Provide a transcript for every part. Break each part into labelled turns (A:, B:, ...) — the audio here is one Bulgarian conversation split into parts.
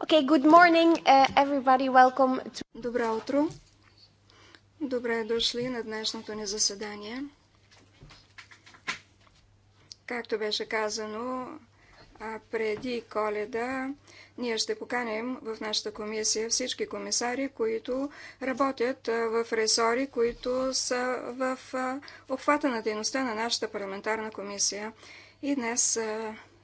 A: Okay, good morning, uh, everybody. Welcome to... Добро утро. Добре дошли на днешното ни заседание. Както беше казано, преди коледа ние ще поканим в нашата комисия всички комисари, които работят в ресори, които са в обхвата на дейността на нашата парламентарна комисия. И днес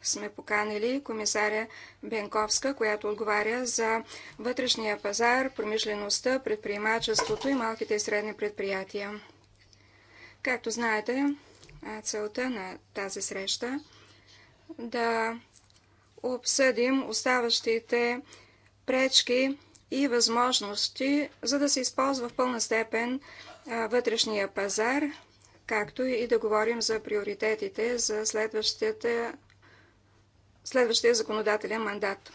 A: сме поканили комисаря Бенковска, която отговаря за вътрешния пазар, промишлеността, предприемачеството и малките и средни предприятия. Както знаете, целта на тази среща е да обсъдим оставащите пречки и възможности, за да се използва в пълна степен вътрешния пазар, както и да говорим за приоритетите за следващата следващия законодателен мандат.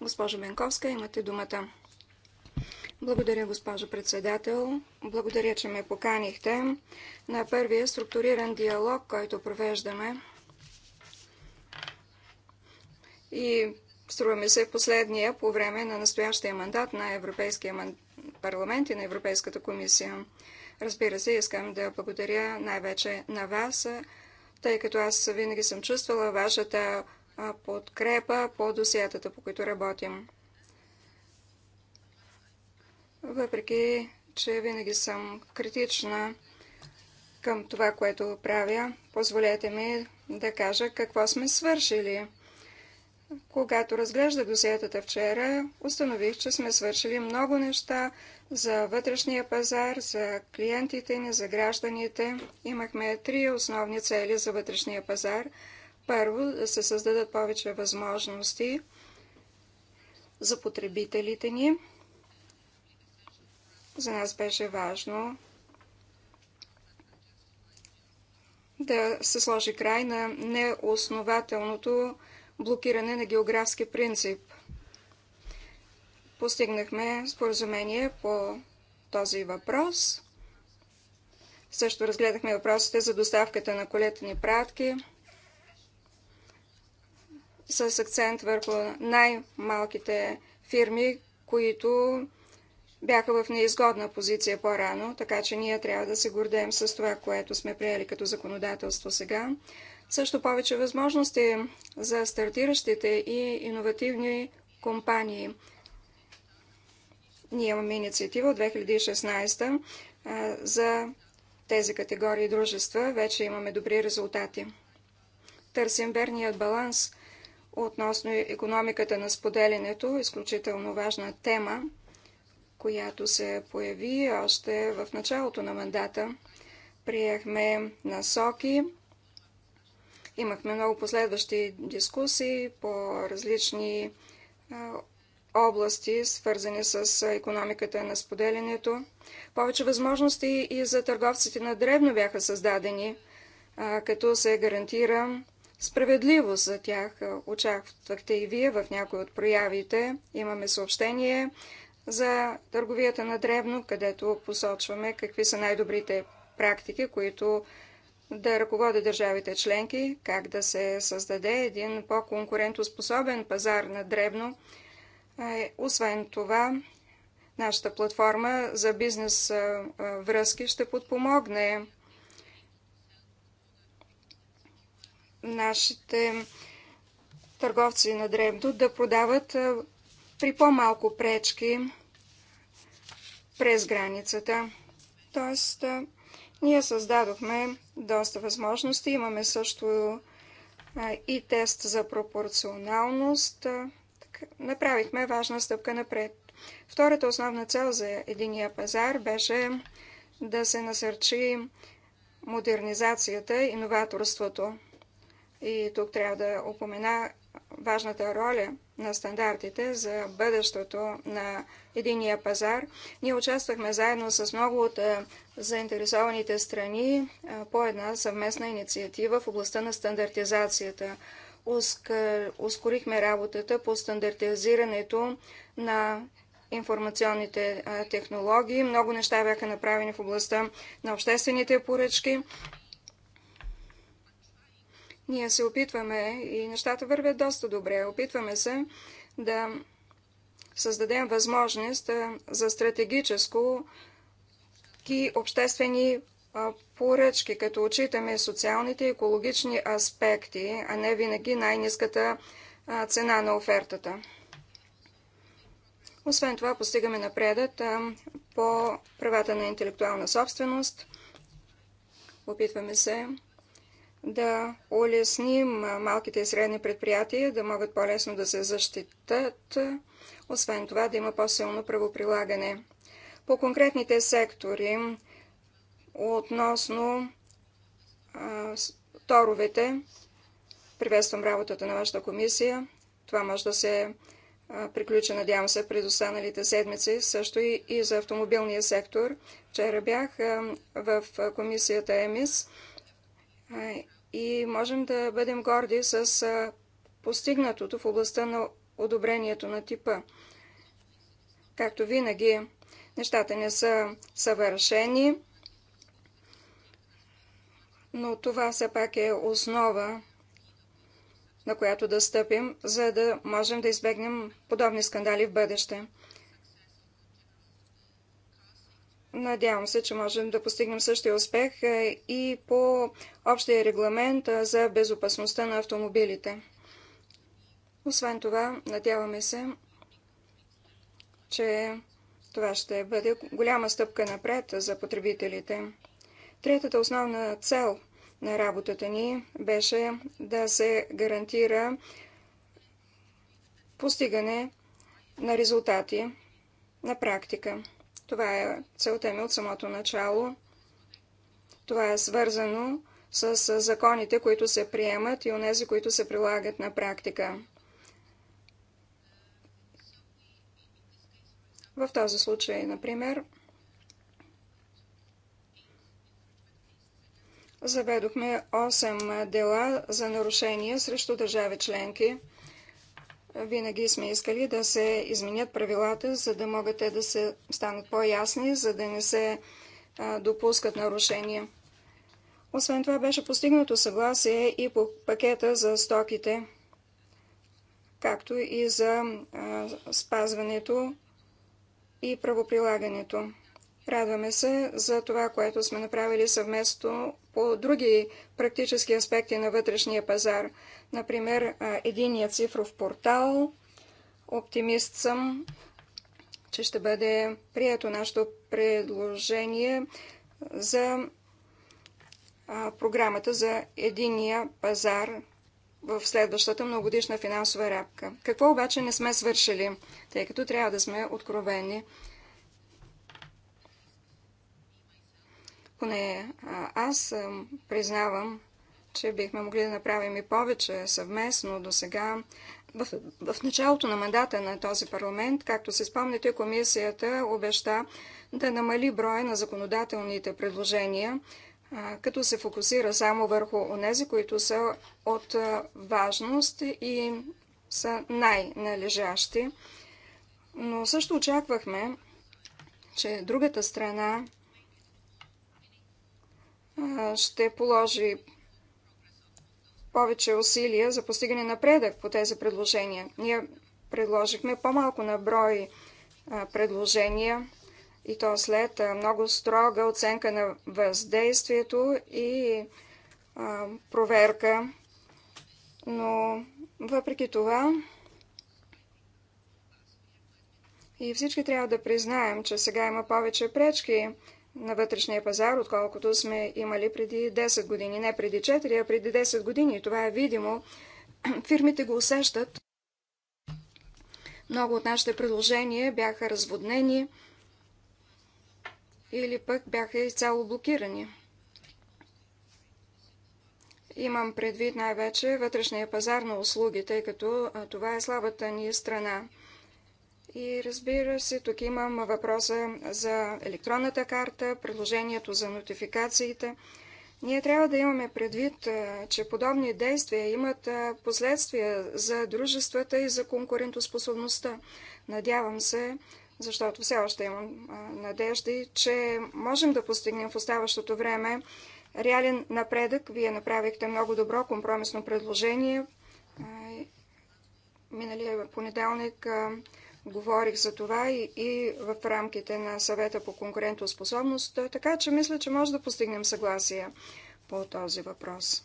A: Госпожо Бенковска, имате думата. Благодаря, госпожо председател. Благодаря, че ме поканихте на първия структуриран диалог, който провеждаме. И струва ми се последния по време на настоящия мандат на Европейския парламент и на Европейската комисия. Разбира се, искам да благодаря най-вече на вас, тъй като аз винаги съм чувствала вашата подкрепа по досиятата, по които работим. Въпреки, че винаги съм критична към това, което правя, позволете ми да кажа какво сме свършили. Когато разглежда досиятата вчера, установих, че сме свършили много неща за вътрешния пазар, за клиентите ни, за гражданите. Имахме три основни цели за вътрешния пазар – първо, да се създадат повече възможности за потребителите ни. За нас беше важно да се сложи край на неоснователното блокиране на географски принцип. Постигнахме споразумение по този въпрос. Също разгледахме въпросите за доставката на колетни пратки с акцент върху най-малките фирми, които бяха в неизгодна позиция по-рано, така че ние трябва да се гордеем с това, което сме приели като законодателство сега. Също повече възможности за стартиращите и иновативни компании. Ние имаме инициатива от 2016 за тези категории дружества. Вече имаме добри резултати. Търсим верният баланс относно економиката на споделянето, изключително важна тема, която се появи още в началото на мандата. Приехме насоки, имахме много последващи дискусии по различни области, свързани с економиката на споделянето. Повече възможности и за търговците на древно бяха създадени, като се гарантира справедливост за тях. Очаквахте и вие в някои от проявите. Имаме съобщение за търговията на древно, където посочваме какви са най-добрите практики, които да ръководят държавите членки, как да се създаде един по-конкурентоспособен пазар на древно. Е, освен това, нашата платформа за бизнес връзки ще подпомогне нашите търговци на Древно да продават при по-малко пречки през границата. Тоест, ние създадохме доста възможности. Имаме също и тест за пропорционалност. Направихме важна стъпка напред. Втората основна цел за единия пазар беше да се насърчи модернизацията, и иноваторството. И тук трябва да упомена важната роля на стандартите за бъдещето на единия пазар. Ние участвахме заедно с много от заинтересованите страни по една съвместна инициатива в областта на стандартизацията. Ускорихме работата по стандартизирането на информационните технологии. Много неща бяха направени в областта на обществените поръчки. Ние се опитваме и нещата вървят доста добре. Опитваме се да създадем възможност за стратегическо и обществени поръчки, като отчитаме социалните и екологични аспекти, а не винаги най-низката цена на офертата. Освен това, постигаме напредът по правата на интелектуална собственост. Опитваме се да улесним малките и средни предприятия да могат по-лесно да се защитат, освен това да има по-силно правоприлагане. По конкретните сектори, относно а, торовете, приветствам работата на вашата комисия. Това може да се приключи, надявам се, през останалите седмици, също и, и за автомобилния сектор. Вчера бях в комисията ЕМИС и можем да бъдем горди с постигнатото в областта на одобрението на типа. Както винаги, нещата не са съвършени, но това все пак е основа, на която да стъпим, за да можем да избегнем подобни скандали в бъдеще. Надявам се, че можем да постигнем същия успех е, и по общия регламент е, за безопасността на автомобилите. Освен това, надяваме се, че това ще бъде голяма стъпка напред за потребителите. Третата основна цел на работата ни беше да се гарантира постигане на резултати на практика. Това е целта ми от самото начало. Това е свързано с законите, които се приемат и онези, които се прилагат на практика. В този случай, например, заведохме 8 дела за нарушения срещу държави членки – винаги сме искали да се изменят правилата, за да могат те да се станат по-ясни, за да не се допускат нарушения. Освен това беше постигнато съгласие и по пакета за стоките, както и за спазването и правоприлагането. Радваме се за това, което сме направили съвместно по други практически аспекти на вътрешния пазар. Например, единия цифров портал. Оптимист съм, че ще бъде прието нашето предложение за програмата за единия пазар в следващата многодишна финансова рапка. Какво обаче не сме свършили, тъй като трябва да сме откровени – Поне аз признавам, че бихме могли да направим и повече съвместно до сега. В, в началото на мандата на този парламент, както се спомняте, комисията обеща да намали броя на законодателните предложения, като се фокусира само върху онези, които са от важност и са най-належащи. Но също очаквахме, че другата страна ще положи повече усилия за постигане напредък по тези предложения. Ние предложихме по-малко на брой предложения и то след много строга оценка на въздействието и проверка. Но въпреки това и всички трябва да признаем, че сега има повече пречки на вътрешния пазар, отколкото сме имали преди 10 години. Не преди 4, а преди 10 години. Това е видимо. Фирмите го усещат. Много от нашите предложения бяха разводнени или пък бяха изцяло блокирани. Имам предвид най-вече вътрешния пазар на услуги, тъй като това е слабата ни страна. И разбира се, тук имам въпроса за електронната карта, предложението за нотификациите. Ние трябва да имаме предвид, че подобни действия имат последствия за дружествата и за конкурентоспособността. Надявам се, защото все още имам надежди, че можем да постигнем в оставащото време реален напредък. Вие направихте много добро компромисно предложение. Миналия понеделник Говорих за това и, и в рамките на съвета по конкурентоспособност, така че мисля, че може да постигнем съгласие по този въпрос.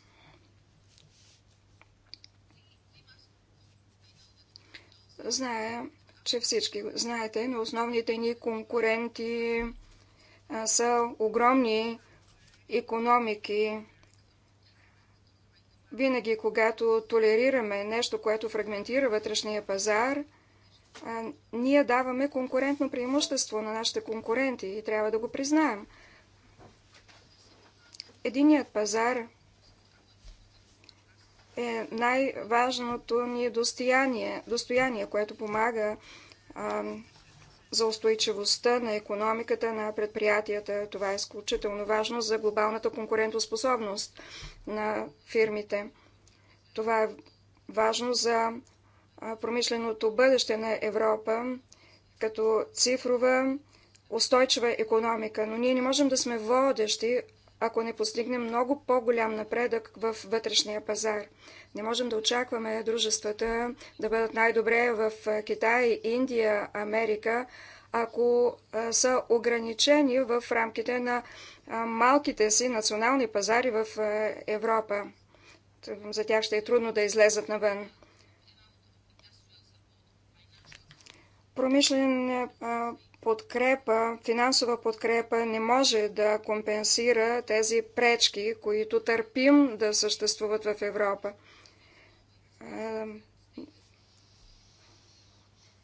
A: Зная, че всички знаете, но основните ни конкуренти а, са огромни економики. Винаги, когато толерираме нещо, което фрагментира вътрешния пазар – ние даваме конкурентно преимущество на нашите конкуренти и трябва да го признаем. Единият пазар е най-важното ни достояние, достояние, което помага а, за устойчивостта на економиката, на предприятията. Това е изключително важно за глобалната конкурентоспособност на фирмите. Това е важно за промишленото бъдеще на Европа като цифрова устойчива економика, но ние не можем да сме водещи, ако не постигнем много по-голям напредък в вътрешния пазар. Не можем да очакваме дружествата да бъдат най-добре в Китай, Индия, Америка, ако са ограничени в рамките на малките си национални пазари в Европа. За тях ще е трудно да излезат навън. Промишлена подкрепа, финансова подкрепа не може да компенсира тези пречки, които търпим да съществуват в Европа.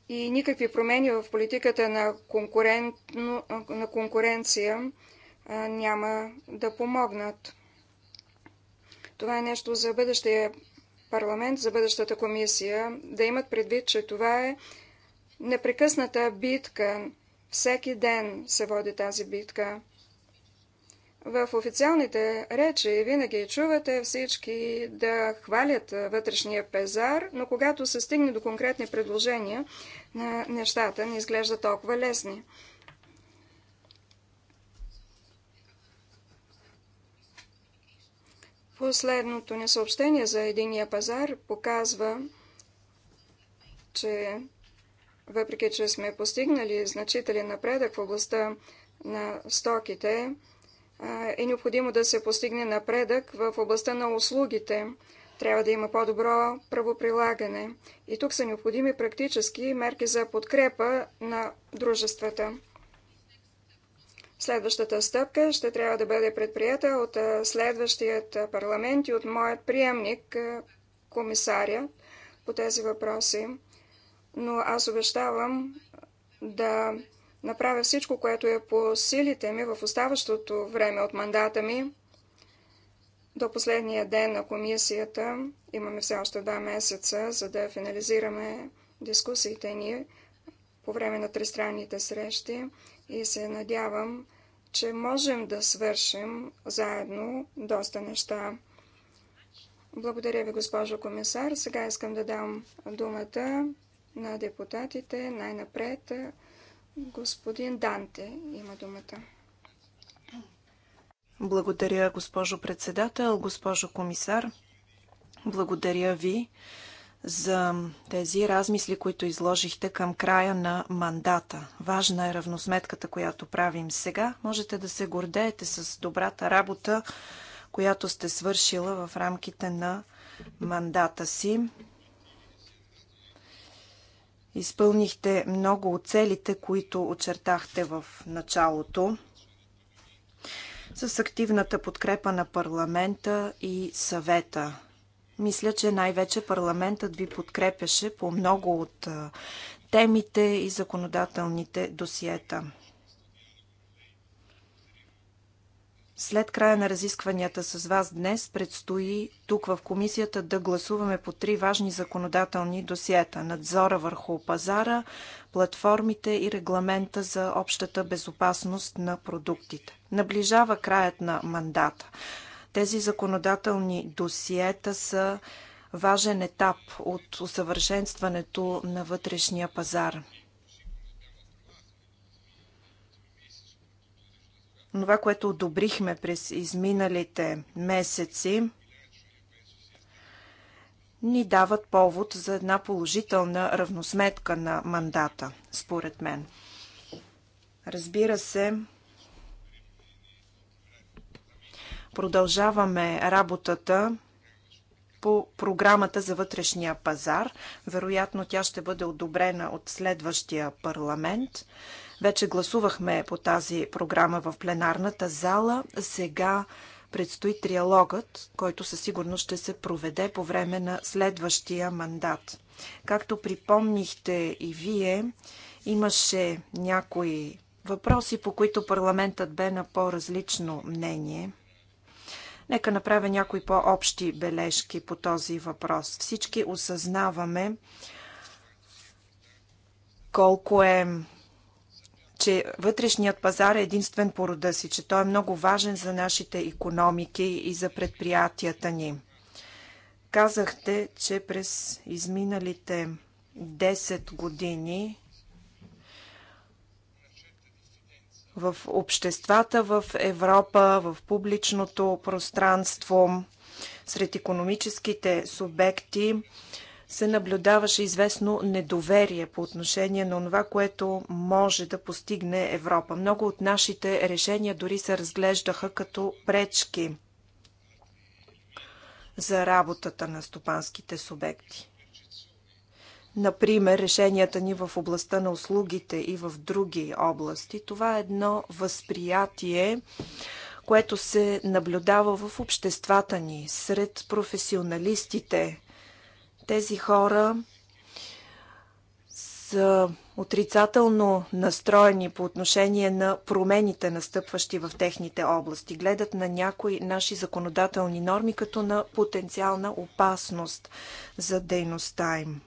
A: И никакви промени в политиката на, конкурен... на конкуренция няма да помогнат. Това е нещо за бъдещия парламент, за бъдещата комисия, да имат предвид, че това е непрекъсната битка. Всеки ден се води тази битка. В официалните речи винаги чувате всички да хвалят вътрешния пазар, но когато се стигне до конкретни предложения, на нещата не изглежда толкова лесни. Последното ни съобщение за единия пазар показва, че въпреки, че сме постигнали значителен напредък в областта на стоките, е необходимо да се постигне напредък в областта на услугите. Трябва да има по-добро правоприлагане. И тук са необходими практически мерки за подкрепа на дружествата. Следващата стъпка ще трябва да бъде предприята от следващият парламент и от моят приемник, комисаря, по тези въпроси но аз обещавам да направя всичко, което е по силите ми в оставащото време от мандата ми. До последния ден на комисията имаме все още два месеца, за да финализираме дискусиите ни по време на тристранните срещи и се надявам, че можем да свършим заедно доста неща. Благодаря ви, госпожо комисар. Сега искам да дам думата на депутатите. Най-напред е, господин Данте има думата.
B: Благодаря, госпожо председател, госпожо комисар. Благодаря ви за тези размисли, които изложихте към края на мандата. Важна е равносметката, която правим сега. Можете да се гордеете с добрата работа, която сте свършила в рамките на мандата си. Изпълнихте много от целите, които очертахте в началото с активната подкрепа на парламента и съвета. Мисля, че най-вече парламентът ви подкрепяше по много от темите и законодателните досиета. След края на разискванията с вас днес предстои тук в комисията да гласуваме по три важни законодателни досиета – надзора върху пазара, платформите и регламента за общата безопасност на продуктите. Наближава краят на мандата. Тези законодателни досиета са важен етап от усъвършенстването на вътрешния пазар. това, което одобрихме през изминалите месеци, ни дават повод за една положителна равносметка на мандата, според мен. Разбира се, продължаваме работата по програмата за вътрешния пазар. Вероятно тя ще бъде одобрена от следващия парламент. Вече гласувахме по тази програма в пленарната зала. Сега предстои триалогът, който със сигурност ще се проведе по време на следващия мандат. Както припомнихте и вие, имаше някои въпроси, по които парламентът бе на по-различно мнение. Нека направя някои по-общи бележки по този въпрос. Всички осъзнаваме колко е че вътрешният пазар е единствен по рода си, че той е много важен за нашите економики и за предприятията ни. Казахте, че през изминалите 10 години в обществата в Европа, в публичното пространство, сред економическите субекти се наблюдаваше известно недоверие по отношение на това, което може да постигне Европа. Много от нашите решения дори се разглеждаха като пречки за работата на стопанските субекти. Например, решенията ни в областта на услугите и в други области. Това е едно възприятие, което се наблюдава в обществата ни, сред професионалистите, тези хора са отрицателно настроени по отношение на промените, настъпващи в техните области. Гледат на някои наши законодателни норми като на потенциална опасност за дейността им.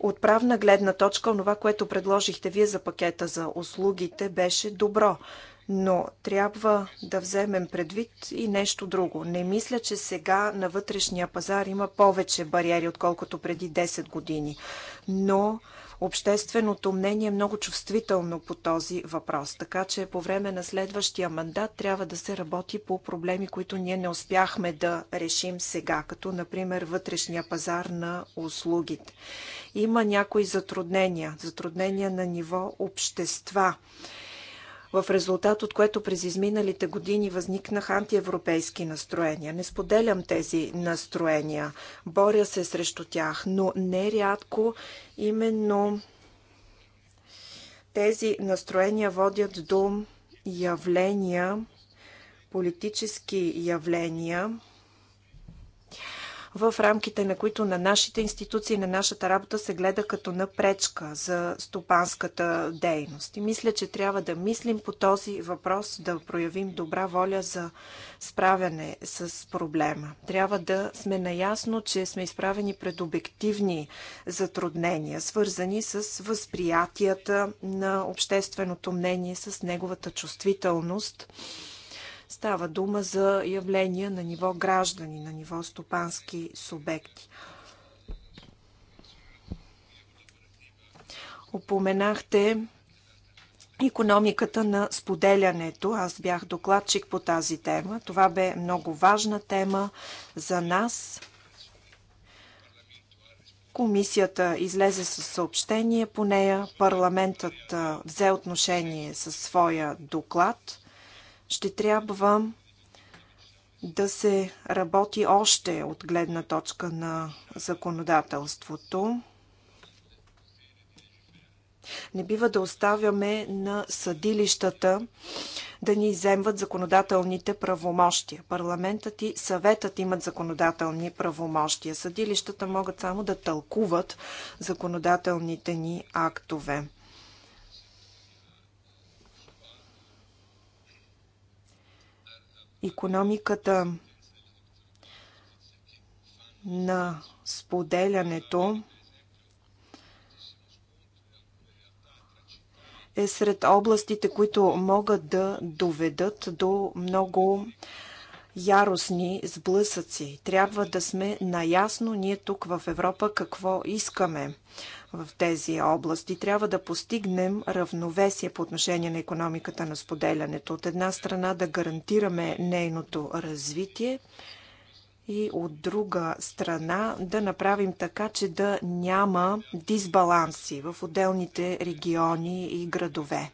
B: От правна гледна точка, това, което предложихте вие за пакета за услугите, беше добро. Но трябва да вземем предвид и нещо друго. Не мисля, че сега на вътрешния пазар има повече бариери, отколкото преди 10 години. Но общественото мнение е много чувствително по този въпрос. Така че по време на следващия мандат трябва да се работи по проблеми, които ние не успяхме да решим сега, като например вътрешния пазар на услугите. Има някои затруднения, затруднения на ниво общества в резултат от което през изминалите години възникнаха антиевропейски настроения. Не споделям тези настроения, боря се срещу тях, но нерядко именно тези настроения водят до явления, политически явления, в рамките на които на нашите институции, на нашата работа се гледа като напречка за стопанската дейност. И мисля, че трябва да мислим по този въпрос, да проявим добра воля за справяне с проблема. Трябва да сме наясно, че сме изправени пред обективни затруднения, свързани с възприятията на общественото мнение, с неговата чувствителност Става дума за явления на ниво граждани, на ниво стопански субекти. Опоменахте економиката на споделянето. Аз бях докладчик по тази тема. Това бе много важна тема за нас. Комисията излезе с съобщение по нея. Парламентът взе отношение със своя доклад ще трябва да се работи още от гледна точка на законодателството. Не бива да оставяме на съдилищата да ни иземват законодателните правомощия. Парламентът и съветът имат законодателни правомощия. Съдилищата могат само да тълкуват законодателните ни актове. Економиката на споделянето е сред областите, които могат да доведат до много яростни сблъсъци. Трябва да сме наясно ние тук в Европа какво искаме в тези области. Трябва да постигнем равновесие по отношение на економиката на споделянето. От една страна да гарантираме нейното развитие и от друга страна да направим така, че да няма дисбаланси в отделните региони и градове.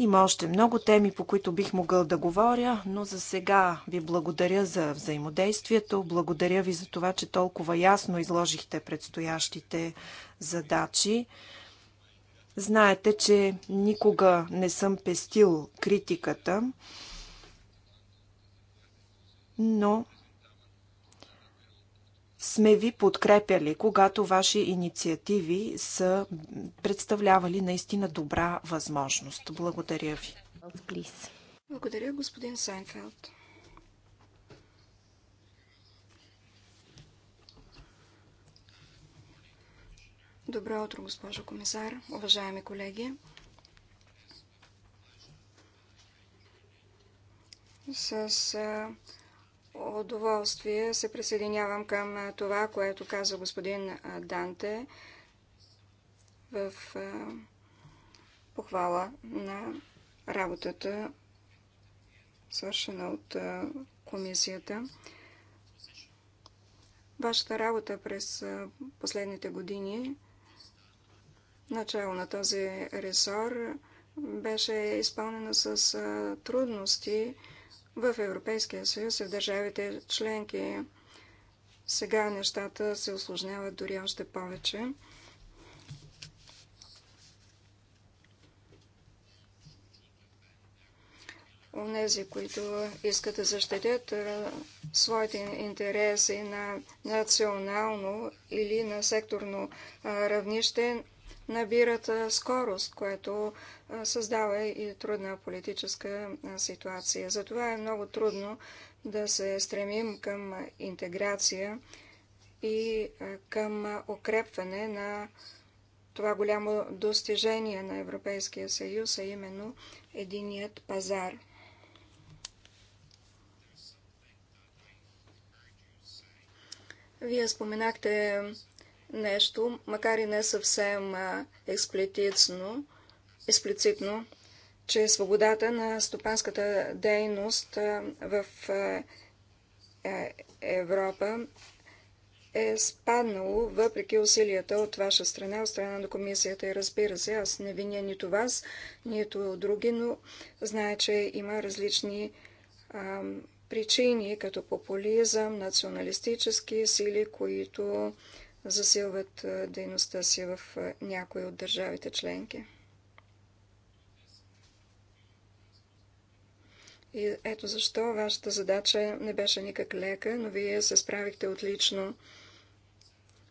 B: Има още много теми, по които бих могъл да говоря, но за сега ви благодаря за взаимодействието, благодаря ви за това, че толкова ясно изложихте предстоящите задачи. Знаете, че никога не съм пестил критиката, но сме ви подкрепяли, когато ваши инициативи са представлявали наистина добра възможност. Благодаря ви.
A: Благодаря, господин Сайнфелд. Добро утро, госпожо комисар, уважаеми колеги. С удоволствие се присъединявам към това, което каза господин Данте в похвала на работата, свършена от комисията. Вашата работа през последните години, начало на този ресор, беше изпълнена с трудности, в Европейския съюз и в държавите членки. Сега нещата се осложняват дори още повече. Онези, които искат да защитят своите интереси на национално или на секторно равнище, набират скорост, което създава и трудна политическа ситуация. Затова е много трудно да се стремим към интеграция и към укрепване на това голямо достижение на Европейския съюз, а именно единият пазар. Вие споменахте нещо, макар и не съвсем експлицитно, експлицитно че свободата на стопанската дейност в е, Европа е спаднало, въпреки усилията от ваша страна, от страна на комисията. И разбира се, аз не виня нито вас, нито други, но знае, че има различни а, причини, като популизъм, националистически сили, които засилват дейността си в някои от държавите членки. И ето защо вашата задача не беше никак лека, но вие се справихте отлично.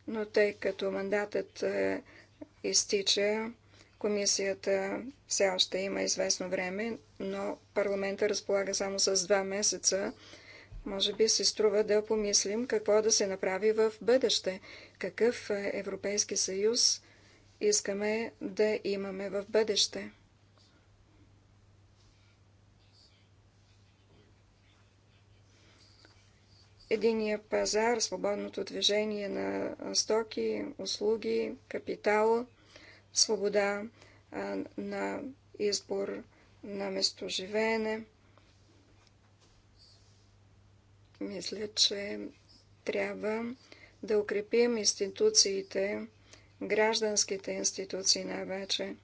A: Но тъй като мандатът изтича, комисията все още има известно време, но парламента разполага само с два месеца, може би се струва да помислим какво да се направи в бъдеще, какъв е, Европейски съюз искаме да имаме в бъдеще. Единия пазар, свободното движение на стоки, услуги, капитал, свобода на избор на местоживеене – мисля, че трябва да укрепим институциите, гражданските институции най-вече,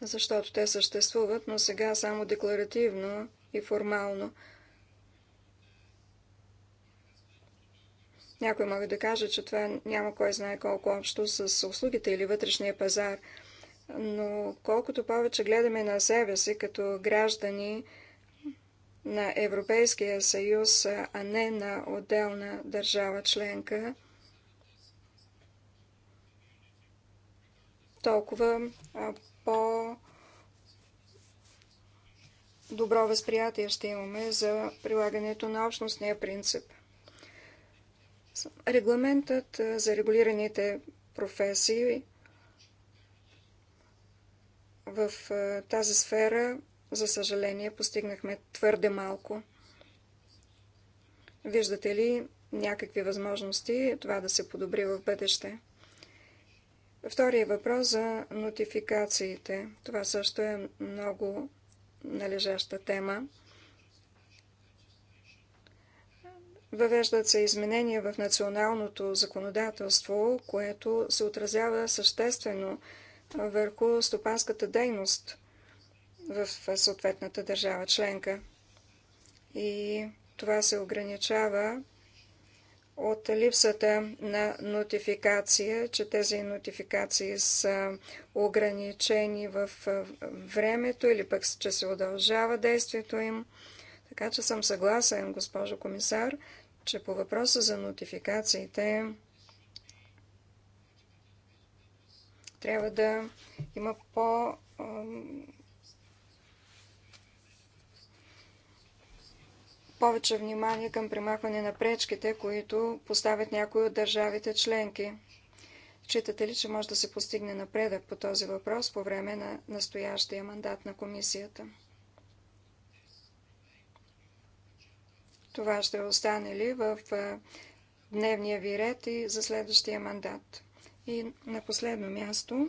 A: защото те съществуват, но сега само декларативно и формално. Някой мога да каже, че това няма кой знае колко общо с услугите или вътрешния пазар, но колкото повече гледаме на себе си като граждани, на Европейския съюз, а не на отделна държава членка, толкова по- добро възприятие ще имаме за прилагането на общностния принцип. Регламентът за регулираните професии в тази сфера за съжаление, постигнахме твърде малко. Виждате ли някакви възможности това да се подобри в бъдеще? Втория въпрос за нотификациите. Това също е много належаща тема. Въвеждат се изменения в националното законодателство, което се отразява съществено върху стопанската дейност в съответната държава членка. И това се ограничава от липсата на нотификация, че тези нотификации са ограничени в времето или пък че се удължава действието им. Така че съм съгласен, госпожо комисар, че по въпроса за нотификациите трябва да има по повече внимание към примахване на пречките, които поставят някои от държавите членки. Считате ли, че може да се постигне напредък по този въпрос по време на настоящия мандат на комисията? Това ще остане ли в дневния ви ред и за следващия мандат? И на последно място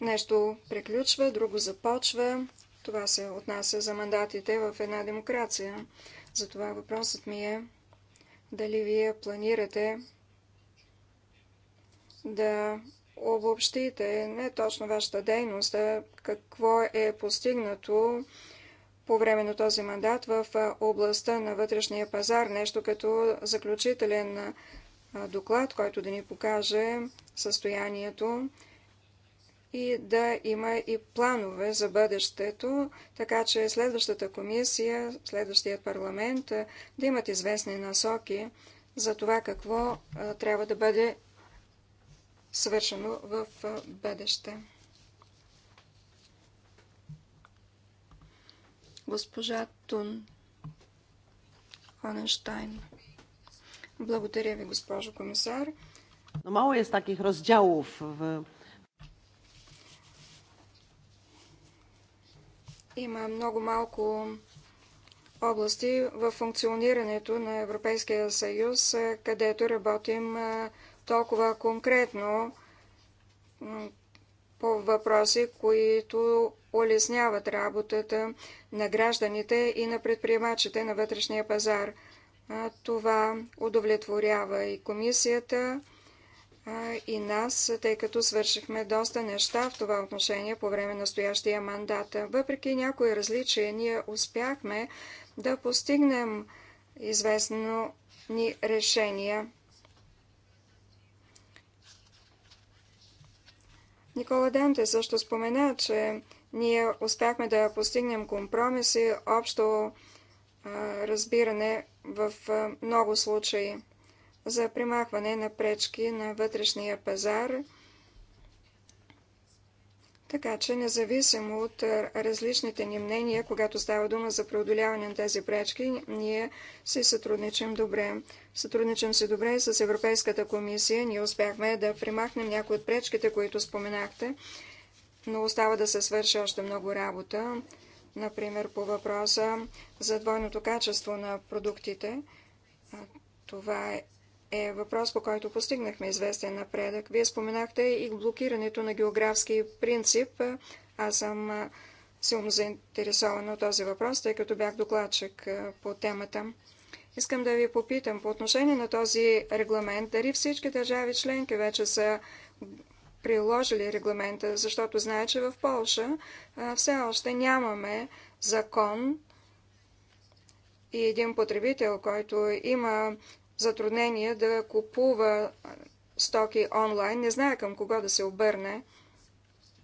A: нещо приключва, друго започва. Това се отнася за мандатите в една демокрация. Затова въпросът ми е дали вие планирате да обобщите не точно вашата дейност, а какво е постигнато по време на този мандат в областта на вътрешния пазар, нещо като заключителен доклад, който да ни покаже състоянието и да има и планове за бъдещето, така че следващата комисия, следващият парламент да имат известни насоки за това какво трябва да бъде свършено в бъдеще. Госпожа Тун Хоненштайн. Благодаря ви, госпожо комисар.
C: Но мало е таких разделов в
A: Има много малко области в функционирането на Европейския съюз, е, където работим е, толкова конкретно по въпроси, които улесняват работата на гражданите и на предприемачите на вътрешния пазар. Е, това удовлетворява и комисията, и нас, тъй като свършихме доста неща в това отношение по време на стоящия мандат. Въпреки някои различия, ние успяхме да постигнем известно ни решения. Никола Данте също спомена, че ние успяхме да постигнем компромиси, общо разбиране в много случаи за примахване на пречки на вътрешния пазар, така че независимо от различните ни мнения, когато става дума за преодоляване на тези пречки, ние си сътрудничим добре. Сътрудничим се добре и с Европейската комисия. Ние успяхме да примахнем някои от пречките, които споменахте, но остава да се свърши още много работа. Например, по въпроса за двойното качество на продуктите. Това е е въпрос, по който постигнахме известен напредък. Вие споменахте и блокирането на географски принцип. Аз съм силно заинтересована от този въпрос, тъй като бях докладчик по темата. Искам да ви попитам по отношение на този регламент, дали всички държави членки вече са приложили регламента, защото знае, че в Польша все още нямаме закон и един потребител, който има затруднение да купува стоки онлайн, не знае към кого да се обърне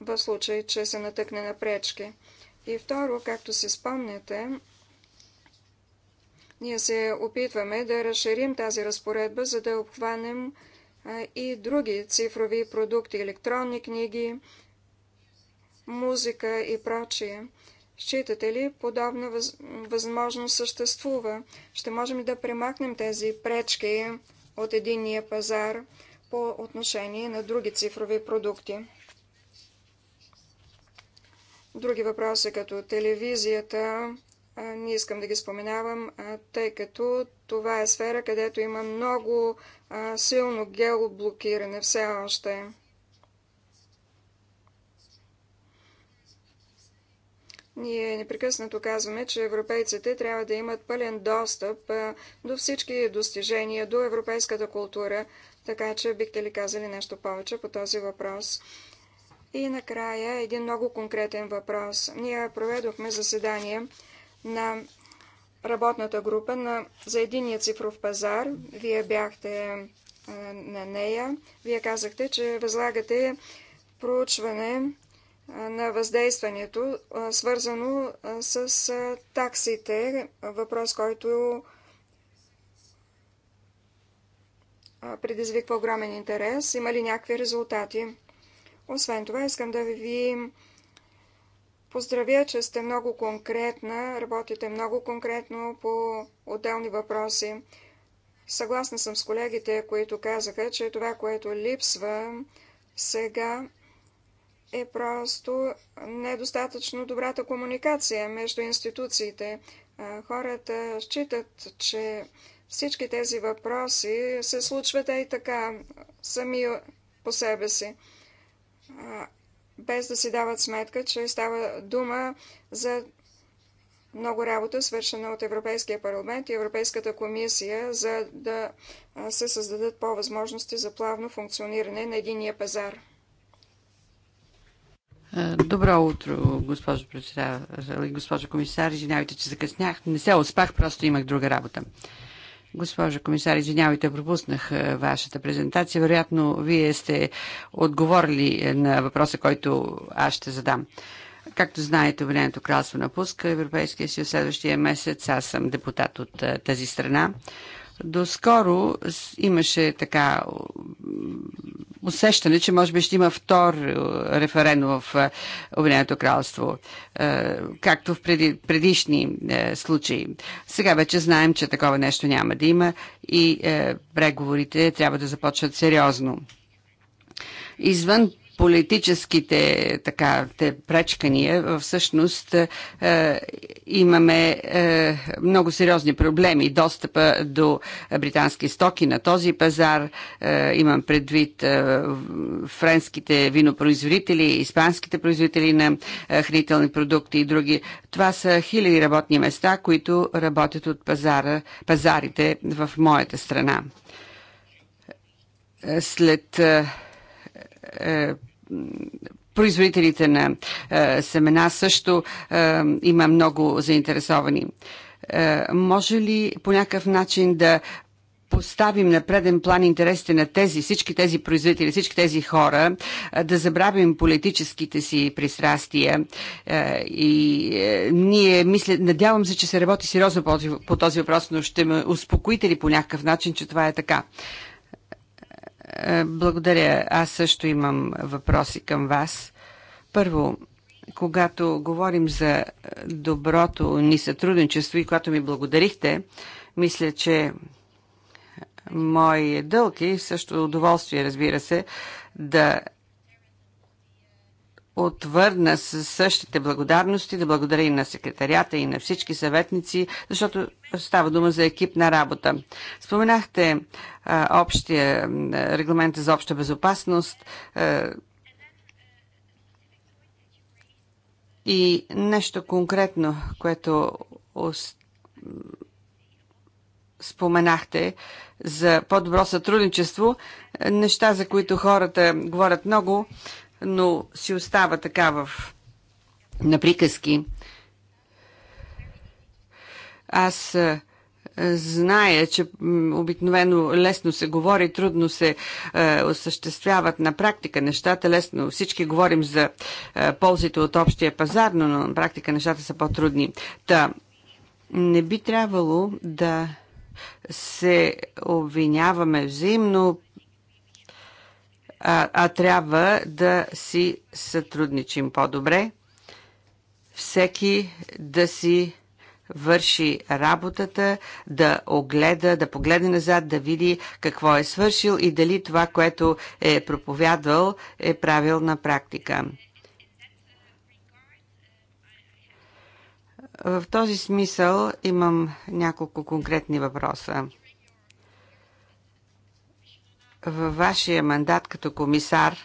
A: в случай, че се натъкне на пречки. И второ, както си спомняте, ние се опитваме да разширим тази разпоредба, за да обхванем и други цифрови продукти, електронни книги, музика и прочие. Считате ли, подобна въз... възможност съществува? Ще можем да премахнем тези пречки от единния пазар по отношение на други цифрови продукти? Други въпроси, като телевизията, не искам да ги споменавам, тъй като това е сфера, където има много силно геоблокиране все още. Ние непрекъснато казваме, че европейците трябва да имат пълен достъп до всички достижения, до европейската култура, така че бихте ли казали нещо повече по този въпрос? И накрая един много конкретен въпрос. Ние проведохме заседание на работната група на, за единия цифров пазар. Вие бяхте на нея. Вие казахте, че възлагате проучване на въздействането, свързано с таксите, въпрос, който предизвиква огромен интерес. Има ли някакви резултати? Освен това, искам да ви поздравя, че сте много конкретна, работите много конкретно по отделни въпроси. Съгласна съм с колегите, които казаха, че това, което липсва сега е просто недостатъчно добрата комуникация между институциите. Хората считат, че всички тези въпроси се случват и така, сами по себе си, без да си дават сметка, че става дума за много работа, свършена от Европейския парламент и Европейската комисия, за да се създадат по-възможности за плавно функциониране на единия пазар.
C: Добро утро, госпожо председател и госпожо комисар. Извинявайте, че закъснях. Не се успах, просто имах друга работа. Госпожо комисар, извинявайте, пропуснах е, вашата презентация. Вероятно, вие сте отговорили е, на въпроса, който аз ще задам. Както знаете, Обединеното кралство напуска Европейския съюз следващия месец. Аз съм депутат от е, тази страна. Доскоро имаше така усещане, че може би ще има втор е, референдум в е, Обединеното кралство, е, както в преди, предишни случаи. Сега вече знаем, че такова нещо няма да има и преговорите трябва да започват сериозно. Извън политическите така, те пречкания, всъщност е, имаме е, много сериозни проблеми. Достъпа до британски стоки на този пазар, е, имам предвид е, френските винопроизводители, испанските производители на е, хранителни продукти и други. Това са хиляди работни места, които работят от пазара, пазарите в моята страна. След е, е, производителите на е, семена също е, има много заинтересовани. Може ли по някакъв начин да поставим на преден план интересите на тези, всички тези производители, всички тези хора, да забравим политическите си пристрастия. И ние, мисля, надявам се, че се работи сериозно по този въпрос, но ще ме успокоите ли по някакъв начин, че това е така? Е, благодаря. Аз също имам въпроси към вас. Първо, когато говорим за доброто ни сътрудничество и когато ми благодарихте, мисля, че мой дълг и също удоволствие, разбира се, да отвърна с същите благодарности, да благодаря и на секретарята, и на всички съветници, защото става дума за екипна работа. Споменахте а, общия регламент за обща безопасност а, и нещо конкретно, което ос... споменахте за по-добро сътрудничество, неща, за които хората говорят много. А, но си остава така в на приказки. Аз зная, че обикновено лесно се говори, трудно се е, осъществяват на практика нещата. Лесно всички говорим за е, ползите от общия пазар, но на практика нещата са по-трудни. Та, не би трябвало да се обвиняваме взаимно, а, а трябва да си сътрудничим по-добре. Всеки да си върши работата, да огледа, да погледне назад, да види какво е свършил и дали това, което е проповядвал, е правилна практика. В този смисъл имам няколко конкретни въпроса във вашия мандат като комисар,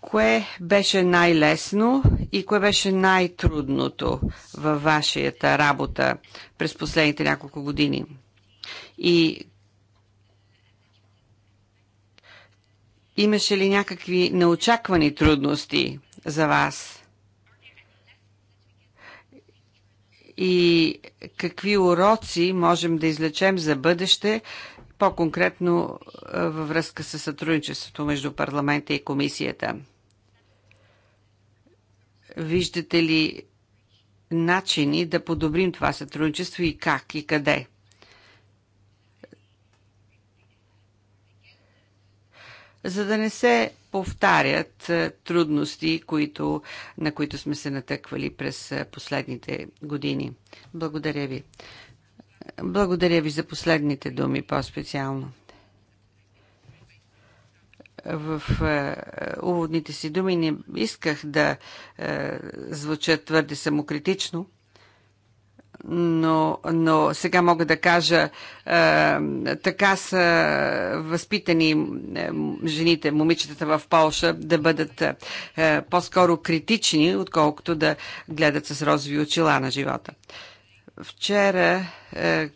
C: кое беше най-лесно и кое беше най-трудното във вашата работа през последните няколко години? И имаше ли някакви неочаквани трудности за вас? и какви уроци можем да излечем за бъдеще, по-конкретно е, във връзка с сътрудничеството между парламента и комисията. Виждате ли начини да подобрим това сътрудничество и как и къде? за да не се повтарят е, трудности, които, на които сме се натъквали през е, последните години. Благодаря ви. Благодаря ви за последните думи по-специално. В е, уводните си думи не исках да е, звуча твърде самокритично, но, но сега мога да кажа, е, така са възпитани е, жените, момичетата в Полша да бъдат е, по-скоро критични, отколкото да гледат с розови очила на живота. Вчера, е,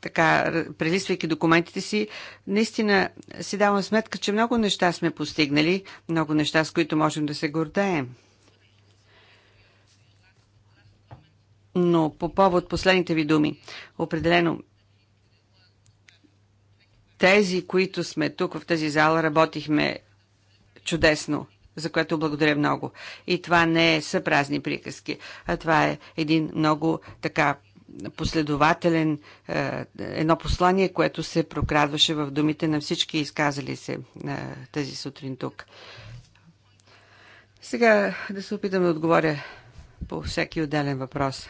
C: така, прелиствайки документите си, наистина си давам сметка, че много неща сме постигнали, много неща, с които можем да се гордеем. Но по повод последните ви думи, определено тези, които сме тук в тази зала, работихме чудесно, за което благодаря много. И това не е са празни приказки, а това е един много така последователен, е, едно послание, което се прокрадваше в думите на всички изказали се е, тази сутрин тук. Сега да се опитам да отговоря по всеки отделен въпрос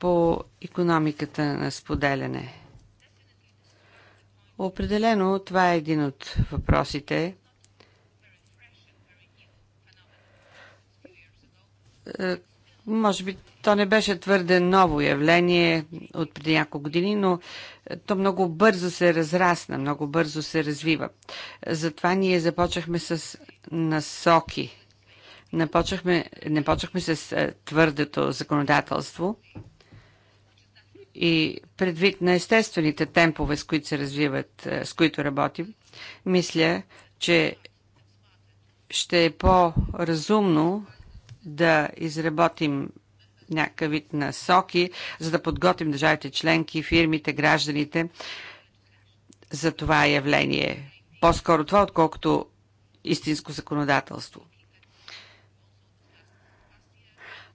C: по економиката на споделяне. Определено това е един от въпросите. Е, може би то не беше твърде ново явление от преди няколко години, но то много бързо се разрасна, много бързо се развива. Затова ние започнахме с насоки. не почнахме с е, твърдето законодателство, и предвид на естествените темпове, с които се развиват, е, с които работим, мисля, че ще е по-разумно да изработим някакъв вид насоки, за да подготвим държавите членки, фирмите, гражданите за това явление. По-скоро това, отколкото истинско законодателство.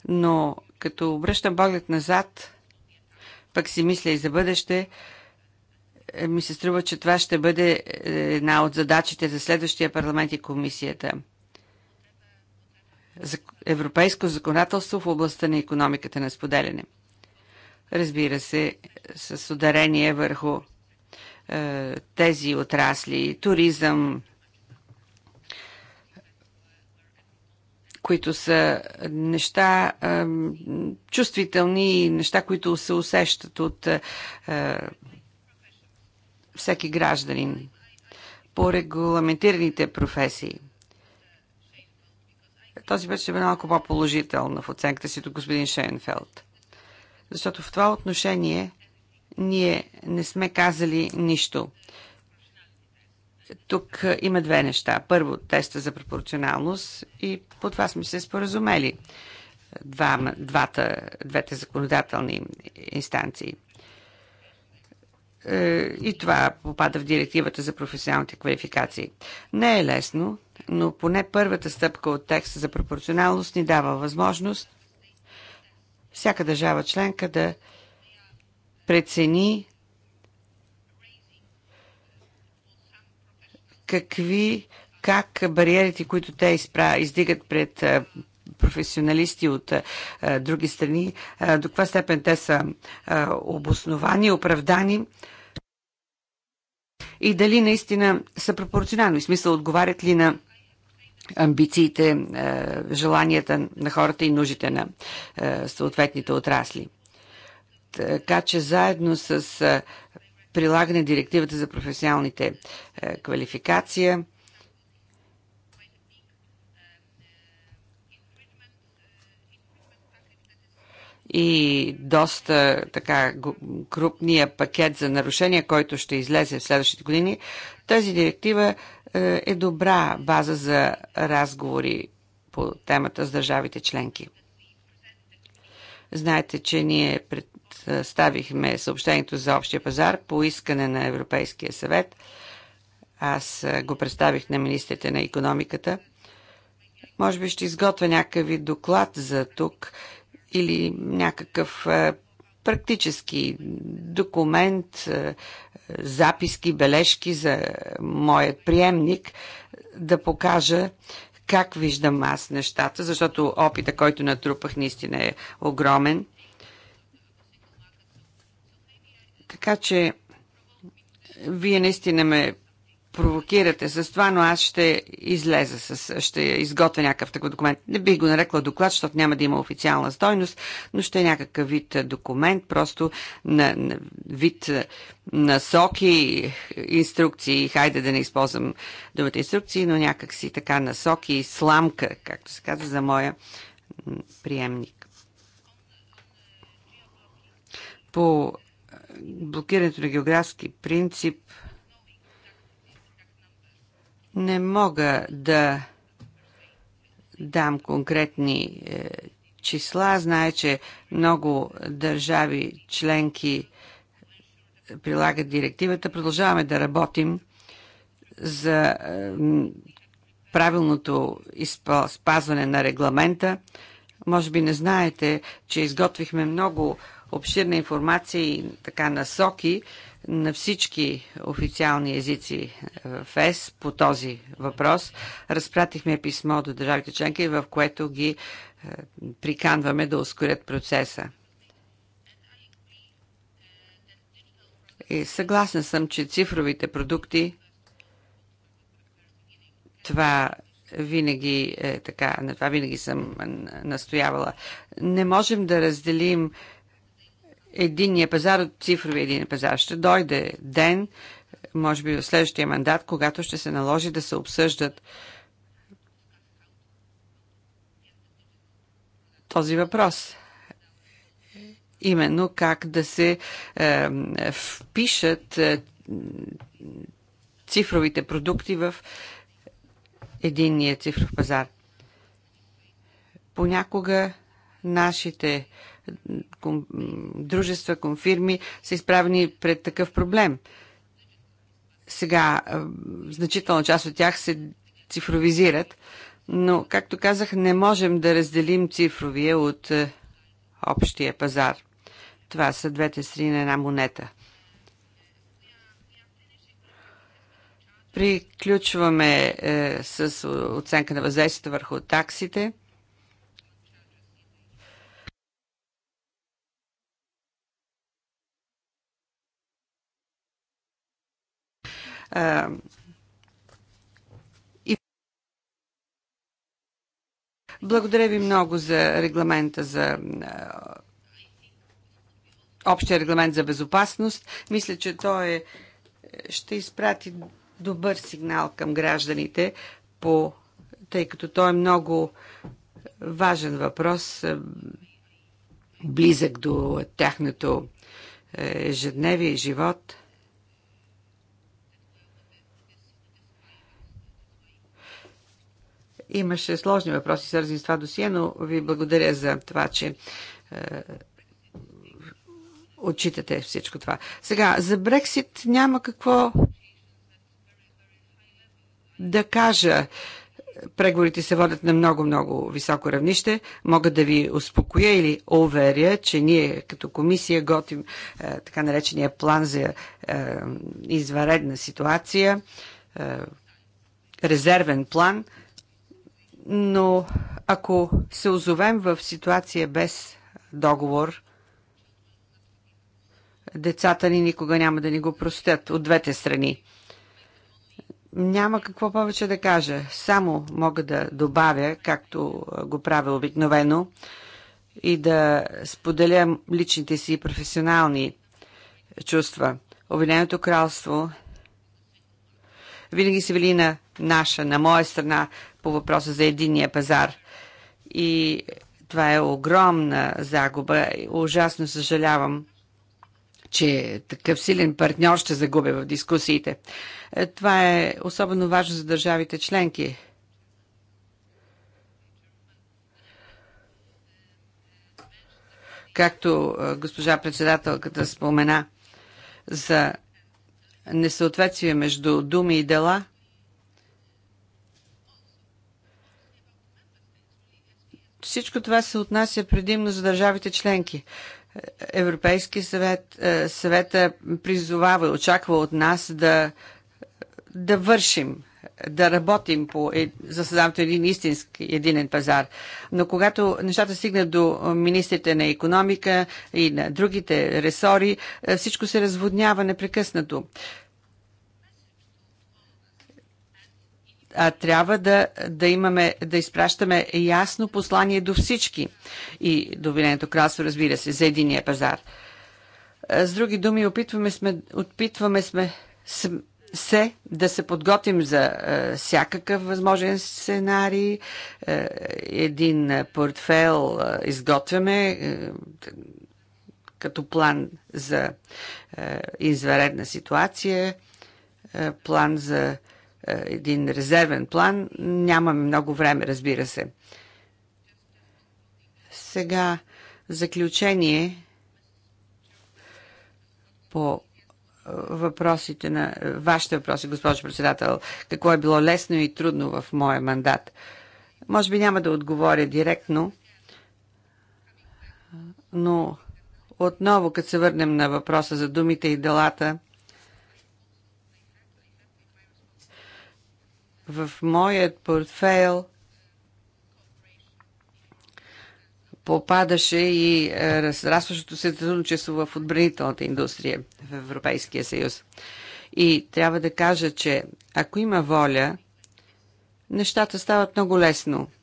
C: Но като обръщам поглед назад, пък си мисля и за бъдеще, е, ми се струва, че това ще бъде е, една от задачите за следващия парламент и комисията. европейско законодателство в областта на економиката на споделяне. Разбира се, с ударение върху е, тези отрасли, туризъм, които са неща чувствителни и неща, които се усещат от всеки гражданин по регламентираните професии. Този беше ще бе малко по-положителна в оценката си до господин Шейнфелд. Защото в това отношение ние не сме казали нищо. Тук е, има две неща. Първо, теста за пропорционалност и по това сме се споразумели два, двата, двете законодателни инстанции. Е, и това попада в директивата за професионалните квалификации. Не е лесно, но поне първата стъпка от текста за пропорционалност ни дава възможност всяка държава членка да прецени какви, как бариерите, които те изпра, издигат пред професионалисти от а, други страни, а, до каква степен те са а, обосновани, оправдани и дали наистина са пропорционални, в смисъл отговарят ли на амбициите, желанията на хората и нуждите на съответните отрасли. Така че заедно с прилагане директивата за професионалните е, квалификации. и доста така крупния пакет за нарушения, който ще излезе в следващите години, тази директива е, е добра база за разговори по темата с държавите членки. Знаете, че ние пред е, ставихме съобщението за общия пазар по искане на Европейския съвет. Аз е, го представих на министрите на економиката. Може би ще изготвя някакъв доклад за тук или някакъв е, практически документ, записки, бележки за моят приемник, да покажа как виждам аз нещата, защото опита, който натрупах, наистина е огромен. Така че вие наистина ме провокирате с това, но аз ще излеза с, ще изготвя някакъв такъв документ. Не бих го нарекла доклад, защото няма да има официална стойност, но ще е някакъв вид документ, просто на, на вид насоки, инструкции, хайде да не използвам думата инструкции, но някакси така насоки, сламка, както се казва, за моя приемник. По блокирането на географски принцип не мога да дам конкретни е, числа. Знае, че много държави членки прилагат директивата. Продължаваме да работим за е, правилното спазване на регламента. Може би не знаете, че изготвихме много обширна информация и така насоки на всички официални езици в ЕС по този въпрос. Разпратихме писмо до държавите членки, в което ги е, приканваме да ускорят процеса. И съгласна съм, че цифровите продукти това винаги е така, на това винаги съм е, настоявала. Не можем да разделим е, единния пазар от цифрови единния пазар. Ще дойде ден, може би в следващия мандат, когато ще се наложи да се обсъждат този въпрос. Именно как да се е, впишат е, цифровите продукти в единния цифров пазар. Понякога нашите дружества, конфирми са изправени пред такъв проблем. Сега, значителна част от тях се цифровизират, но, както казах, не можем да разделим цифровия от общия пазар. Това са двете страни на една монета. Приключваме е, с оценка на въздействието върху таксите – Благодаря ви много за регламента за общия регламент за безопасност. Мисля, че той е, ще изпрати добър сигнал към гражданите, по, тъй като той е много важен въпрос, е, близък до тяхното е, ежедневие живот – Имаше сложни въпроси, свързани с това досие, но ви благодаря за това, че е, отчитате всичко това. Сега, за Брексит няма какво да кажа. Преговорите се водят на много-много високо равнище. Мога да ви успокоя или уверя, че ние като комисия готим е, така наречения план за е, изваредна ситуация, е, резервен план – но ако се озовем в ситуация без договор, децата ни никога няма да ни го простят от двете страни. Няма какво повече да кажа. Само мога да добавя, както го правя обикновено, и да споделя личните си професионални чувства. Обединеното кралство винаги са били на наша, на моя страна по въпроса за единия пазар. И това е огромна загуба. Ужасно съжалявам, че такъв силен партньор ще загубя в дискусиите. Е, това е особено важно за държавите членки. Както е, госпожа председателката спомена за несъответствие между думи и дела – Всичко това се отнася предимно за държавите членки. Европейски съвет, е, съвета призовава и очаква от нас да, да вършим да работим по, е, за създаването един истински единен пазар. Но когато нещата стигнат до министрите на економика и на другите ресори, е, всичко се разводнява непрекъснато. а трябва да, да, имаме, да изпращаме ясно послание до всички и до Виленето кралство, разбира се, за единия пазар. С други думи, опитваме сме, опитваме сме се да се подготвим за е, всякакъв възможен сценарий. Е, един портфел е, изготвяме е, като план за е, изваредна ситуация, е, план за е, е, един резервен план. Нямаме много време, разбира се. Сега, заключение по е, въпросите на е, вашите въпроси, госпожо председател. Какво е било лесно и трудно в моя мандат? Може би няма да отговоря директно, но отново, като се върнем на въпроса за думите и делата, В моят портфейл попадаше и е, разрастващото се сътрудничество в отбранителната индустрия в Европейския съюз. И трябва да кажа, че ако има воля, нещата стават много лесно –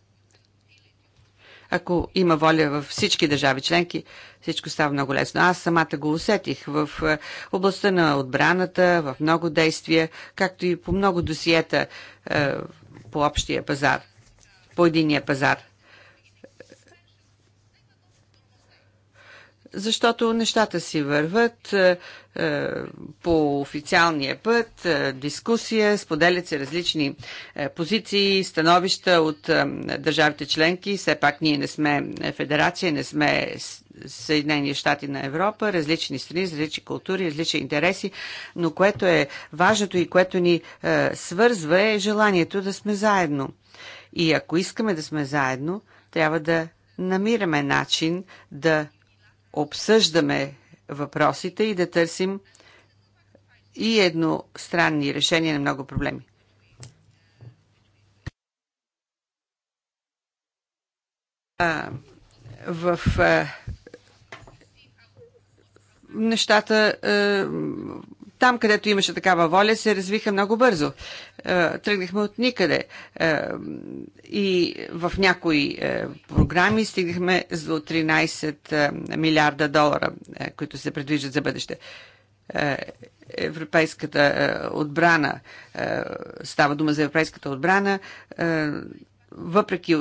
C: ако има воля във всички държави членки, всичко става много лесно. Аз самата го усетих в е, областта на отбраната, в много действия, както и по много досиета е, по общия пазар, по единия пазар – защото нещата си върват е, е, по официалния път, е, дискусия, споделят се различни е, позиции, становища от е, държавите членки. Все пак ние не сме федерация, не сме Съединени щати на Европа, различни страни, различни култури, различни интереси, но което е важното и което ни е, свързва е желанието да сме заедно. И ако искаме да сме заедно, трябва да намираме начин да обсъждаме въпросите и да търсим и едностранни решения на много проблеми. А, в а, нещата там, където имаше такава воля, се развиха много бързо. Е, тръгнахме от никъде. Е, и в някои е, програми стигнахме до 13 милиарда долара, които се предвиждат за бъдеще европейската отбрана, става дума за европейската отбрана, въпреки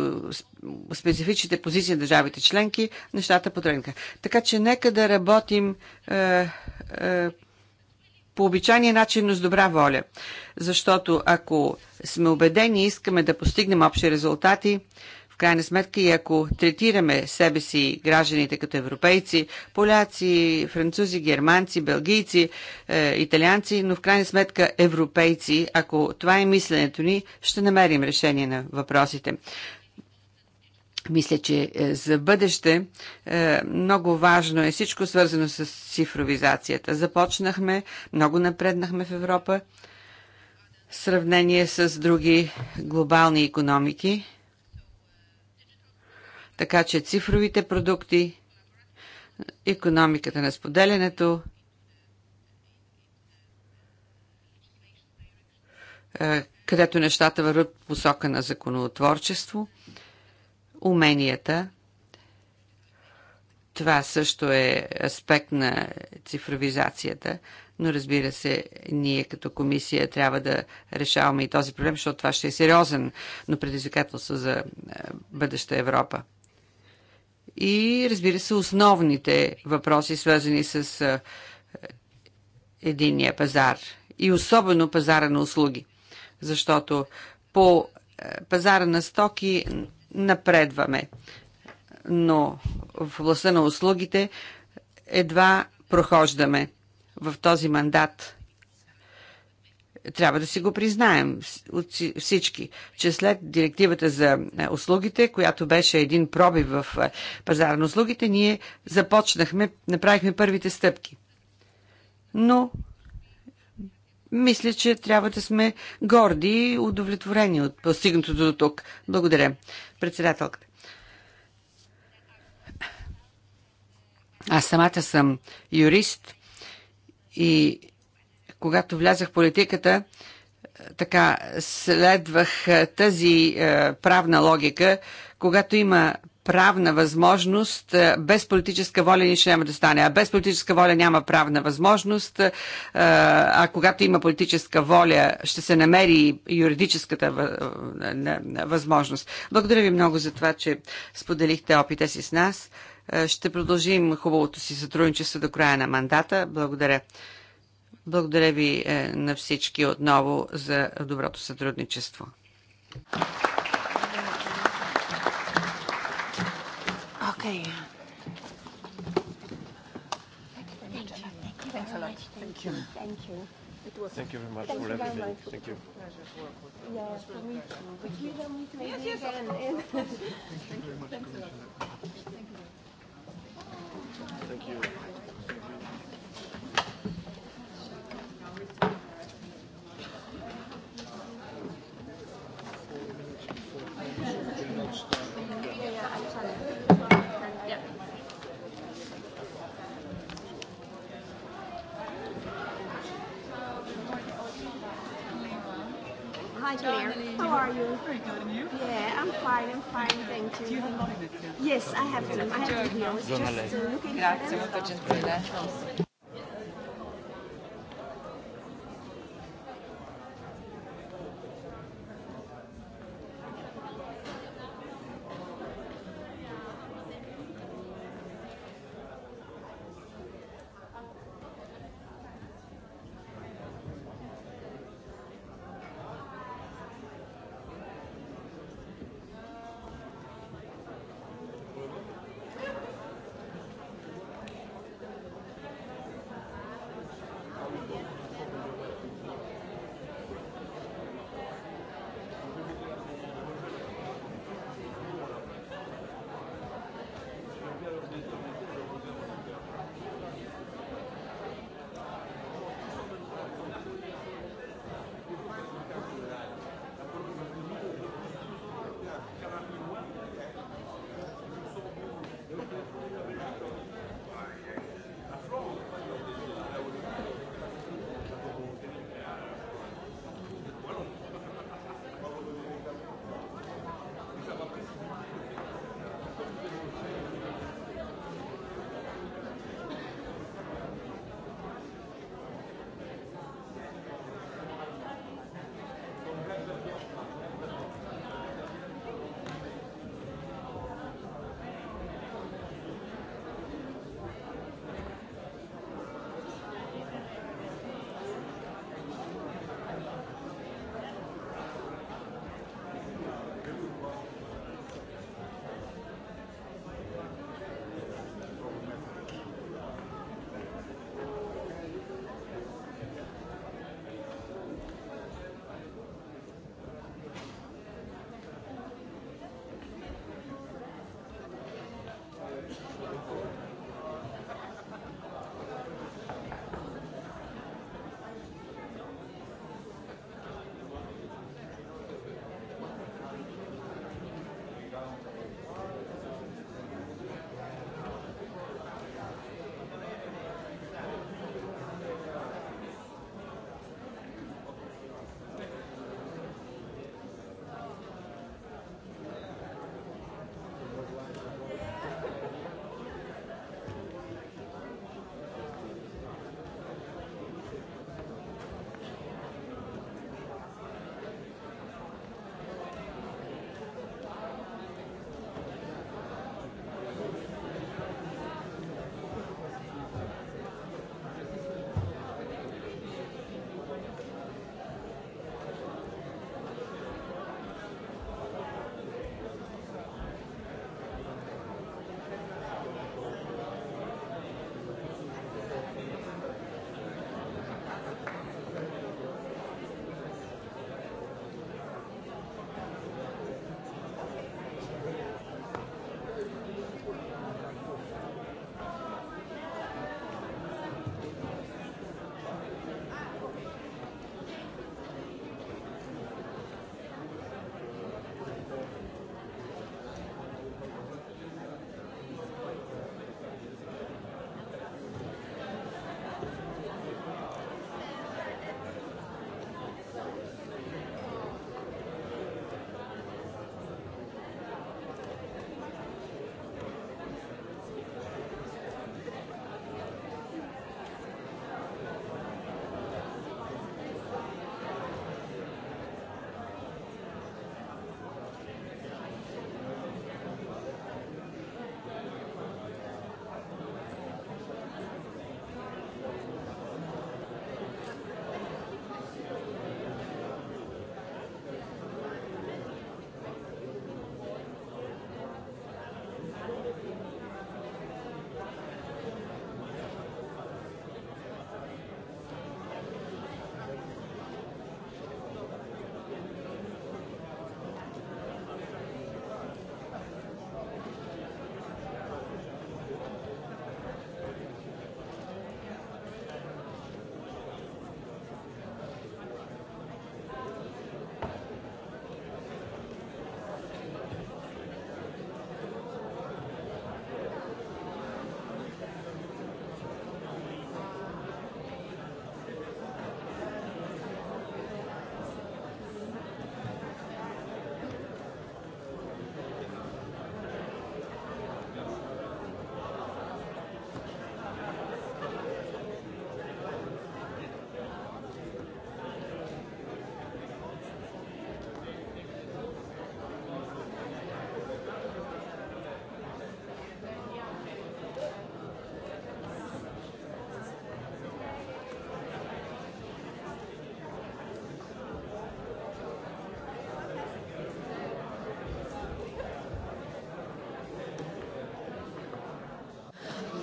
C: специфичните позиции на държавите членки, нещата потръгнаха. Така че нека да работим по обичайния начин, но с добра воля. Защото ако сме убедени и искаме да постигнем общи резултати, в крайна сметка и ако третираме себе си гражданите като европейци, поляци, французи, германци, белгийци, е, италианци, но в крайна сметка европейци, ако това е мисленето ни, ще намерим решение на въпросите. Мисля, че е, за бъдеще е, много важно е всичко свързано с цифровизацията. Започнахме, много напреднахме в Европа в сравнение с други глобални економики. Така че цифровите продукти, економиката на споделянето, е, където нещата върват посока на законотворчество – уменията. Това също е аспект на цифровизацията, но разбира се, ние като комисия трябва да решаваме и този проблем, защото това ще е сериозен, но предизвикателство за е, бъдеща Европа. И разбира се, основните въпроси, свързани с е, единния пазар и особено пазара на услуги, защото по е, пазара на стоки напредваме. Но в областта на услугите едва прохождаме в този мандат. Трябва да си го признаем от всички, че след директивата за е, услугите, която беше един пробив в е, пазара на услугите, ние започнахме, направихме първите стъпки. Но мисля, че трябва да сме горди и удовлетворени от постигнатото до тук. Благодаря. Председателката. Аз самата съм юрист и когато влязах в политиката, така следвах тази е, правна логика. Когато има правна възможност. Е, без политическа воля нищо няма да стане. А без политическа воля няма правна възможност. Е, а когато има политическа воля, ще се намери юридическата е, възможност. Благодаря ви много за това, че споделихте опита си с нас. Ще продължим хубавото си сътрудничество до края на мандата. Благодаря. Благодаря ви на всички отново за доброто сътрудничество. Okay. Thank
A: you. Thanks a lot. Thank you. Thank you. It was Thank you very much for everything.
C: Thank you. Yeah, for me too. But you don't need to yes, yes, again. Thank you very much, Thank you. Thank you.
B: are you? Very good, and you? Yeah, I'm fine, I'm fine, thank you. Do you have a lot of it? Yes, I have them. I have them here. I was just uh, looking Grazie, molto gentile.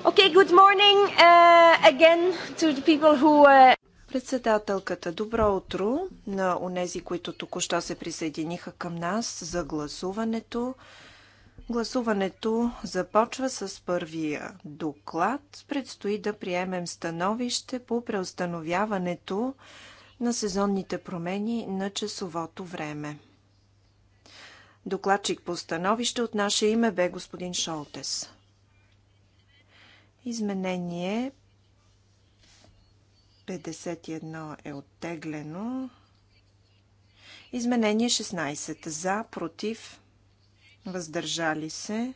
C: Okay, good morning uh,
B: again to the people who... Uh... Председателката, добро утро на онези, които току-що се присъединиха към нас за гласуването. Гласуването започва с първия доклад. Предстои да приемем становище по преустановяването на сезонните промени на часовото време. Докладчик по становище от наше име бе господин Шолтес. Изменение 51 е оттеглено. Изменение 16. За, против, въздържали се.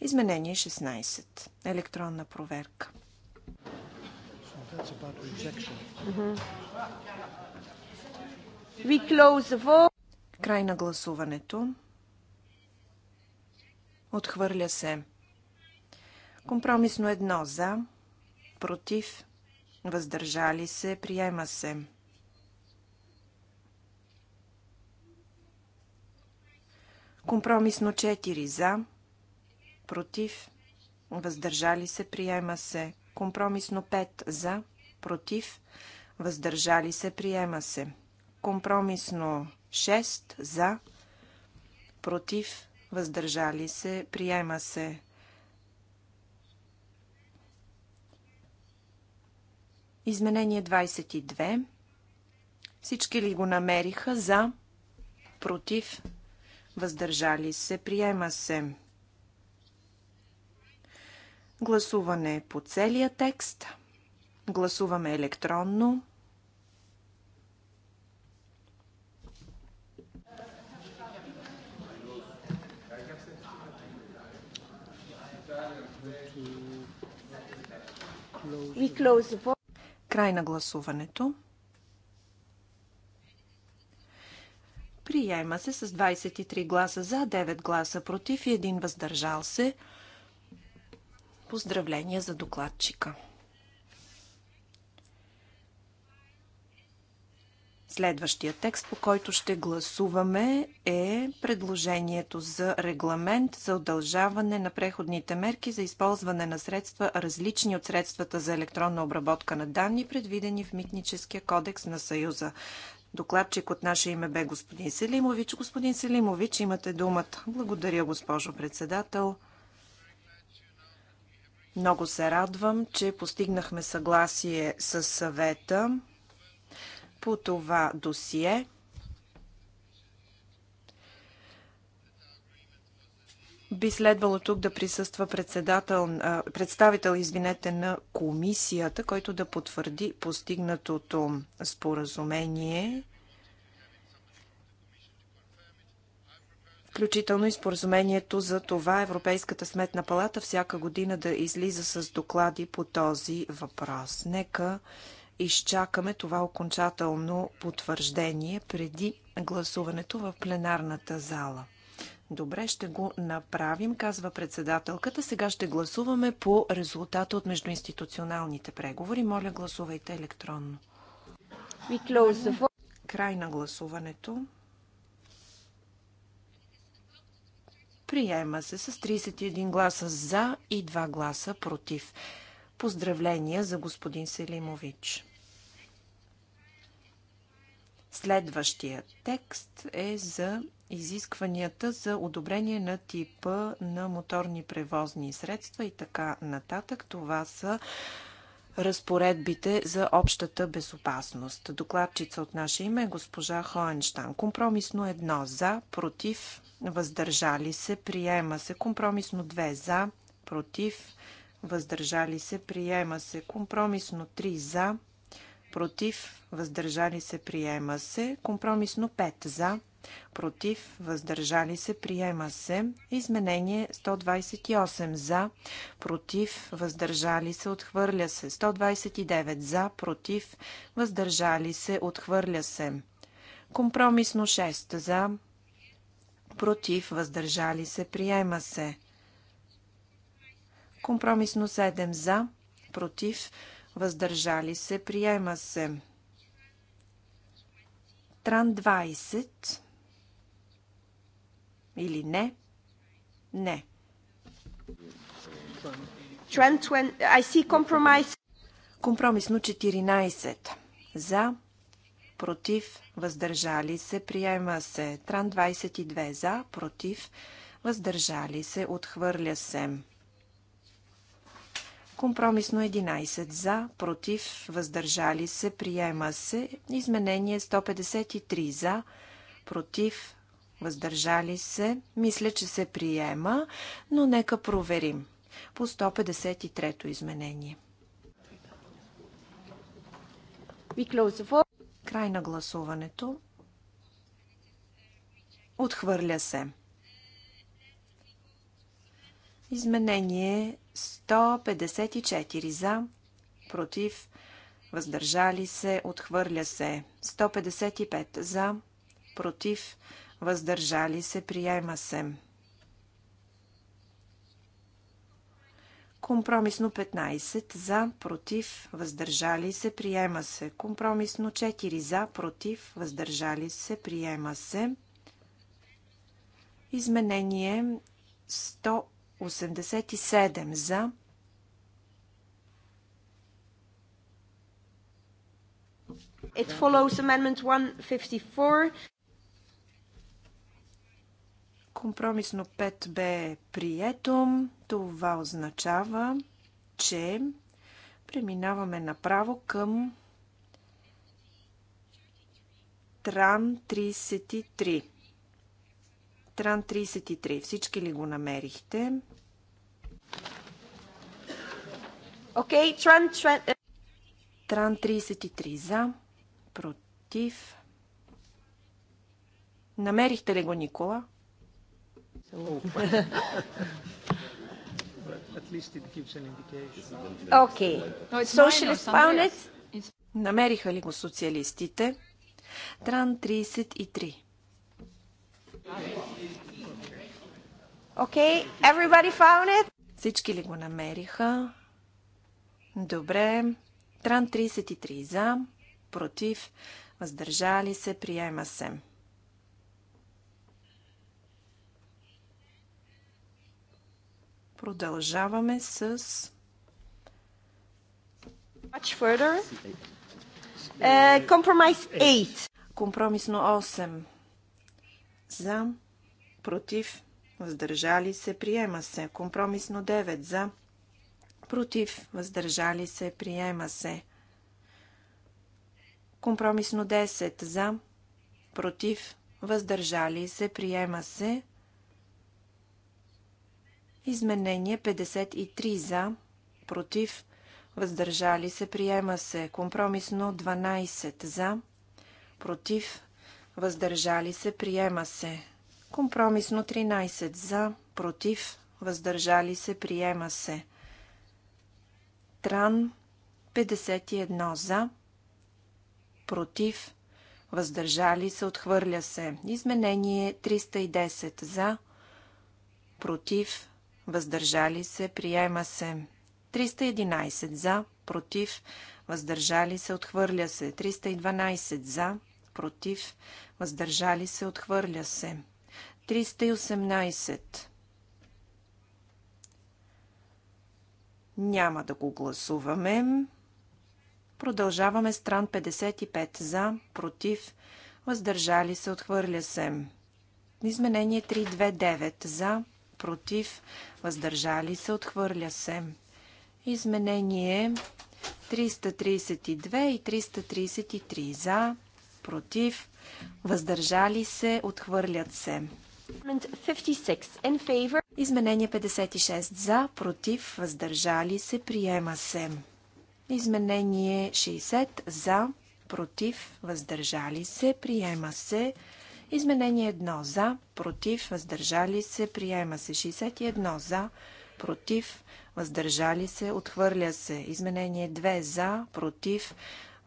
B: Изменение 16. Електронна проверка. Край на гласуването. Отхвърля се. Компромисно едно за, против, въздържали се, приема се. Компромисно 4 за, против, въздържали се, приема се. Компромисно 5 за, против, въздържали се, приема се. Компромисно 6 за, против, въздържали се, приема се. Изменение 22. Всички ли го намериха за, против, въздържали се, приема се. Гласуване по целия текст. Гласуваме електронно. Край на гласуването. Приема се с 23 гласа за, 9 гласа против и 1 въздържал се. Поздравления за докладчика. Следващия текст, по който ще гласуваме е предложението за регламент за удължаване на преходните мерки за използване на средства, различни от средствата за електронна обработка на данни, предвидени в Митническия кодекс на Съюза. Докладчик от наше име бе господин Селимович. Господин Селимович, имате думата. Благодаря, госпожо председател. Много се радвам, че постигнахме съгласие с съвета по това досие. Би следвало тук да присъства представител извинете, на комисията, който да потвърди постигнатото споразумение, включително и споразумението за това Европейската сметна палата всяка година да излиза с доклади по този въпрос. Нека изчакаме това окончателно потвърждение преди гласуването в пленарната зала. Добре, ще го направим, казва председателката. Сега ще гласуваме по резултата от междуинституционалните преговори. Моля, гласувайте електронно. Край на гласуването. Приема се с 31 гласа за и 2 гласа против. Поздравления за господин Селимович. Следващия текст е за изискванията за одобрение на типа на моторни превозни средства и така нататък. Това са разпоредбите за общата безопасност. Докладчица от наше име е госпожа Хоенштан. Компромисно едно за, против, въздържали се, приема се. Компромисно две за, против, въздържали се, приема се. Компромисно 3 за, против, въздържали се, приема се. Компромисно 5 за, против, въздържали се, приема се. Изменение 128 за, против, въздържали се, отхвърля се. 129 за, против, въздържали се, отхвърля се. Компромисно 6 за, против, въздържали се, приема се. Компромисно 7 за, против, въздържали се, приема се. Тран 20 или не? Не. Компромисно 14. За, против, въздържали се, приема се. Тран 22 за, против, въздържали се, отхвърля се. Компромисно 11 за, против, въздържали се, приема се. Изменение 153 за, против, въздържали се. Мисля, че се приема, но нека проверим. По 153-то изменение. Край на гласуването. Отхвърля се. Изменение 154 за, против, въздържали се, отхвърля се. 155 за, против, въздържали се, приема се. Компромисно 15 за, против, въздържали се, приема се. Компромисно 4 за, против, въздържали се, приема се. Изменение 100 87 за, It follows Amendment 154. Компромисно 5 бе прието. Това означава, че преминаваме направо към Тран 33. Тран 33. Всички ли го намерихте? Окей, Тран, Тран... 33 за, против. Намерихте ли го, Никола?
C: Окей. Е Socialist found
B: Намериха ли го социалистите? Тран 33. Okay, everybody found it? Всички ли го намериха? Добре. Тран 33 за, против, въздържали се, приема се. Продължаваме с... Much further. Uh, compromise 8. Компромисно 8. За, против, въздържали се, приема се. Компромисно 9 за, против, въздържали се, приема се. Компромисно 10 за, против, въздържали се, приема се. Изменение 53 за, против, въздържали се, приема се. Компромисно 12 за, против, въздържали се, приема се. Компромисно 13 за, против, въздържали се, приема се. Тран 51 за, против, въздържали се, отхвърля се. Изменение 310 за, против, въздържали се, приема се. 311 за, против, въздържали се, отхвърля се. 312 за, против, въздържали се, отхвърля се. 318. Няма да го гласуваме. Продължаваме стран 55 за, против, въздържали се, отхвърля се. Изменение 329 за, против, въздържали се, отхвърля се. Изменение 332 и 333 за, против, въздържали се, отхвърлят се. Изменение 56 за, против, въздържали се, приема се. Изменение 60 за, против, въздържали се, приема се. Изменение 1 за, против, въздържали се, приема се. 61 за, против, въздържали се, отхвърля се. Изменение 2 за, против,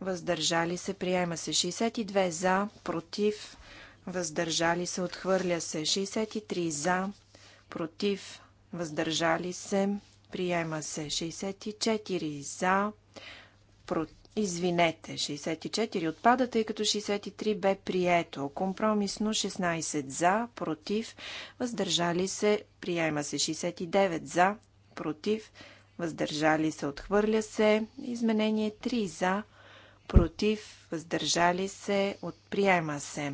B: въздържали се, приема се. 62 за, против, въздържали се, отхвърля се. 63 за, против, въздържали се, приема се. 64 за, против, извинете, 64 отпада, тъй като 63 бе прието. Компромисно 16 за, против, въздържали се, приема се. 69 за, против, въздържали се, отхвърля се. Изменение 3 за, против, въздържали се, отприема се.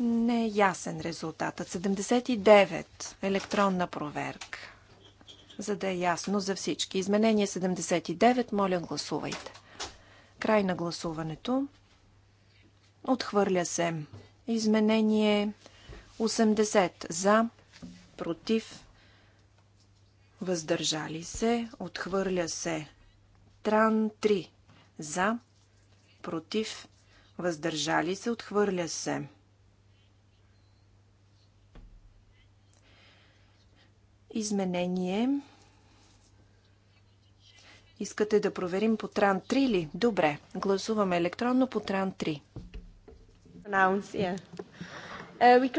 B: не е ясен резултатът. 79. Електронна проверка. За да е ясно за всички. Изменение 79. Моля, гласувайте. Край на гласуването. Отхвърля се. Изменение 80. За. Против. Въздържали се. Отхвърля се. Тран 3. За. Против. Въздържали се. Отхвърля се. изменение. Искате да проверим по Тран 3 ли? Добре, гласуваме електронно по Тран 3. Uh,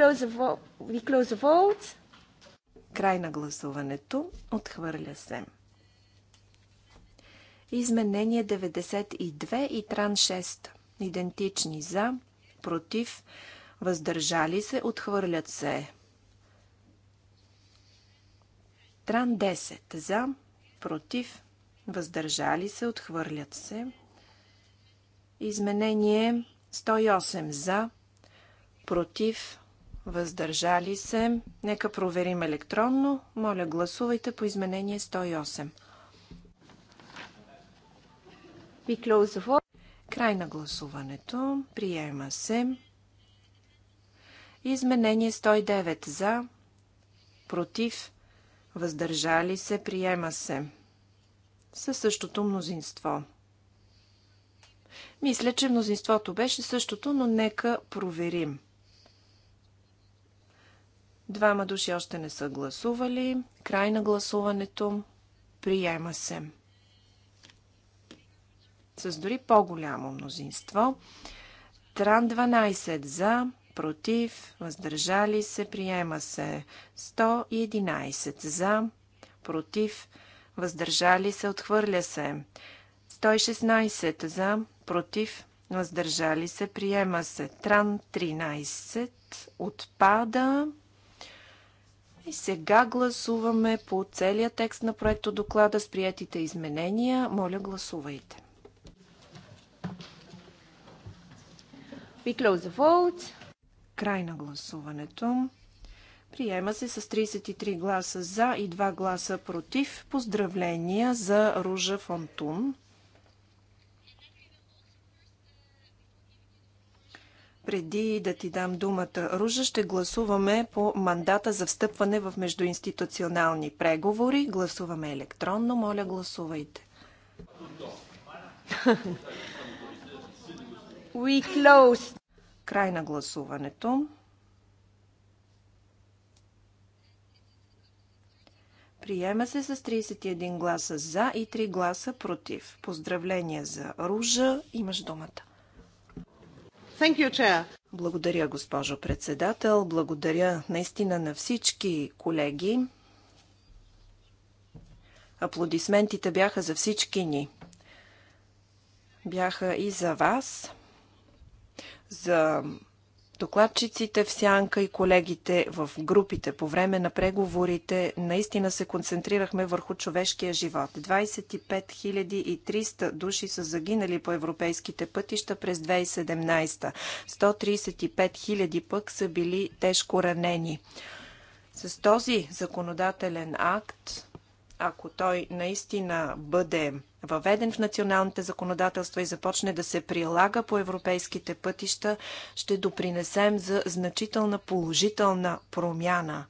B: Край на гласуването. Отхвърля се. Изменение 92 и Тран 6. Идентични за, против, въздържали се, отхвърлят се. Тран 10 за, против, въздържали се, отхвърлят се. Изменение 108 за, против, въздържали се. Нека проверим електронно. Моля, гласувайте по изменение 108. Край на гласуването. Приема се. Изменение 109 за, против, въздържали се, приема се. Със същото мнозинство. Мисля, че мнозинството беше същото, но нека проверим. Двама души още не са гласували. Край на гласуването. Приема се. С дори по-голямо мнозинство. Тран 12 за, против, въздържали се, приема се 111 за, против, въздържали се, отхвърля се 116 за, против, въздържали се, приема се Тран 13, отпада. И сега гласуваме по целия текст на проекто доклада с приятите изменения. Моля, гласувайте. We close the vote. Край на гласуването. Приема се с 33 гласа за и 2 гласа против. Поздравления за Ружа Фонтун. Преди да ти дам думата, Ружа, ще гласуваме по мандата за встъпване в междуинституционални преговори. Гласуваме електронно. Моля, гласувайте. We closed. Край на гласуването. Приема се с 31 гласа за и 3 гласа против. Поздравления за Ружа. Имаш думата. You, Благодаря, госпожо председател. Благодаря наистина на всички колеги. Аплодисментите бяха за всички ни. Бяха и за вас за докладчиците в сянка и колегите в групите по време на преговорите наистина се концентрирахме върху човешкия живот. 25 300 души са загинали по европейските пътища през 2017. 135 000 пък са били тежко ранени. С този законодателен акт, ако той наистина бъде въведен в националните законодателства и започне да се прилага по европейските пътища, ще допринесем за значителна положителна промяна.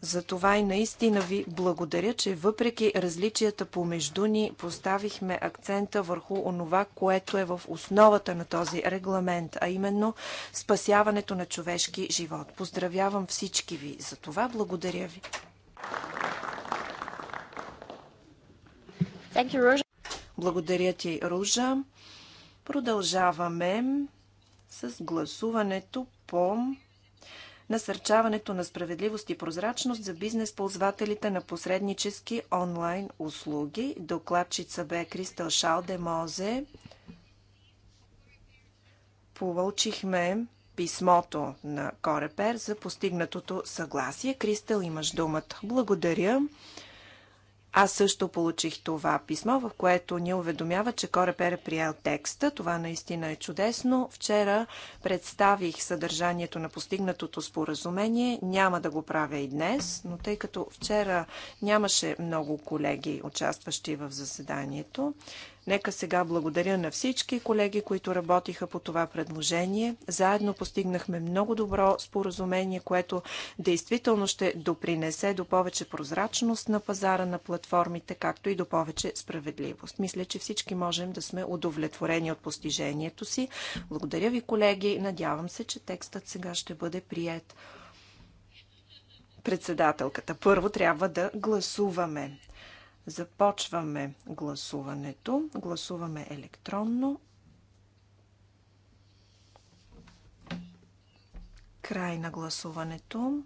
B: За това и наистина ви благодаря, че въпреки различията помежду ни, поставихме акцента върху онова, което е в основата на този регламент, а именно спасяването на човешки живот. Поздравявам всички ви за това. Благодаря ви. You, Благодаря ти, Ружа. Продължаваме с гласуването по насърчаването на справедливост и прозрачност за бизнес ползвателите на посреднически онлайн услуги. Докладчица бе Кристал Шалде Мозе. Получихме писмото на Корепер за постигнатото съгласие. Кристал, имаш думата. Благодаря. Аз също получих това писмо, в което ни уведомява, че Корепер е приел текста. Това наистина е чудесно. Вчера представих съдържанието на постигнатото споразумение. Няма да го правя и днес, но тъй като вчера нямаше много колеги, участващи в заседанието, Нека сега благодаря на всички колеги, които работиха по това предложение. Заедно постигнахме много добро споразумение, което действително ще допринесе до повече прозрачност на пазара на платформите, както и до повече справедливост. Мисля, че всички можем да сме удовлетворени от постижението си. Благодаря ви, колеги. Надявам се, че текстът сега ще бъде прият председателката. Първо трябва да гласуваме. Започваме гласуването. Гласуваме електронно. Край на гласуването.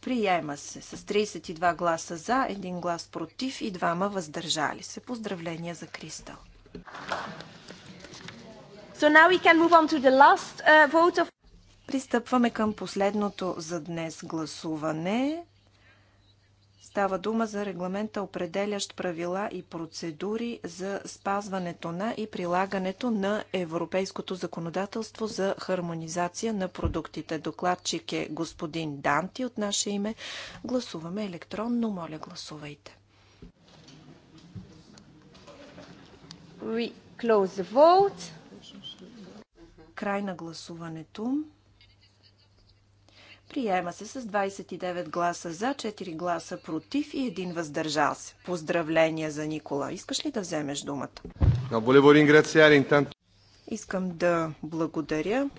B: Приема се с 32 гласа за, 1 глас против и 2 въздържали се. Поздравления за Кристал. So now we can move on to the last, uh, vote of... Пристъпваме към последното за днес гласуване Става дума за регламента, определящ правила и процедури за спазването на и прилагането на европейското законодателство за хармонизация на продуктите. Докладчик е господин Данти от наше име. Гласуваме електронно. Моля, гласувайте. We close the vote. Край на гласуването. Приема се с 29 гласа за, 4 гласа против и един въздържал се. Поздравления за Никола. Искаш ли да вземеш думата? Искам да благодаря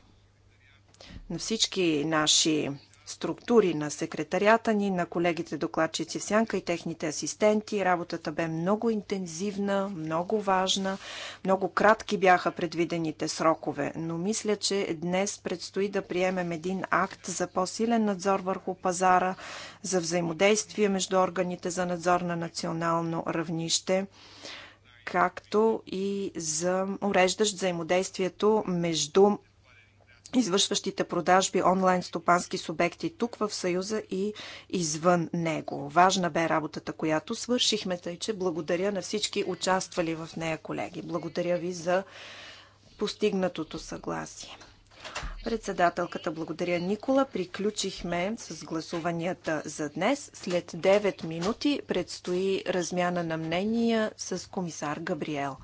B: на всички наши структури на секретарията ни, на колегите докладчици в Сянка и техните асистенти. Работата бе много интензивна, много важна, много кратки бяха предвидените срокове, но мисля, че днес предстои да приемем един акт за по-силен надзор върху пазара, за взаимодействие между органите за надзор на национално равнище както и за уреждащ взаимодействието между извършващите продажби онлайн стопански субекти тук в Съюза и извън него. Важна бе работата, която свършихме, тъй че благодаря на всички участвали в нея, колеги. Благодаря ви за постигнатото съгласие. Председателката благодаря Никола. Приключихме с гласуванията за днес. След 9 минути предстои размяна на мнения с комисар Габриел.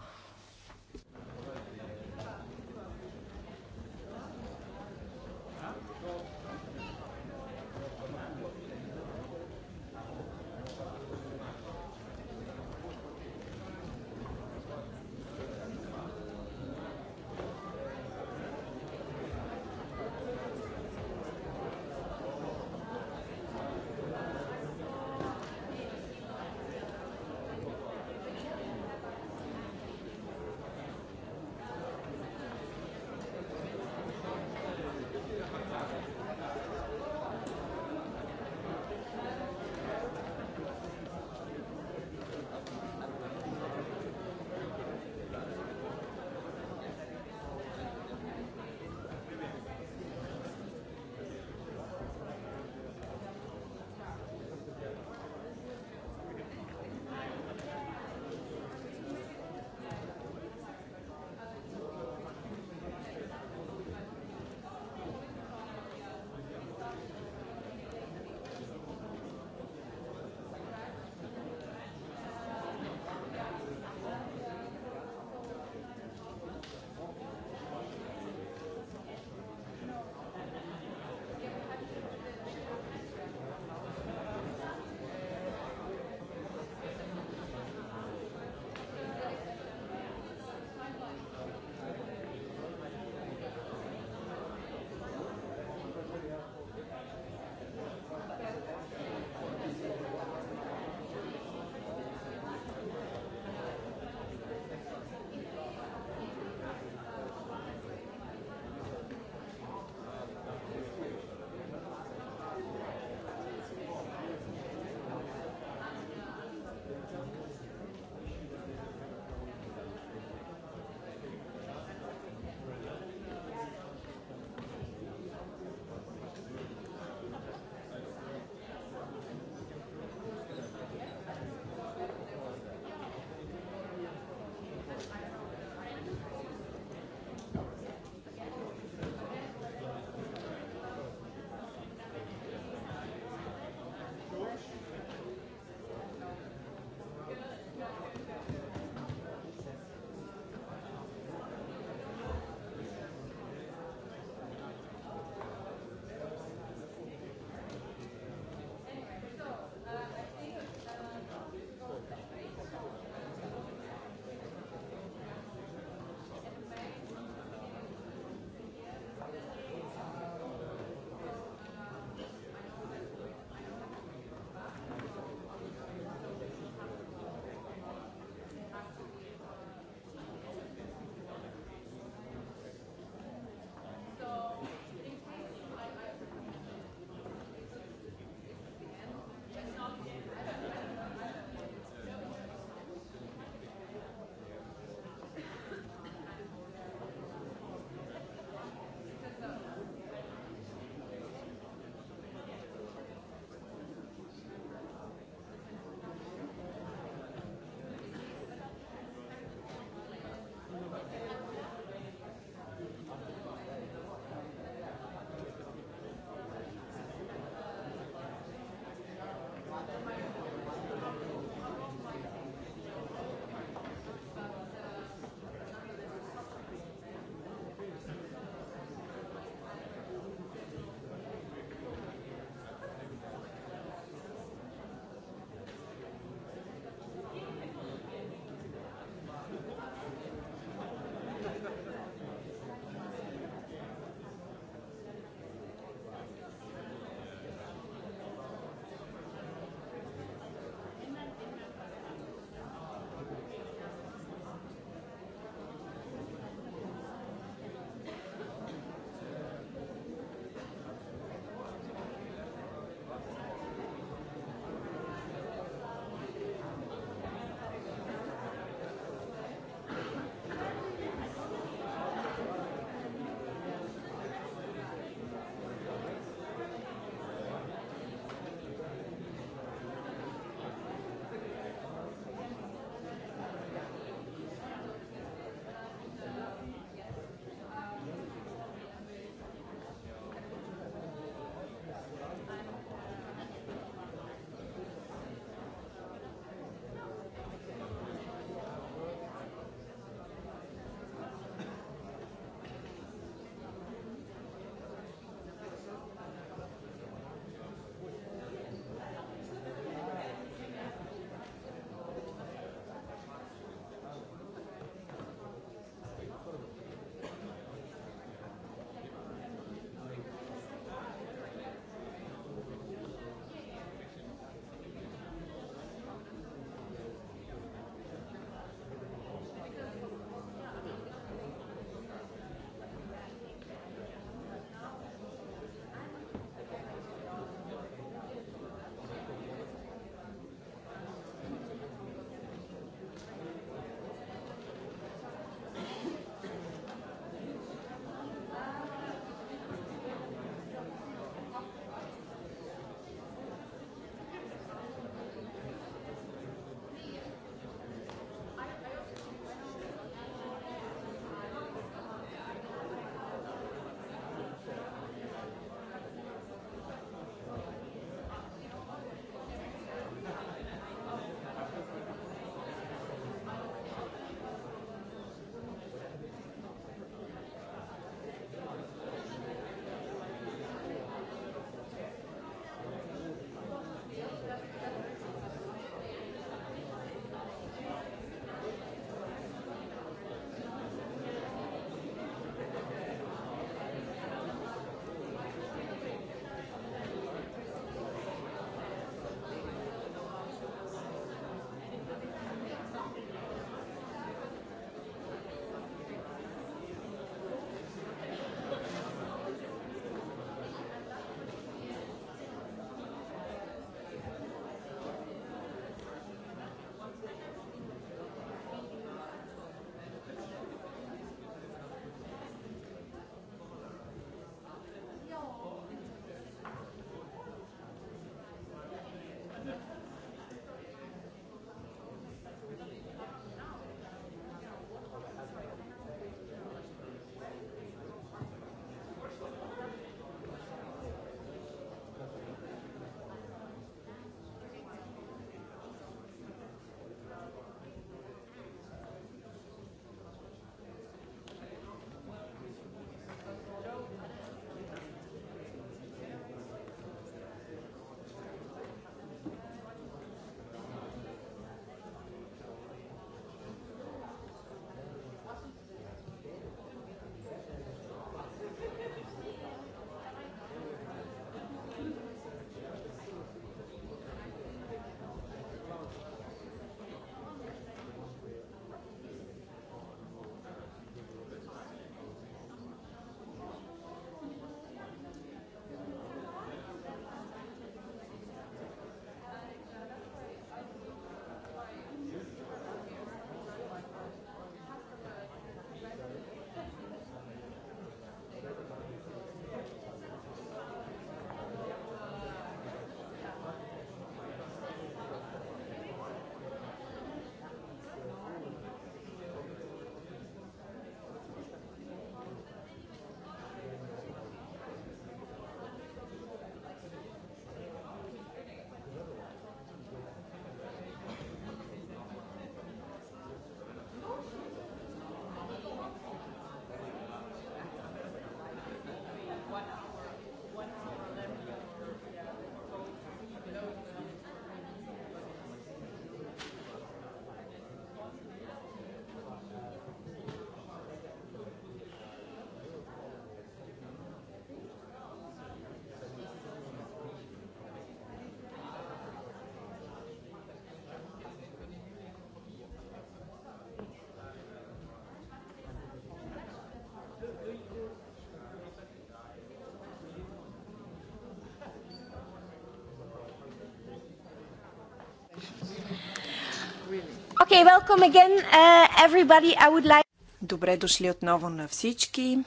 B: Okay, welcome again, uh, everybody. I would like... Добре дошли отново на всички.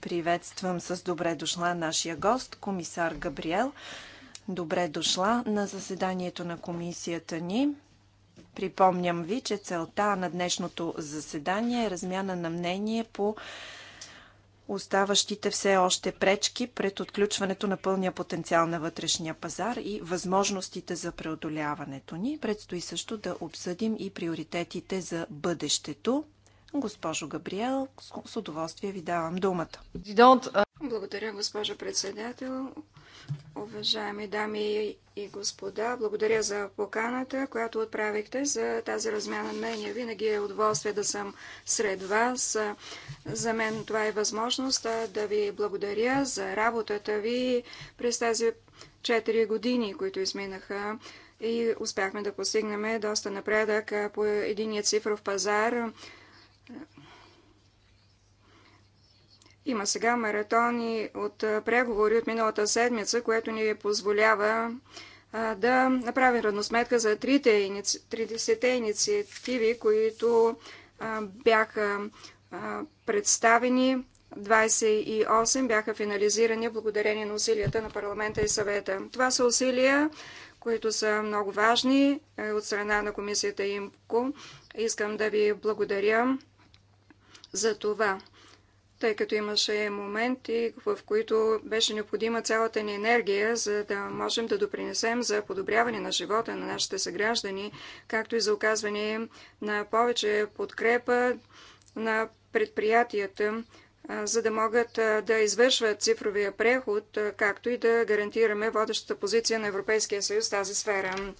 B: Приветствам с добре дошла нашия гост, комисар Габриел. Добре дошла на заседанието на комисията ни. Припомням ви, че целта на днешното заседание е размяна на мнение по оставащите все още пречки пред отключването на пълния потенциал на вътрешния пазар и възможностите за преодоляването ни. Предстои също да обсъдим и приоритетите за бъдещето. Госпожо Габриел, с удоволствие ви давам думата.
A: Благодаря, госпожо председател. Уважаеми дами и господа, благодаря за поканата, която отправихте за тази размяна на мнения. Винаги е удоволствие да съм сред вас. За мен това е възможност да ви благодаря за работата ви през тези 4 години, които изминаха и успяхме да постигнем доста напредък по единия цифров пазар. Има сега маратони от преговори от миналата седмица, което ни позволява да направим равносметка за 30-те инициативи, които бяха представени. 28 бяха финализирани благодарение на усилията на парламента и съвета. Това са усилия, които са много важни е, от страна на комисията ИМКО. Искам да ви благодаря за това тъй като имаше моменти, в които беше необходима цялата ни енергия, за да можем да допринесем за подобряване на живота на нашите съграждани, както и за оказване на повече подкрепа на предприятията, за да могат да извършват цифровия преход, както и да гарантираме водещата позиция на Европейския съюз в тази сфера.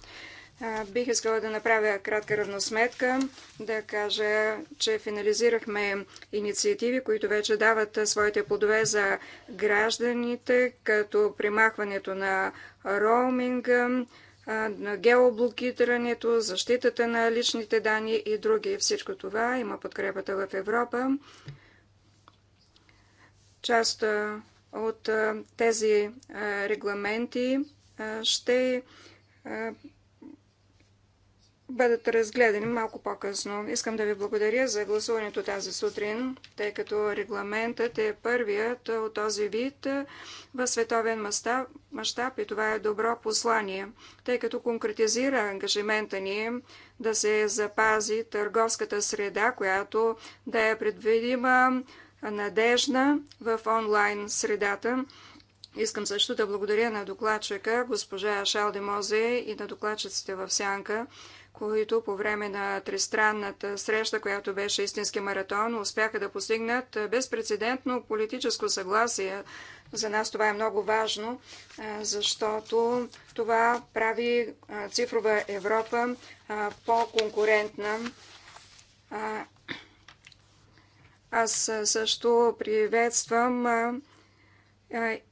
A: Бих искала да направя кратка равносметка, да кажа, че финализирахме инициативи, които вече дават своите плодове за гражданите, като примахването на роуминга, на геоблокирането, защитата на личните данни и други. Всичко това има подкрепата в Европа. Част от тези регламенти ще бъдат разгледани малко по-късно. Искам да ви благодаря за гласуването тази сутрин, тъй като регламентът е първият от този вид в световен мащаб и това е добро послание, тъй като конкретизира ангажимента ни да се запази търговската среда, която да е предвидима, надежна в онлайн средата. Искам също да благодаря на докладчика, госпожа Шалде Мозе и на докладчиците в Сянка, които по време на тристранната среща, която беше истински маратон, успяха да постигнат безпредседентно политическо съгласие. За нас това е много важно, защото това прави цифрова Европа по-конкурентна. Аз също приветствам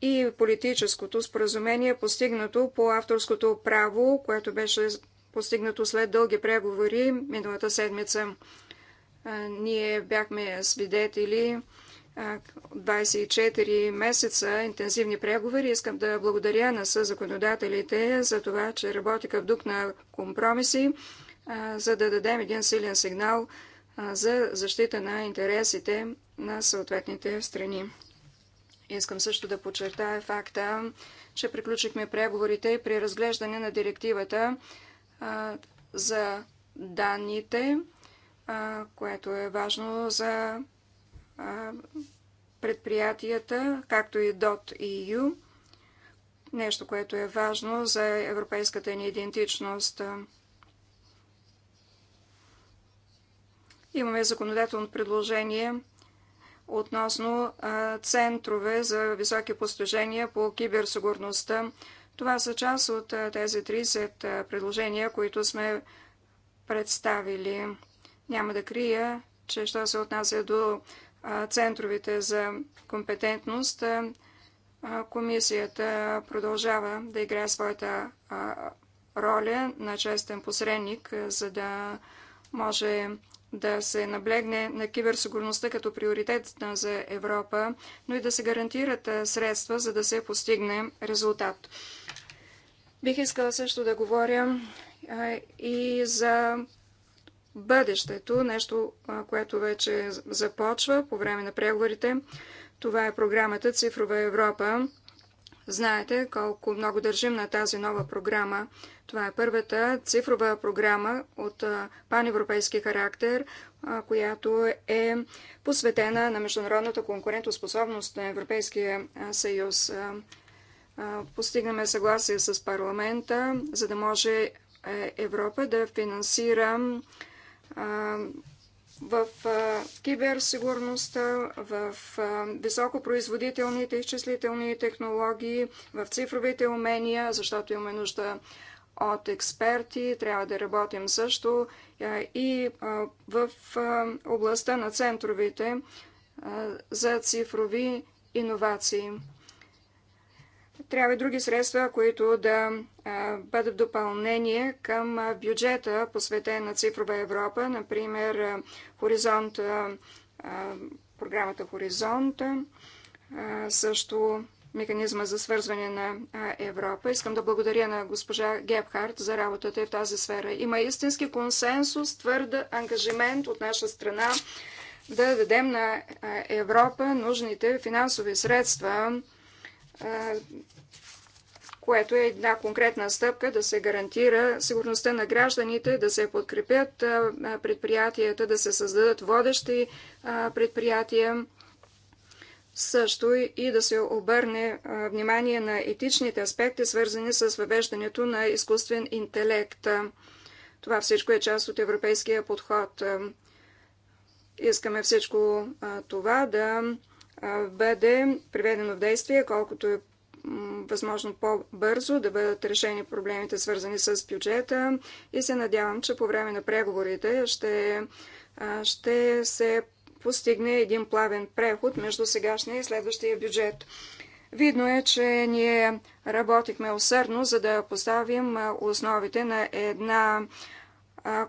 A: и политическото споразумение, постигнато по авторското право, което беше постигнато след дълги преговори миналата седмица. Ние бяхме свидетели 24 месеца интензивни преговори. Искам да благодаря на съзаконодателите за това, че работиха в дух на компромиси, за да дадем един силен сигнал за защита на интересите на съответните страни. Искам също да подчертая факта, че приключихме преговорите при разглеждане на директивата за данните, което е важно за предприятията, както и .eu, нещо, което е важно за европейската ни идентичност. Имаме законодателно предложение относно центрове за високи постижения по киберсигурността. Това са част от тези 30 предложения, които сме представили. Няма да крия, че що се отнася до центровете за компетентност, комисията продължава да играе своята роля на честен посредник, за да може да се наблегне на киберсигурността като приоритет за Европа, но и да се гарантират средства, за да се постигне резултат. Бих искала също да говоря и за бъдещето, нещо, което вече започва по време на преговорите. Това е програмата Цифрова Европа. Знаете колко много държим на тази нова програма. Това е първата цифрова програма от паневропейски характер, която е посветена на международната конкурентоспособност на Европейския съюз постигнем съгласие с парламента, за да може е, Европа да финансира в киберсигурността, в високопроизводителните изчислителни технологии, в цифровите умения, защото имаме нужда от експерти, трябва да работим също и в областта на центровите за цифрови иновации. Трябва и други средства, които да бъдат допълнение към бюджета, посветен на цифрова Европа, например Хоризонт, програмата Хоризонт, също механизма за свързване на Европа. Искам да благодаря на госпожа Гебхарт за работата и в тази сфера. Има истински консенсус, твърд ангажимент от наша страна да дадем на Европа нужните финансови средства което е една конкретна стъпка да се гарантира сигурността на гражданите, да се подкрепят предприятията, да се създадат водещи предприятия, също и да се обърне внимание на етичните аспекти, свързани с въвеждането на изкуствен интелект. Това всичко е част от европейския подход. Искаме всичко това да бъде приведено в действие, колкото е възможно по-бързо да бъдат решени проблемите, свързани с бюджета и се надявам, че по време на преговорите ще, ще се постигне един плавен преход между сегашния и следващия бюджет. Видно е, че ние работихме усърдно, за да поставим основите на една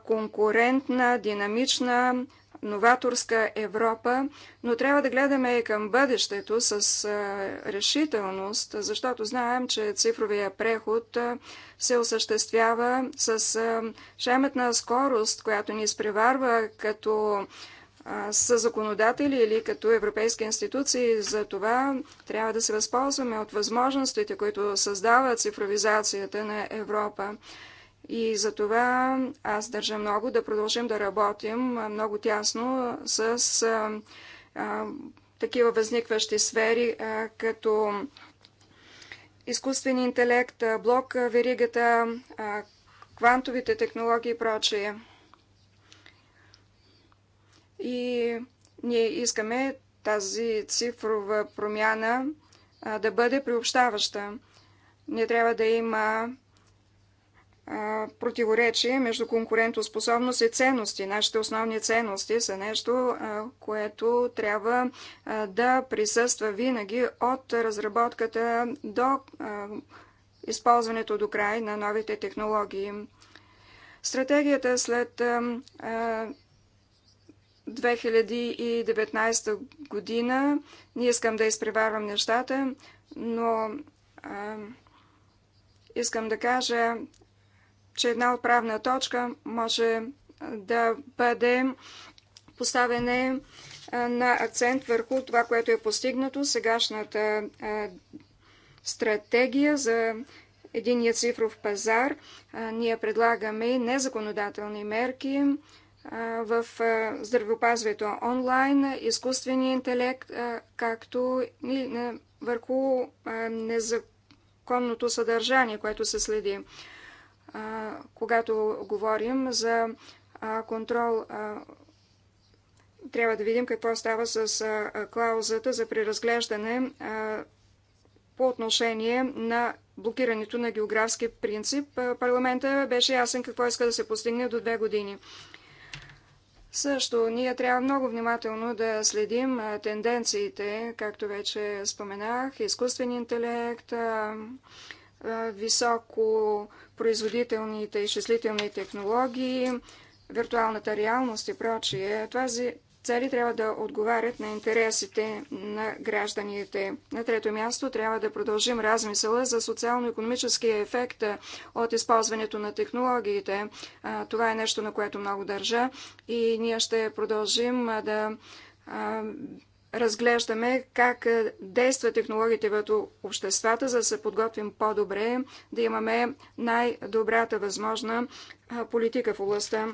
A: конкурентна, динамична, новаторска Европа, но трябва да гледаме и към бъдещето с решителност, защото знаем, че цифровия преход се осъществява с шеметна скорост, която ни изпреварва като с законодатели или като европейски институции. За това трябва да се възползваме от възможностите, които създава цифровизацията на Европа. И за това аз държа много да продължим да работим много тясно с а, а, такива възникващи сфери, а, като изкуствен интелект, блок, веригата, а, квантовите технологии и прочие. И ние искаме тази цифрова промяна а, да бъде приобщаваща. Не трябва да има противоречие между конкурентоспособност и ценности. Нашите основни ценности са нещо, което трябва да присъства винаги от разработката до използването до край на новите технологии. Стратегията след 2019 година, не искам да изпреварвам нещата, но искам да кажа, че една отправна точка може да бъде поставяне на акцент върху това, което е постигнато сегашната стратегия за единия цифров пазар. Ние предлагаме незаконодателни мерки в здравеопазването онлайн, изкуствения интелект, както и върху незаконното съдържание, което се следи когато говорим за контрол, трябва да видим какво става с клаузата за преразглеждане по отношение на блокирането на географски принцип. Парламента беше ясен какво иска да се постигне до две години. Също ние трябва много внимателно да следим тенденциите, както вече споменах, изкуствен интелект, високо производителните и изчислителни технологии, виртуалната реалност и прочие. Тази цели трябва да отговарят на интересите на гражданите. На трето място трябва да продължим размисъла за социално-економическия ефект от използването на технологиите. Това е нещо, на което много държа и ние ще продължим да разглеждаме как е, действат технологиите върху обществата, за да се подготвим по-добре, да имаме най-добрата възможна политика в областта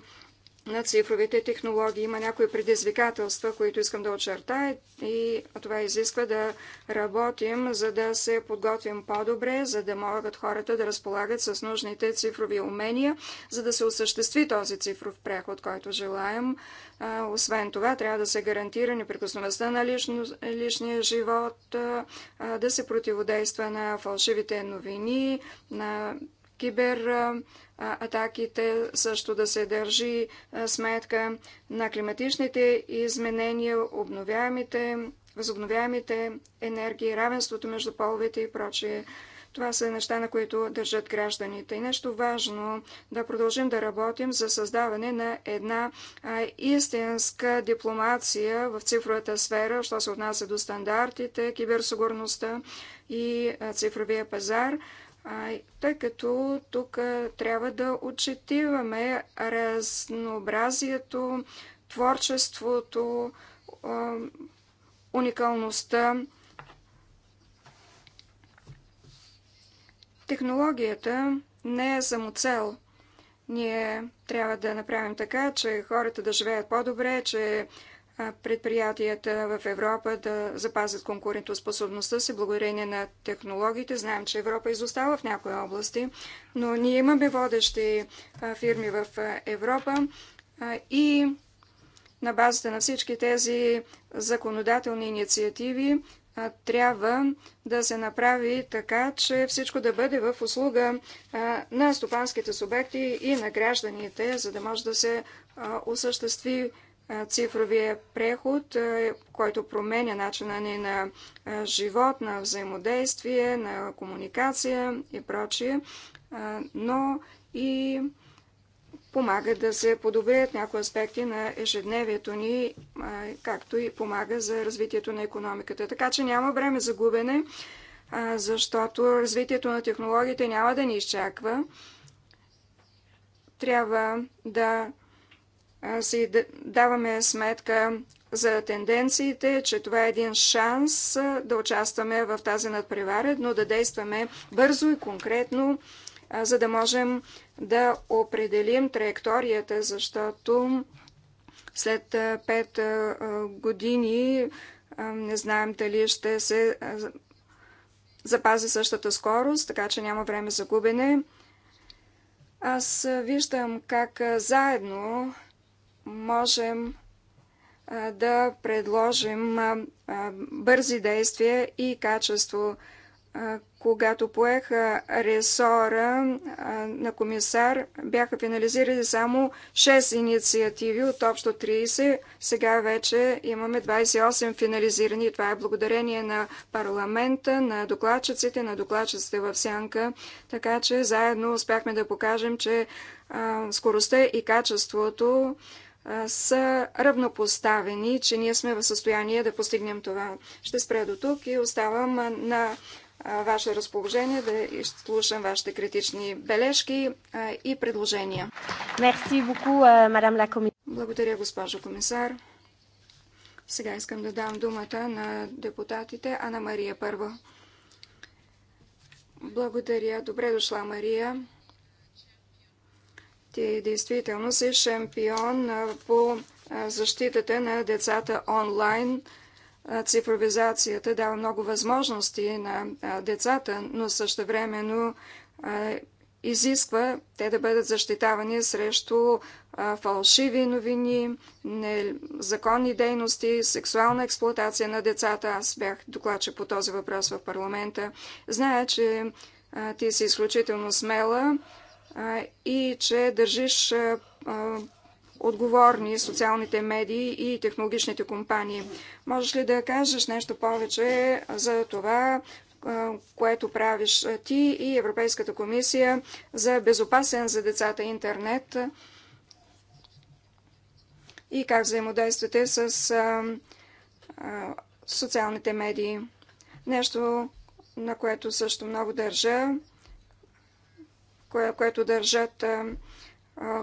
A: на цифровите технологии. Има някои предизвикателства, които искам да очертая и това изисква да работим, за да се подготвим по-добре, за да могат хората да разполагат с нужните цифрови умения, за да се осъществи този цифров преход, който желаем. Освен това, трябва да се гарантира неприкосновеността на лично, личния живот, да се противодейства на фалшивите новини, на кибер атаките, също да се държи сметка на климатичните изменения, обновяемите, възобновяемите енергии, равенството между половете и прочие. Това са неща, на които държат гражданите. И нещо важно да продължим да работим за създаване на една а, истинска дипломация в цифровата сфера, що се отнася до стандартите, киберсигурността и а, цифровия пазар тъй като тук трябва да отчетиваме разнообразието, творчеството, уникалността. Технологията не е самоцел. Ние трябва да направим така, че хората да живеят по-добре, че предприятията в Европа да запазят конкурентоспособността си благодарение на технологиите. Знаем, че Европа изостава в някои области, но ние имаме водещи фирми в Европа и на базата на всички тези законодателни инициативи трябва да се направи така, че всичко да бъде в услуга на стопанските субекти и на гражданите, за да може да се осъществи цифровия преход, който променя начина ни на живот, на взаимодействие, на комуникация и прочие, но и помага да се подобрят някои аспекти на ежедневието ни, както и помага за развитието на економиката. Така че няма време за губене, защото развитието на технологиите няма да ни изчаква. Трябва да си даваме сметка за тенденциите, че това е един шанс да участваме в тази надпревара, но да действаме бързо и конкретно, за да можем да определим траекторията, защото след 5 години не знаем дали ще се запази същата скорост, така че няма време за губене. Аз виждам как заедно можем да предложим бързи действия и качество. Когато поеха ресора на комисар, бяха финализирани само 6 инициативи от общо 30. Сега вече имаме 28 финализирани. Това е благодарение на парламента, на докладчиците, на докладчиците в Сянка. Така че заедно успяхме да покажем, че скоростта и качеството са равнопоставени, че ние сме в състояние да постигнем това. Ще спре до тук и оставам на ваше разположение да изслушам вашите критични бележки и предложения. Мерси beaucoup, мадам ла Благодаря, госпожо комисар. Сега искам да дам думата на депутатите Ана Мария първа. Благодаря. Добре дошла, Мария. Ти действително си шампион по защитата на децата онлайн. Цифровизацията дава много възможности на децата, но също времено изисква те да бъдат защитавани срещу фалшиви новини, незаконни дейности, сексуална експлуатация на децата. Аз бях докладче по този въпрос в парламента. Зная, че ти си изключително смела и че държиш отговорни социалните медии и технологичните компании. Можеш ли да кажеш нещо повече за това, което правиш ти и Европейската комисия за безопасен за децата интернет и как взаимодействате с социалните медии? Нещо, на което също много държа, кое, което държат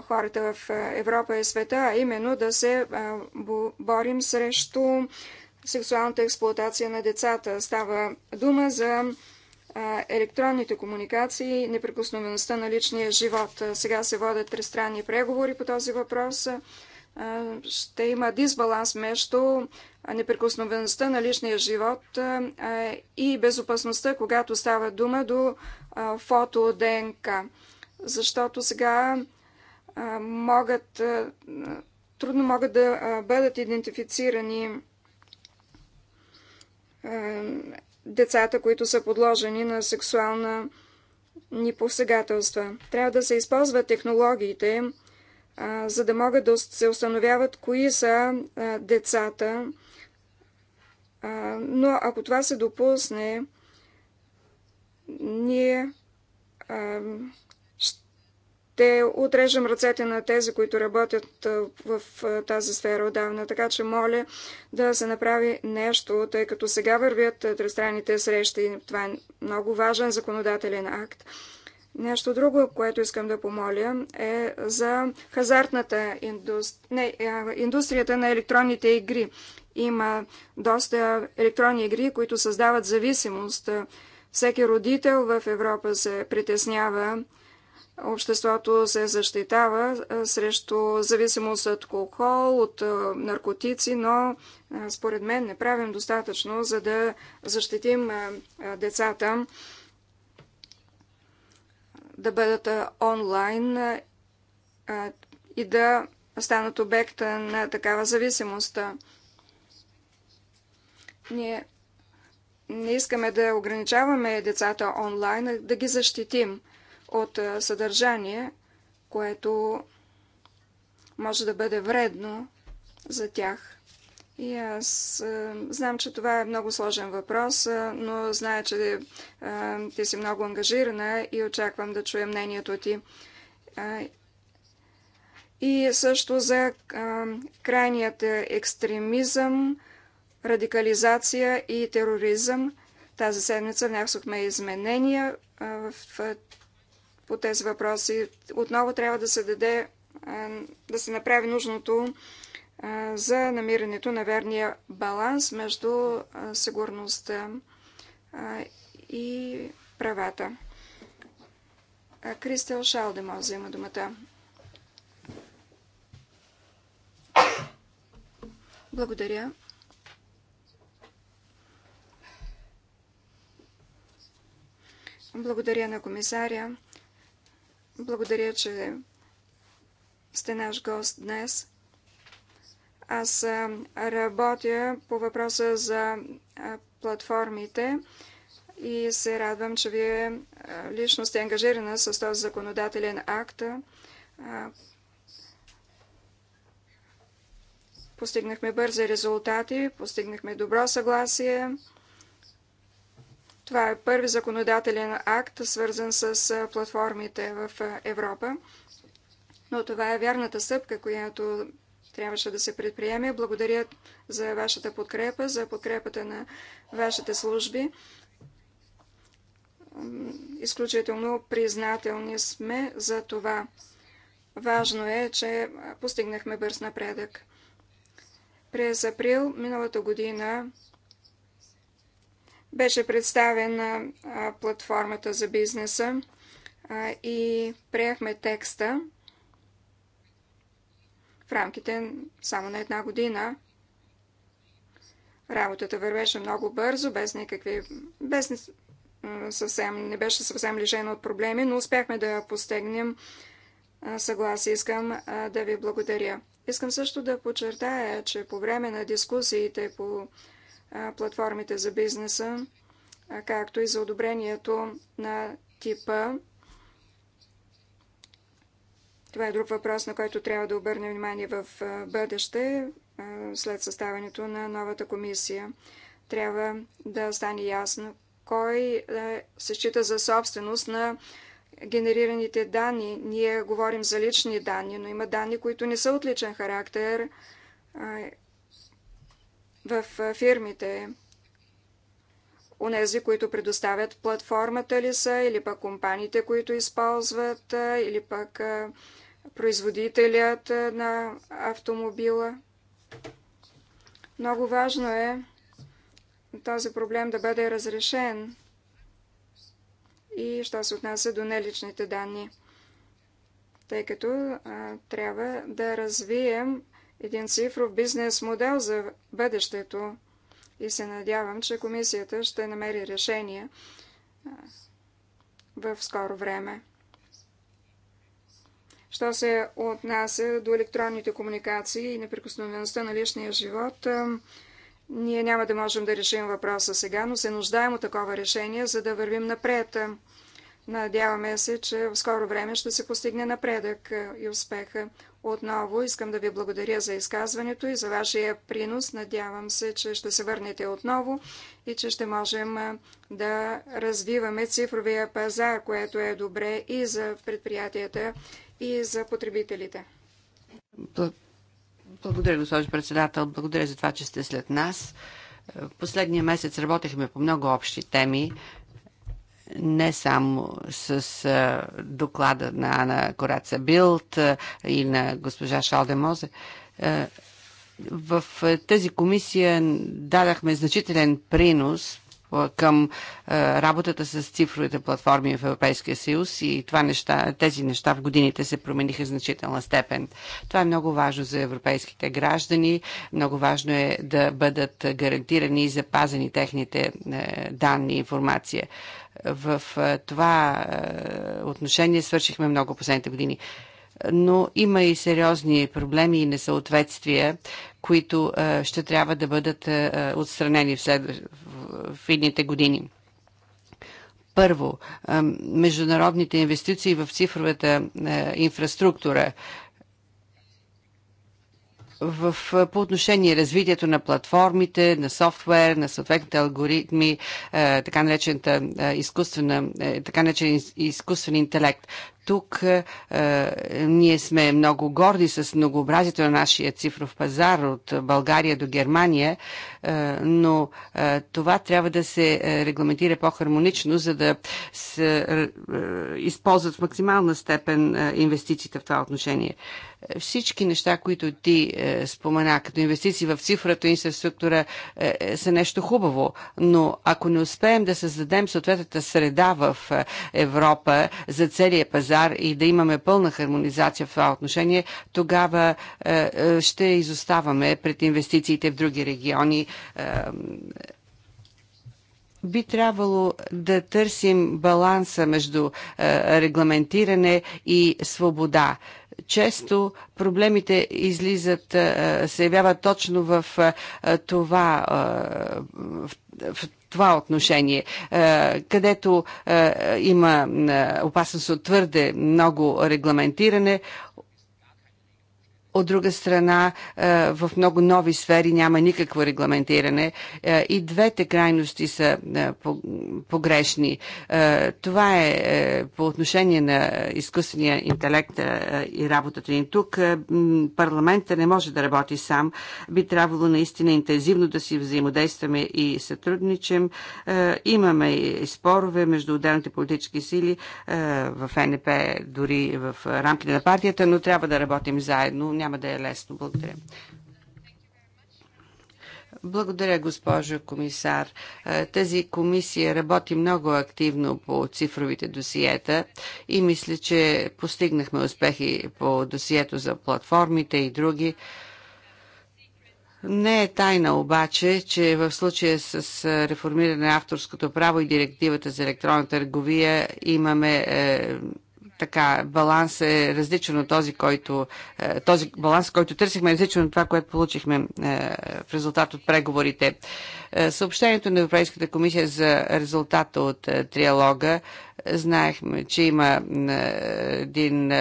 A: хората в Европа и света, а именно да се борим срещу сексуалната експлуатация на децата. Става дума за електронните комуникации и неприкосновеността на личния живот. Сега се водят тристранни преговори по този въпрос ще има дисбаланс между неприкосновеността на личния живот и безопасността, когато става дума до фото ДНК. Защото сега могат, трудно могат да бъдат идентифицирани децата, които са подложени на сексуална ни посегателства. Трябва да се използват технологиите, за да могат да се установяват кои са децата. Но ако това се допусне, ние ще отрежем ръцете на тези, които работят в тази сфера отдавна. Така че моля да се направи нещо, тъй като сега вървят тристранните срещи. Това е много важен законодателен акт. Нещо друго, което искам да помоля, е за хазартната индустри... не, е, индустрията на електронните игри. Има доста електронни игри, които създават зависимост. Всеки родител в Европа се притеснява. Обществото се защитава срещу зависимост от алкохол, от наркотици, но според мен не правим достатъчно, за да защитим децата да бъдат онлайн и да станат обекта на такава зависимост. Ние не искаме да ограничаваме децата онлайн, а да ги защитим от съдържание, което може да бъде вредно за тях. И аз е, знам, че това е много сложен въпрос, е, но зная, че е, ти си много ангажирана и очаквам да чуя мнението ти. И също за крайният екстремизъм, радикализация и тероризъм. Тази седмица внесохме изменения в, по тези въпроси. Отново трябва да се даде, да се направи нужното за намирането на верния баланс между сигурността и правата. Кристел Шалдемо, взема думата. Благодаря. Благодаря на комисаря. Благодаря, че сте наш гост днес. Аз работя по въпроса за платформите и се радвам, че вие лично сте ангажирана с този законодателен акт. Постигнахме бързи резултати, постигнахме добро съгласие. Това е първи законодателен акт, свързан с платформите в Европа. Но това е вярната стъпка, която трябваше да се предприеме. Благодаря за вашата подкрепа, за подкрепата на вашите служби. Изключително признателни сме за това. Важно е, че постигнахме бърз напредък. През април миналата година беше представена платформата за бизнеса и приехме текста в рамките само на една година. Работата вървеше много бързо, без никакви... Без съвсем, не беше съвсем лишена от проблеми, но успяхме да постигнем съгласие. Искам да ви благодаря. Искам също да подчертая, че по време на дискусиите по платформите за бизнеса, както и за одобрението на типа, това е друг въпрос, на който трябва да обърнем внимание в бъдеще, след съставането на новата комисия. Трябва да стане ясно кой се счита за собственост на генерираните данни. Ние говорим за лични данни, но има данни, които не са от личен характер в фирмите. Онези, които предоставят платформата ли са, или пък компаниите, които използват, или пък производителят на автомобила. Много важно е този проблем да бъде разрешен и що се отнася до неличните данни, тъй като а, трябва да развием един цифров бизнес модел за бъдещето и се надявам, че комисията ще намери решение в скоро време. Що се отнася до електронните комуникации и неприкосновеността на личния живот, ние няма да можем да решим въпроса сега, но се нуждаем от такова решение, за да вървим напред. Надяваме се, че в скоро време ще се постигне напредък и успеха. Отново искам да ви благодаря за изказването и за вашия принос. Надявам се, че ще се върнете отново и че ще можем да развиваме цифровия пазар, което е добре и за предприятията, и за потребителите.
C: Благодаря, госпожо председател. Благодаря за това, че сте след нас. Последния месец работехме по много общи теми, не само с доклада на Ана Кораца Билт и на госпожа Шалдемозе. В тази комисия дадахме значителен принос към работата с цифровите платформи в Европейския съюз и това неща, тези неща в годините се промениха значителна степен. Това е много важно за европейските граждани. Много важно е да бъдат гарантирани и запазени техните е, данни и информация. В е, това е, отношение свършихме много последните години но има и сериозни проблеми и несъответствия които ще трябва да бъдат отстранени в, след... в години. Първо, международните инвестиции в цифровата инфраструктура в, по отношение развитието на платформите, на софтуер, на съответните алгоритми, е, така наречената е, изкуствена, така наречен изкуствен интелект. Тук е, е, ние сме много горди с многообразието на нашия цифров пазар от България до Германия, е, но е, това трябва да се е, регламентира по-хармонично, за да се е, е, използват в максимална степен е, инвестициите в това отношение. Всички неща, които ти е, спомена като инвестиции в цифрата инфраструктура е, е, са нещо хубаво, но ако не успеем да създадем съответната среда в Европа за целия пазар, пазар и да имаме пълна хармонизация в това отношение, тогава е, е, ще изоставаме пред инвестициите в други региони е, би трябвало да търсим баланса между регламентиране и свобода често проблемите излизат, се явяват точно в това, в това отношение, където има опасност от твърде много регламентиране, от друга страна, е, в много нови сфери няма никакво регламентиране е, и двете крайности са е, погрешни. Това е по отношение на изкуствения интелект и работата ни тук. Парламента не може да работи сам. Би трябвало наистина интензивно да си взаимодействаме и сътрудничим. Имаме и спорове между отделните политически сили в НП, дори в рамките на партията, но трябва да работим заедно няма да е лесно. Благодаря. Благодаря, госпожо комисар. Е, тази комисия работи много активно по цифровите досиета и мисля, че постигнахме успехи по досието за платформите и други. Не е тайна обаче, че в случая с реформиране на авторското право и директивата за електронна търговия имаме е, така, баланс е различен от този, който, е, този баланс, който търсихме, е различен от това, което получихме е, в резултат от преговорите. Е, съобщението на Европейската комисия за резултата от триалога знаехме, че има един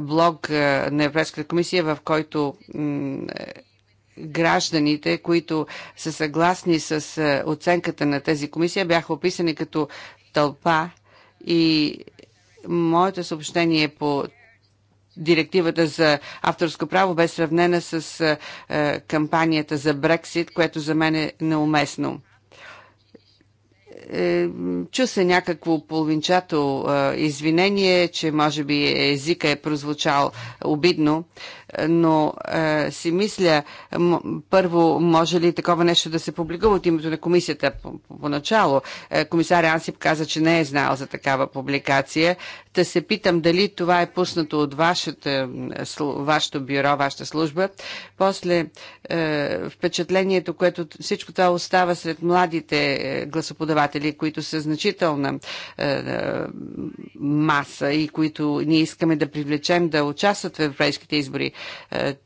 C: блог на Европейската комисия, в който гражданите, които са съгласни с оценката на тази комисия, бяха описани като тълпа и моето съобщение е по директивата за авторско право бе сравнена с е, кампанията за Брексит, което за мен е неуместно е, чу се някакво половинчато извинение, че може би езика е прозвучал обидно но а, е, си мисля, първо, може ли такова нещо да се публикува от името на комисията поначало? Е, комисар Ансип каза, че не е знал за такава публикация. Та се питам дали това е пуснато от вашата, вашето бюро, вашата служба. После а, е, впечатлението, което всичко това остава сред младите е, гласоподаватели, които са значителна а, маса и които ние искаме да привлечем да участват в европейските избори. Е,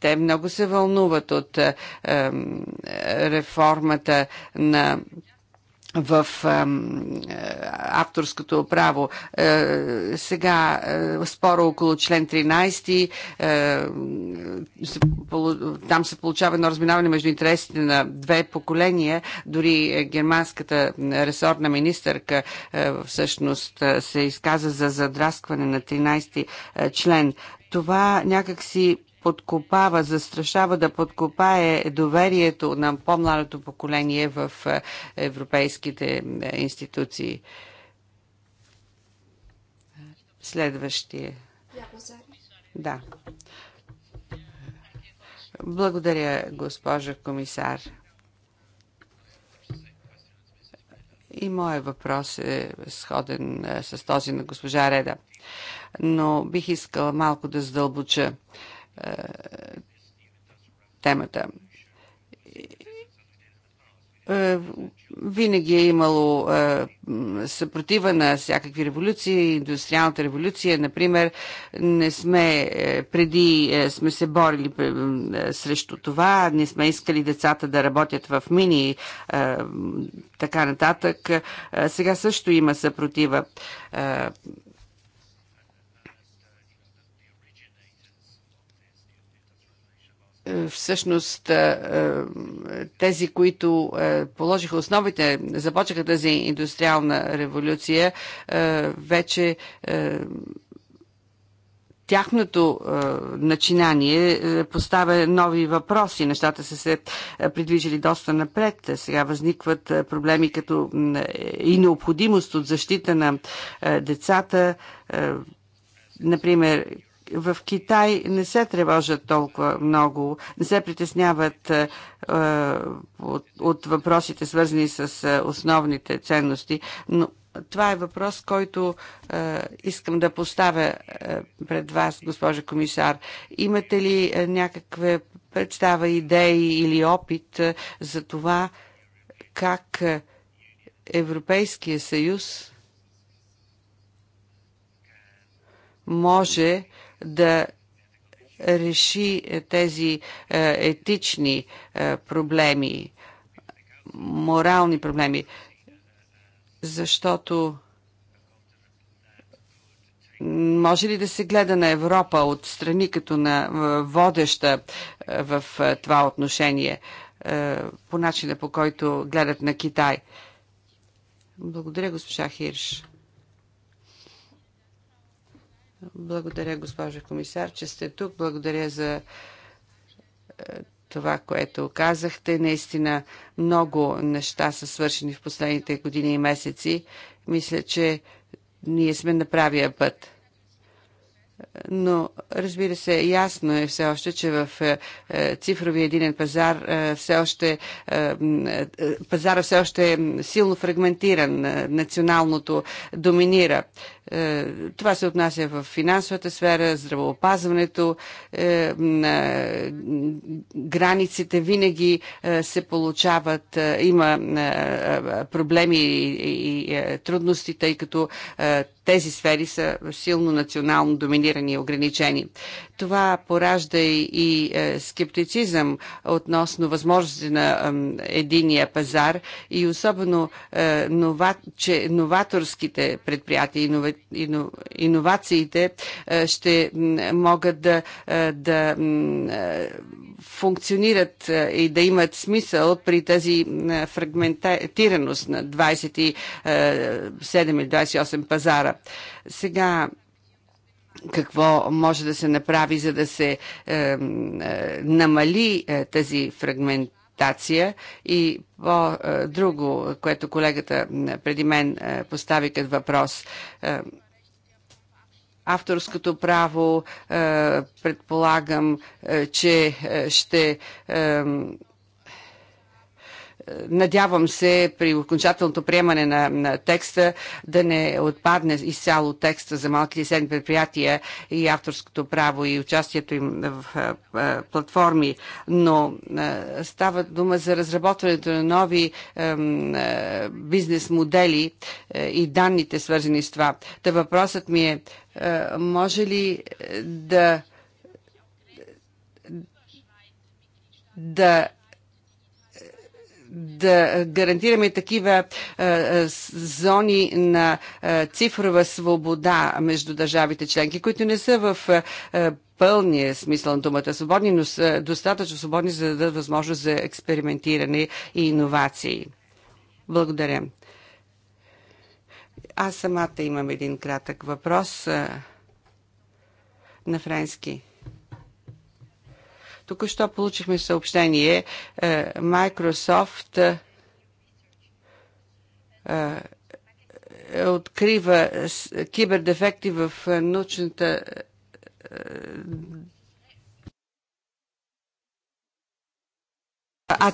C: те много се вълнуват от е, реформата на в а, е, авторското право. А, е, сега а, е, спора около член 13, а, се, полу, там се получава едно разминаване между интересите на две поколения. Дори германската ресорна министърка а, всъщност се изказа за задраскване на 13 член. Това някакси подкопава, застрашава да подкопае доверието на по-младото поколение в е, европейските е, институции. Следващия. Да. Благодаря, госпожа комисар. И моят въпрос е сходен е, с този на госпожа Реда, но бих искала малко да задълбоча темата. Е, винаги е имало е, съпротива на всякакви революции, индустриалната революция, например, не сме, е, преди сме се борили срещу това, не сме искали децата да работят в мини, така нататък. Сега също има съпротива Е, всъщност е, е, тези, които положиха основите, започнаха тази индустриална революция, вече тяхното начинание поставя нови въпроси. Нещата са се придвижили доста напред. Сега възникват проблеми като и необходимост от защита на децата. например, в Китай не се тревожат толкова много, не се притесняват е, е от, от въпросите, свързани с е, основните ценности, но това е въпрос, който е, искам да поставя е, пред вас, госпожа комисар. Имате ли е, някаква представа, идеи или опит е, за това как е, Европейския съюз може да реши тези е, етични е, проблеми, морални проблеми, защото може ли да се гледа на Европа от страни като на е, водеща в това отношение, по начина по който гледат на Китай? Благодаря, госпожа Хирш. Благодаря, госпожа комисар, че сте тук. Благодаря за е, това, което казахте. Наистина много неща са свършени в последните години и месеци. Мисля, че ние сме на правия път но разбира се, ясно е все още, че в е, е, цифровия единен пазар все още пазара все още е, е силно фрагментиран, националното доминира. Това се отнася в финансовата сфера, здравеопазването, границите винаги се получават, има проблеми и трудности, тъй като тези сфери са силно национално доминирани и ограничени. Това поражда и, и е, скептицизъм относно възможности на е, единия пазар и особено е, нова, че новаторските предприятия, инова, ино, иновациите е, ще могат да, е, да е, функционират е, и да имат смисъл при тази е, фрагментираност на 27 е, или 28 пазара. Сега какво може да се направи, за да се е, намали е, тази фрагмент, и по друго, което колегата преди мен постави като въпрос авторското право, е, предполагам, е, че е, ще надявам се при окончателното приемане на, на текста да не отпадне изцяло текста за малките и средни предприятия и авторското право и участието им в а, платформи, но а, става дума за разработването на нови а, е, бизнес модели е, и данните свързани с това. Та въпросът ми е, е може ли да да да гарантираме такива зони на цифрова свобода между държавите членки, които не са в пълния смисъл на думата свободни, но са достатъчно свободни, за да дадат възможност за експериментиране и иновации. Благодаря. Аз самата имам един кратък въпрос на френски. Току-що получихме съобщение. Е, Microsoft е, е, открива кибердефекти в научната а,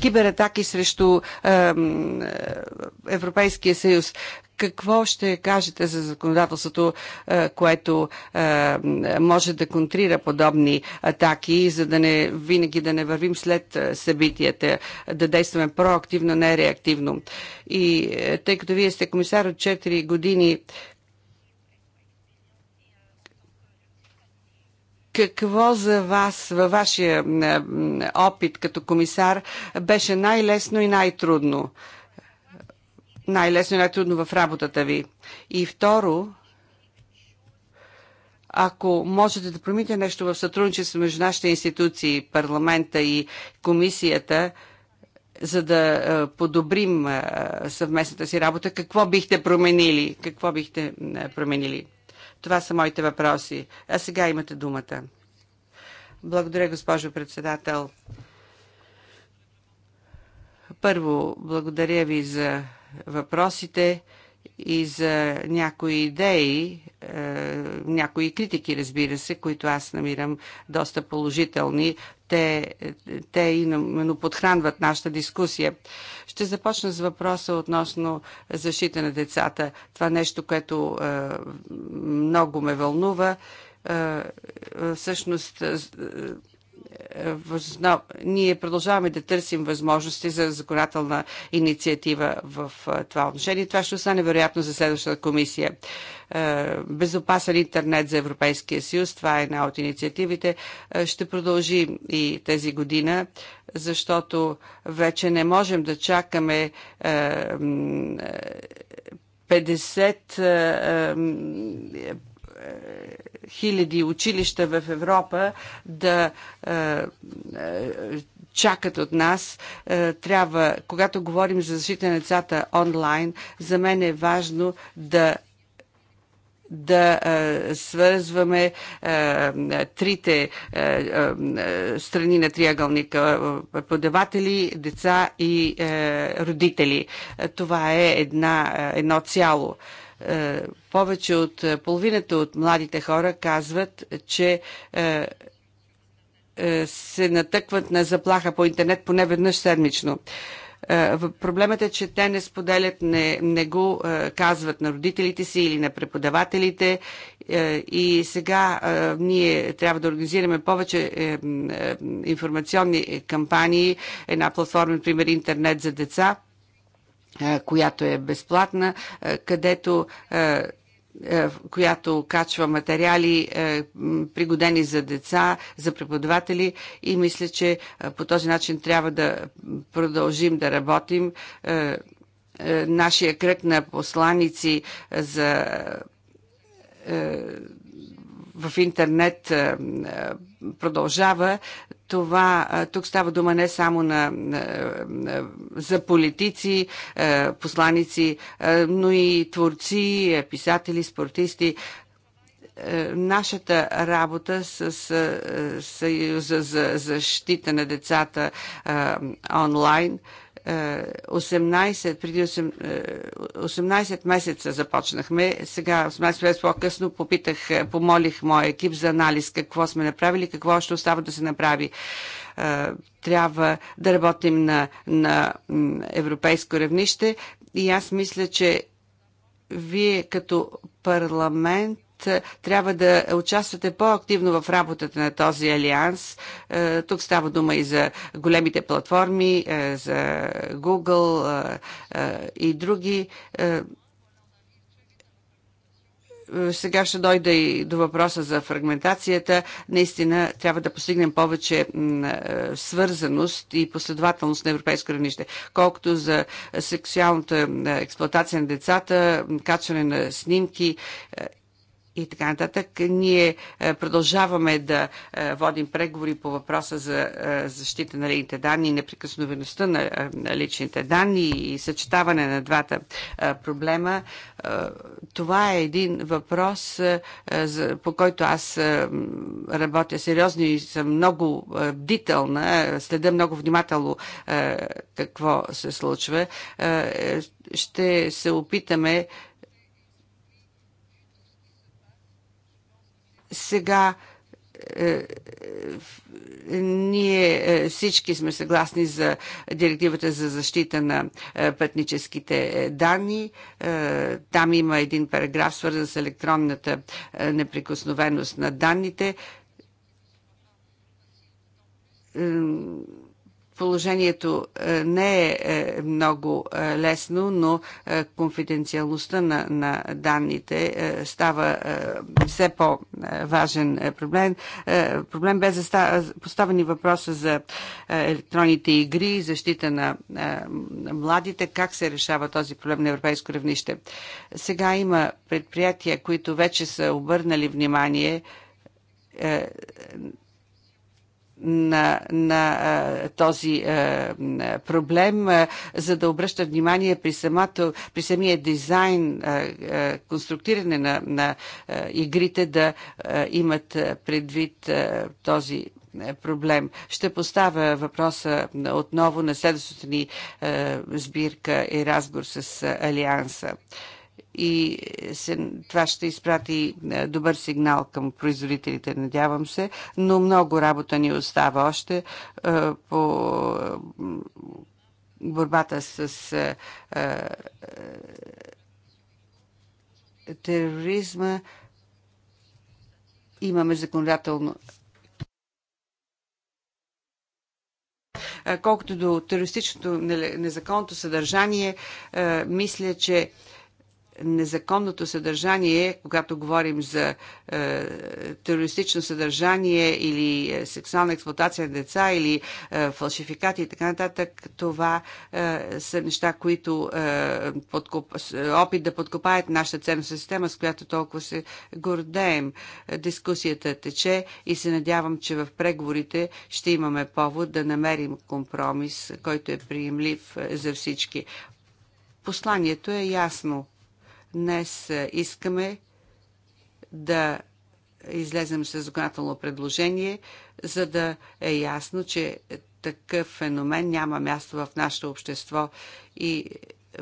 C: кибератаки срещу Европейския съюз. Какво ще кажете за законодателството, е, което е, може да контрира подобни атаки, за да не винаги да не вървим след е, събитията, да действаме проактивно, не реактивно? И тъй като вие сте комисар от 4 години, Какво за вас, във вашия опит като комисар, беше най-лесно и най-трудно? най-лесно и най-трудно в работата ви? И второ, ако можете да промените нещо в сътрудничество между нашите институции, парламента и комисията, за да е, подобрим е, съвместната си работа, какво бихте променили? Какво бихте е, променили? Това са моите въпроси. А сега имате думата. Благодаря, госпожо председател. Първо, благодаря ви за въпросите и за някои идеи, е, някои критики, разбира се, които аз намирам доста положителни. Те, те именно подхранват нашата дискусия. Ще започна с въпроса относно защита на децата. Това нещо, което е, много ме вълнува. Е, всъщност е, ние продължаваме да търсим възможности за законодателна инициатива в е, това отношение. Това ще остане вероятно за следващата комисия. Е, безопасен интернет за Европейския съюз, това е една от инициативите, ще продължи и тази година, защото вече не можем да чакаме 50 е, хиляди училища в Европа да е, е, чакат от нас. Трябва, когато говорим за защита на децата онлайн, за мен е важно да да е, свързваме е, трите е, е, страни на триъгълника преподаватели, деца и е, родители. Това е една, едно цяло. Е, е, повече от е, половината от младите хора казват, че е, се натъкват на заплаха по интернет поне веднъж седмично. Проблемът е, че те не споделят, не, не го казват на родителите си или на преподавателите. И сега ние трябва да организираме повече информационни кампании, една платформа, например, интернет за деца която е безплатна, където която качва материали пригодени за деца, за преподаватели и мисля, че по този начин трябва да продължим да работим. Нашия кръг на посланици за в интернет продължава. Това, тук става дума не само на, на, за политици, е, посланици, е, но и творци, е, писатели, спортисти нашата работа с Съюза за защита на децата онлайн – 18, е, преди 8, 18 е, месеца започнахме. Сега, 18 месеца по-късно, попитах, е, помолих моя екип за анализ какво сме направили, какво още остава да се направи. Трябва да работим на, на европейско равнище и аз мисля, че вие като парламент е, трябва да участвате по-активно в работата на този алианс. Е, тук става дума и за големите платформи, е, за Google и други сега ще дойда и до въпроса за фрагментацията. Наистина трябва да постигнем повече свързаност и последователност на европейско равнище. Колкото за сексуалната експлуатация на децата, качване на снимки и така нататък. Ние е, продължаваме да е, водим преговори по въпроса за е, защита на личните данни и неприкосновеността на личните данни и съчетаване на двата проблема. Това е един въпрос, по който аз работя сериозно и съм много бдителна, следа много внимателно какво се случва. Ще се опитаме Сега е, е, ние е, всички сме съгласни за директивата за защита на пътническите данни. Там има един параграф, свързан с електронната неприкосновеност на данните Положението е, не е, е много е, лесно, но конфиденциалността на, на данните става все по-важен проблем. Проблем бе поставени въпроса за електронните игри, защита на младите, как се решава този проблем на европейско равнище. Сега има предприятия, които вече са обърнали внимание на, на а, този а, проблем, а, за да обръща внимание при, самото, при самия дизайн, а, а, конструктиране на, на а, игрите да а, имат предвид а, този проблем. Ще поставя въпроса отново на следващата ни а, сбирка и разговор с Алианса и се, това ще изпрати е, добър сигнал към производителите, надявам се, но много работа ни остава още е, по е, борбата с тероризма. Имаме законодателно колкото до терористичното незаконното съдържание, мисля, че незаконното съдържание, когато говорим за е, терористично съдържание или е, сексуална експлуатация на деца или е, фалшификати и така нататък, това е, са неща, които е, подкуп, е, опит да подкопаят нашата ценна система, с която толкова се гордеем. Дискусията тече и се надявам, че в преговорите ще имаме повод да намерим компромис, който е приемлив е, за всички. Посланието е ясно Днес е, искаме да излезем с законодателно предложение, за да е ясно, че такъв феномен няма място в нашето общество и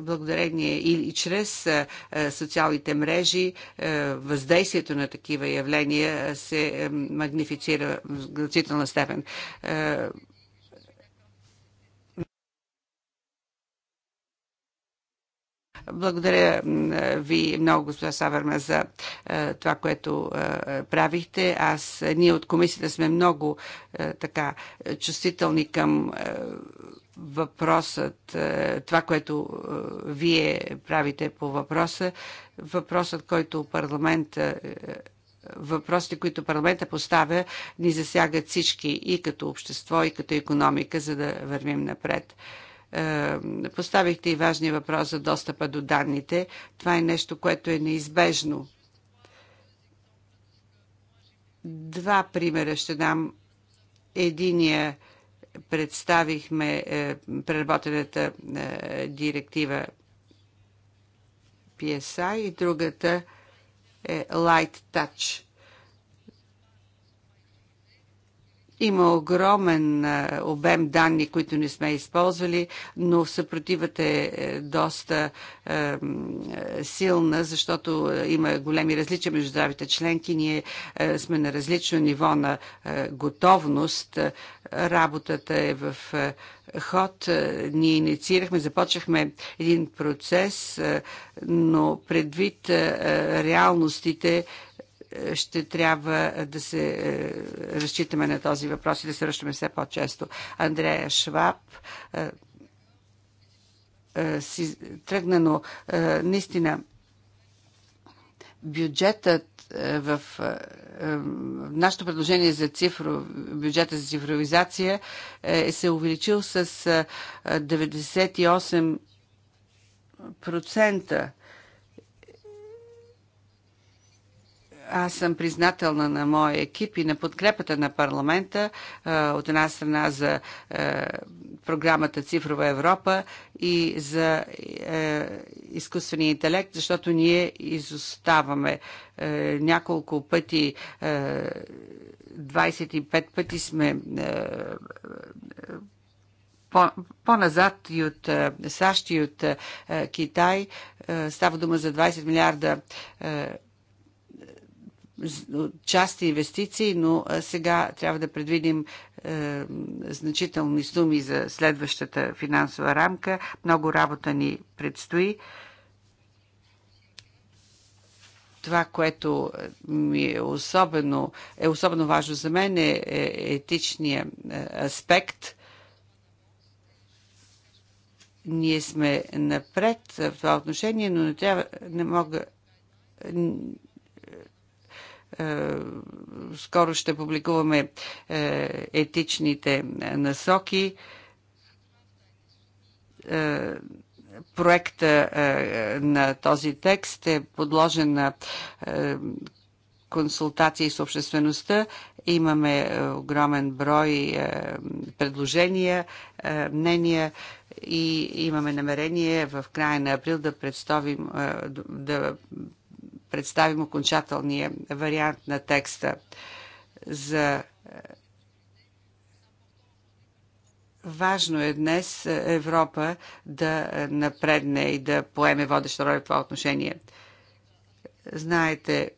C: благодарение или чрез е, е, социалните мрежи въздействието на такива явления се магнифицира в значителна степен. Благодаря ви много, госпожа Саверна, за е, това, което е, е, правихте. Аз, ние от комисията сме много така чувствителни към въпросът, това, което вие правите по въпроса, въпросът, който парламент въпросите, които парламента поставя, ни засягат всички и като общество, и като економика, за да вървим напред. Е, поставихте и важния въпрос за достъпа до данните. Това е нещо, което е неизбежно. Два примера ще дам. Единия представихме е, преработената е, директива PSI и другата е Light Touch – Има огромен е, обем данни, които не сме използвали, но съпротивата е, е доста е, е силна, защото има големи различия между здравите членки. Ние е, сме на различно ниво на е, готовност. Работата е в ход. Ние инициирахме, започнахме един процес, но предвид реалностите ще трябва да се е, разчитаме на този въпрос и да се връщаме все по-често. Андрея Шваб е, е, си тръгна, но наистина бюджетът в нашето предложение за цифро, бюджета за цифровизация е се увеличил с 98% Аз съм признателна на моя екип и на подкрепата на парламента, от една страна за програмата Цифрова Европа и за е, изкуствения интелект, защото ние изоставаме е, няколко пъти, 25 е, пъти сме по-назад и от САЩ и от Китай. Става дума за 20 милиарда Части инвестиции, но сега трябва да предвидим е, значителни суми за следващата финансова рамка. Много работа ни предстои. Това, което е, ми е особено, е особено важно за мен е, е етичния е, аспект – ние сме напред в това отношение, но не трябва, не мога, е, скоро ще публикуваме е, етичните насоки е, проекта на този текст е подложен на консултации с обществеността. Имаме огромен брой предложения, мнения и имаме намерение в края на април да представим, да представим окончателния вариант на текста за е, Важно е днес Европа да напредне и да поеме водеща роля в това отношение. Знаете,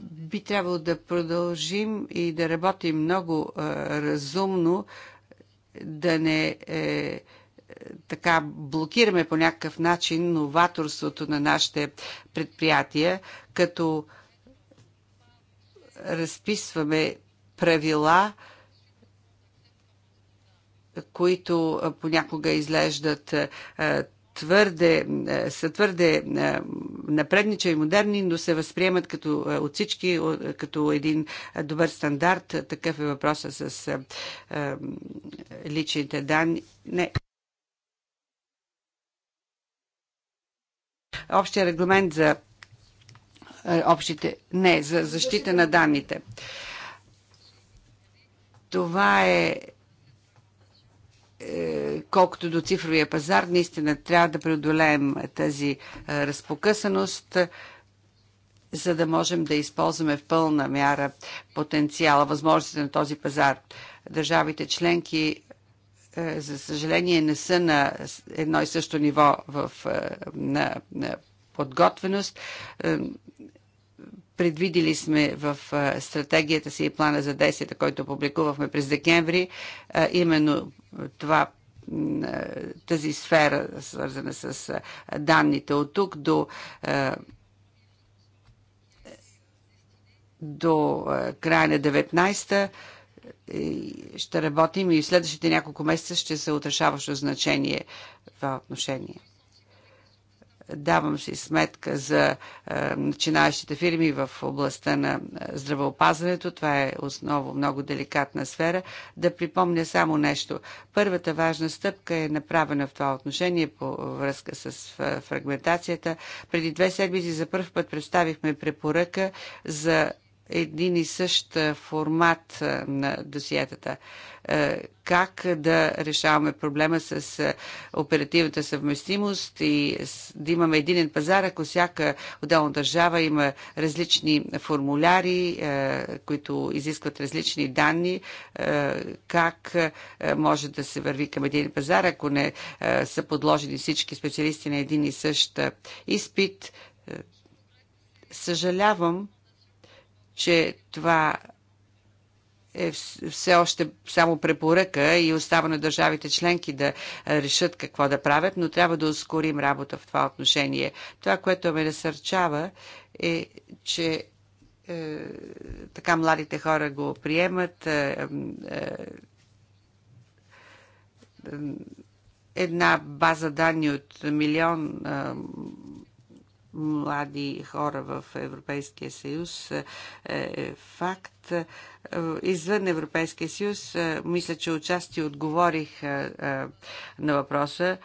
C: би трябвало да продължим и да работим много е, разумно да не е, е, така блокираме по някакъв начин новаторството на нашите предприятия, като разписваме правила, които понякога изглеждат твърде, е, са твърде е, напреднича и модерни, но се възприемат като, е, от всички като един добър стандарт. Такъв е въпроса с личните данни. Не. Общия регламент за общите, не, за защита на данните. Това е е, колкото до цифровия пазар, наистина трябва да преодолеем тази е, разпокъсаност, за да можем да използваме в пълна мяра потенциала, възможностите на този пазар. Държавите членки е, за съжаление, не са на едно и също ниво в, на, на подготвеност. Предвидили сме в стратегията си и плана за действията, който публикувахме през декември, именно това тази сфера, свързана с данните от тук до до края на 19-та ще работим и в следващите няколко месеца ще се отрешаващо значение в отношение. Давам си сметка за е, начинаещите фирми в областта на е, здравеопазването. Това е основно много деликатна сфера. Да припомня само нещо. Първата важна стъпка е направена в това отношение по връзка с е, фрагментацията. Преди две седмици за първ път представихме препоръка за един и същ формат на досиетата. Как да решаваме проблема с оперативната съвместимост и да имаме единен пазар, ако всяка отделна държава има различни формуляри, които изискват различни данни, как може да се върви към един пазар, ако не са подложени всички специалисти на един и същ изпит. Съжалявам, че това е все още само препоръка и остава на държавите членки да решат какво да правят, но трябва да ускорим работа в това отношение. Това, което ме насърчава е, че е, така младите хора го приемат. Е, е, е една база данни от милион е, млади хора в Европейския съюз е, е факт. Е, извън Европейския съюз, е, мисля, че отчасти отговорих на въпроса.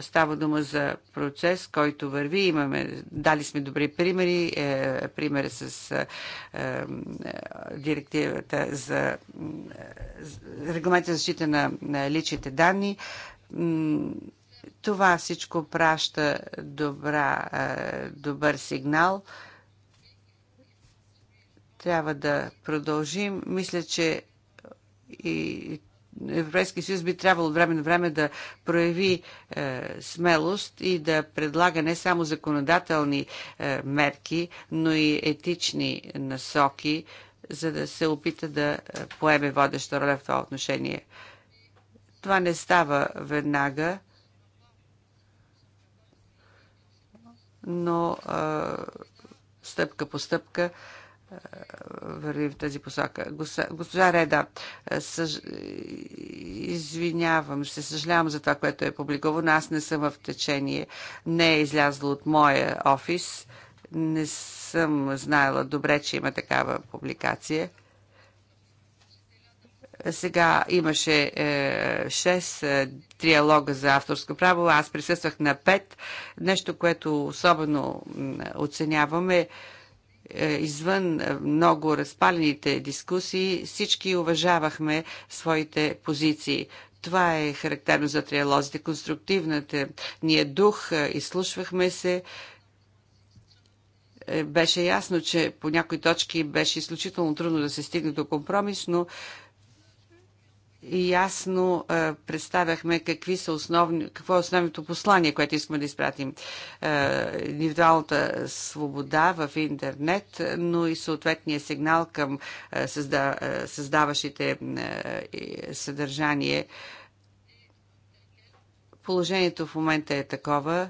C: Става дума за процес, който върви. Имаме, дали сме добри примери. Е, пример с е, е, директивата за е, регламента за защита на, на личните данни. Това всичко праща добра, е, добър сигнал. Трябва да продължим. Мисля, че и Европейския съюз би трябвало от време на време да прояви е, смелост и да предлага не само законодателни е, мерки, но и етични насоки, за да се опита да е, поеме водеща роля в това отношение. Това не става веднага. но а, стъпка по стъпка върви в тази посока. Госпожа Реда, съж... извинявам се, съжалявам за това, което е публикувано. Аз не съм в течение, не е излязло от моя офис. Не съм знаела добре, че има такава публикация. Сега имаше е, 6 е, триалога за авторско право. Аз присъствах на 5. Нещо, което особено оценяваме е, извън е, много разпалените дискусии, всички уважавахме своите позиции. Това е характерно за триалозите. Конструктивната ние дух, е, изслушвахме се, е, беше ясно, че по някои точки беше изключително трудно да се стигне до компромис, но и ясно е, представяхме какви са основни, какво е основното послание, което искаме да изпратим. Е, индивидуалната свобода в интернет, но и съответния сигнал към е, създа, създаващите съдържание. Положението в момента е такова,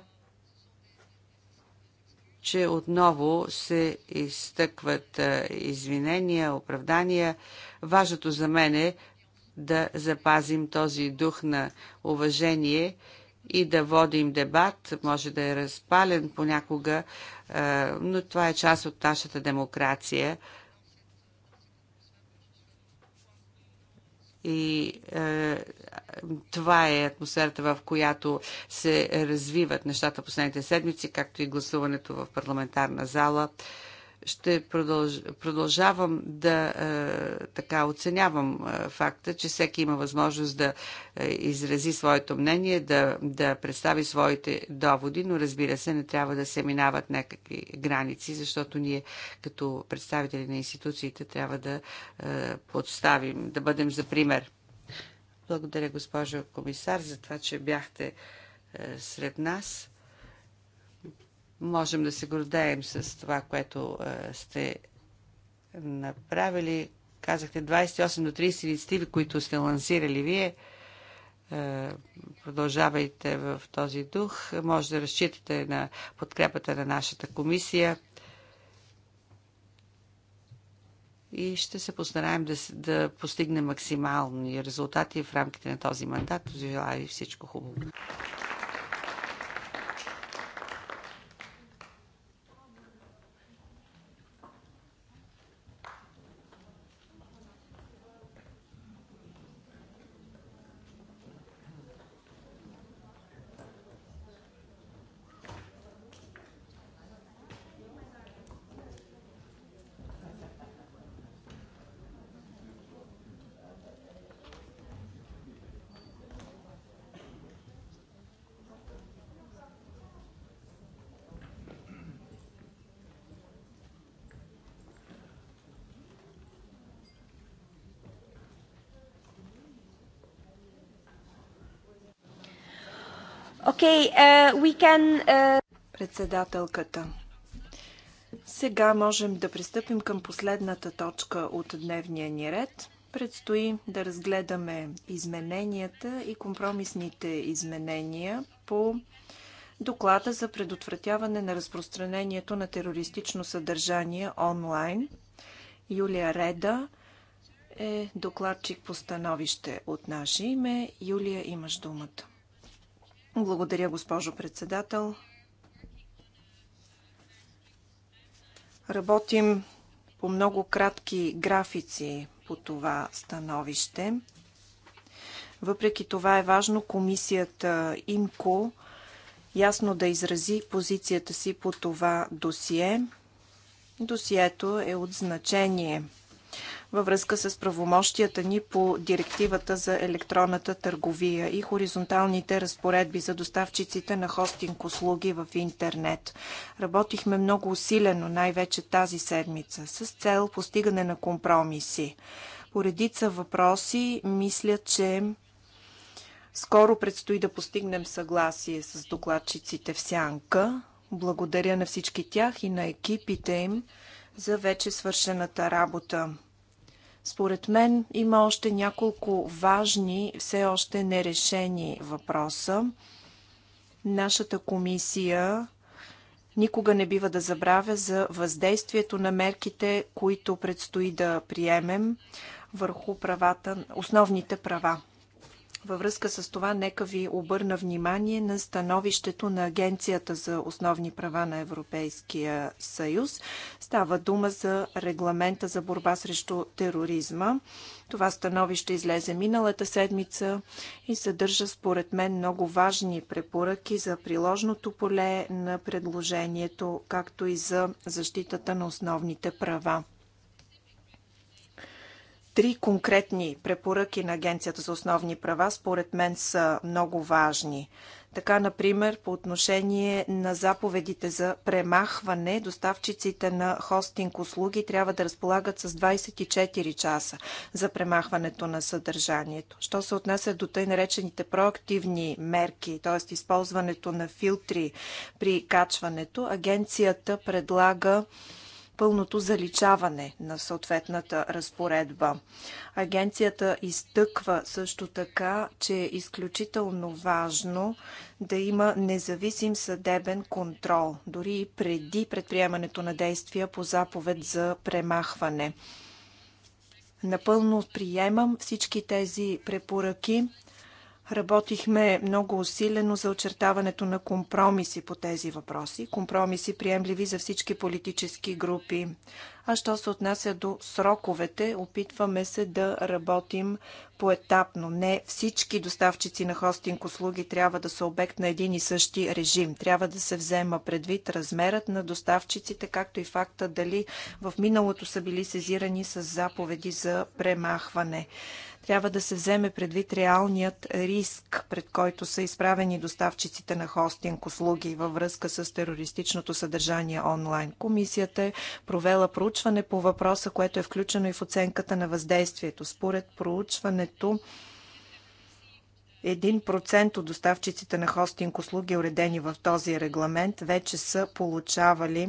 C: че отново се изтъкват извинения, оправдания. Важното за мен е да запазим този дух на уважение и да водим дебат, може да е разпален понякога, е, но това е част от нашата демокрация. И е, това е атмосферата, в която се развиват нещата последните седмици, както и гласуването в парламентарна зала. Е, ще продълж, продължавам да е, така оценявам е, факта, че всеки има възможност да е, изрази своето мнение, да, да представи своите доводи, но разбира се, не трябва да се минават някакви граници, защото ние като представители на институциите трябва да е, подставим, да бъдем за пример. Благодаря, госпожо комисар, за това, че бяхте е, сред нас можем да се гордеем с това, което е, сте направили. Казахте 28 до 30 инициативи, които сте лансирали вие. Е, продължавайте в този дух. Може да разчитате на подкрепата на нашата комисия. И ще се постараем да, да постигнем максимални резултати в рамките на този мандат. Желая ви всичко хубаво.
B: Okay, uh, е, we can, uh... Председателката. Сега можем да пристъпим към последната точка от дневния ни ред. Предстои да разгледаме измененията и компромисните изменения по доклада за предотвратяване на разпространението на терористично съдържание онлайн. Юлия Реда е докладчик по становище от наше име. Юлия, имаш думата. Благодаря, госпожо председател. Работим по много кратки графици по това становище. Въпреки това е важно комисията ИМКО ясно да изрази позицията си по това досие. Досието е от значение – във връзка с правомощията ни по директивата за електронната търговия и хоризонталните разпоредби за доставчиците на хостинг услуги в интернет. Работихме много усилено, най-вече тази седмица, с цел постигане на компромиси. Поредица въпроси мисля, че скоро предстои да постигнем съгласие с докладчиците в Сянка. Благодаря на всички тях и на екипите им за вече свършената работа. Според мен има още няколко важни, все още нерешени въпроса. Нашата комисия никога не бива да забравя за въздействието на мерките, които предстои да приемем върху правата, основните права. Във връзка с това, нека ви обърна внимание на становището на Агенцията за основни права на Европейския съюз. Става дума за регламента за борба срещу тероризма. Това становище излезе миналата седмица и съдържа според мен много важни препоръки за приложното поле на предложението, както и за защитата на основните права три конкретни препоръки на Агенцията за основни права, според мен са много важни. Така, например, по отношение на заповедите за премахване, доставчиците на хостинг услуги трябва да разполагат с 24 часа за премахването на съдържанието. Що се отнася до тъй наречените проактивни мерки, т.е. използването на филтри при качването, агенцията предлага пълното заличаване на съответната разпоредба. Агенцията изтъква също така, че е изключително важно да има независим съдебен контрол, дори и преди предприемането на действия по заповед за премахване. Напълно приемам всички тези препоръки. Работихме много усилено за очертаването на компромиси по тези въпроси. Компромиси приемливи за всички политически групи. А що се отнася до сроковете, опитваме се да работим поетапно. Не всички доставчици на хостинг услуги трябва да са обект на един и същи режим. Трябва да се взема предвид размерът на доставчиците, както и факта дали в миналото са били сезирани с заповеди за премахване трябва да се вземе предвид реалният риск, пред който са изправени доставчиците на хостинг услуги във връзка с терористичното съдържание онлайн. Комисията е провела проучване по въпроса, което е включено и в оценката на въздействието. Според проучването, 1% от доставчиците на хостинг услуги, уредени в този регламент, вече са получавали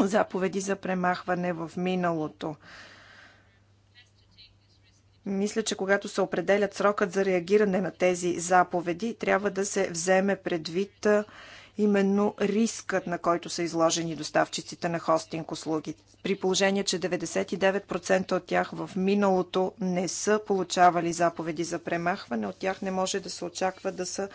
B: заповеди за премахване в миналото. Мисля, че когато се определят срокът за реагиране на тези заповеди, трябва да се вземе предвид именно рискът, на който са изложени доставчиците на хостинг услуги. При положение, че 99% от тях в миналото не са получавали заповеди за премахване, от тях не може да се очаква да са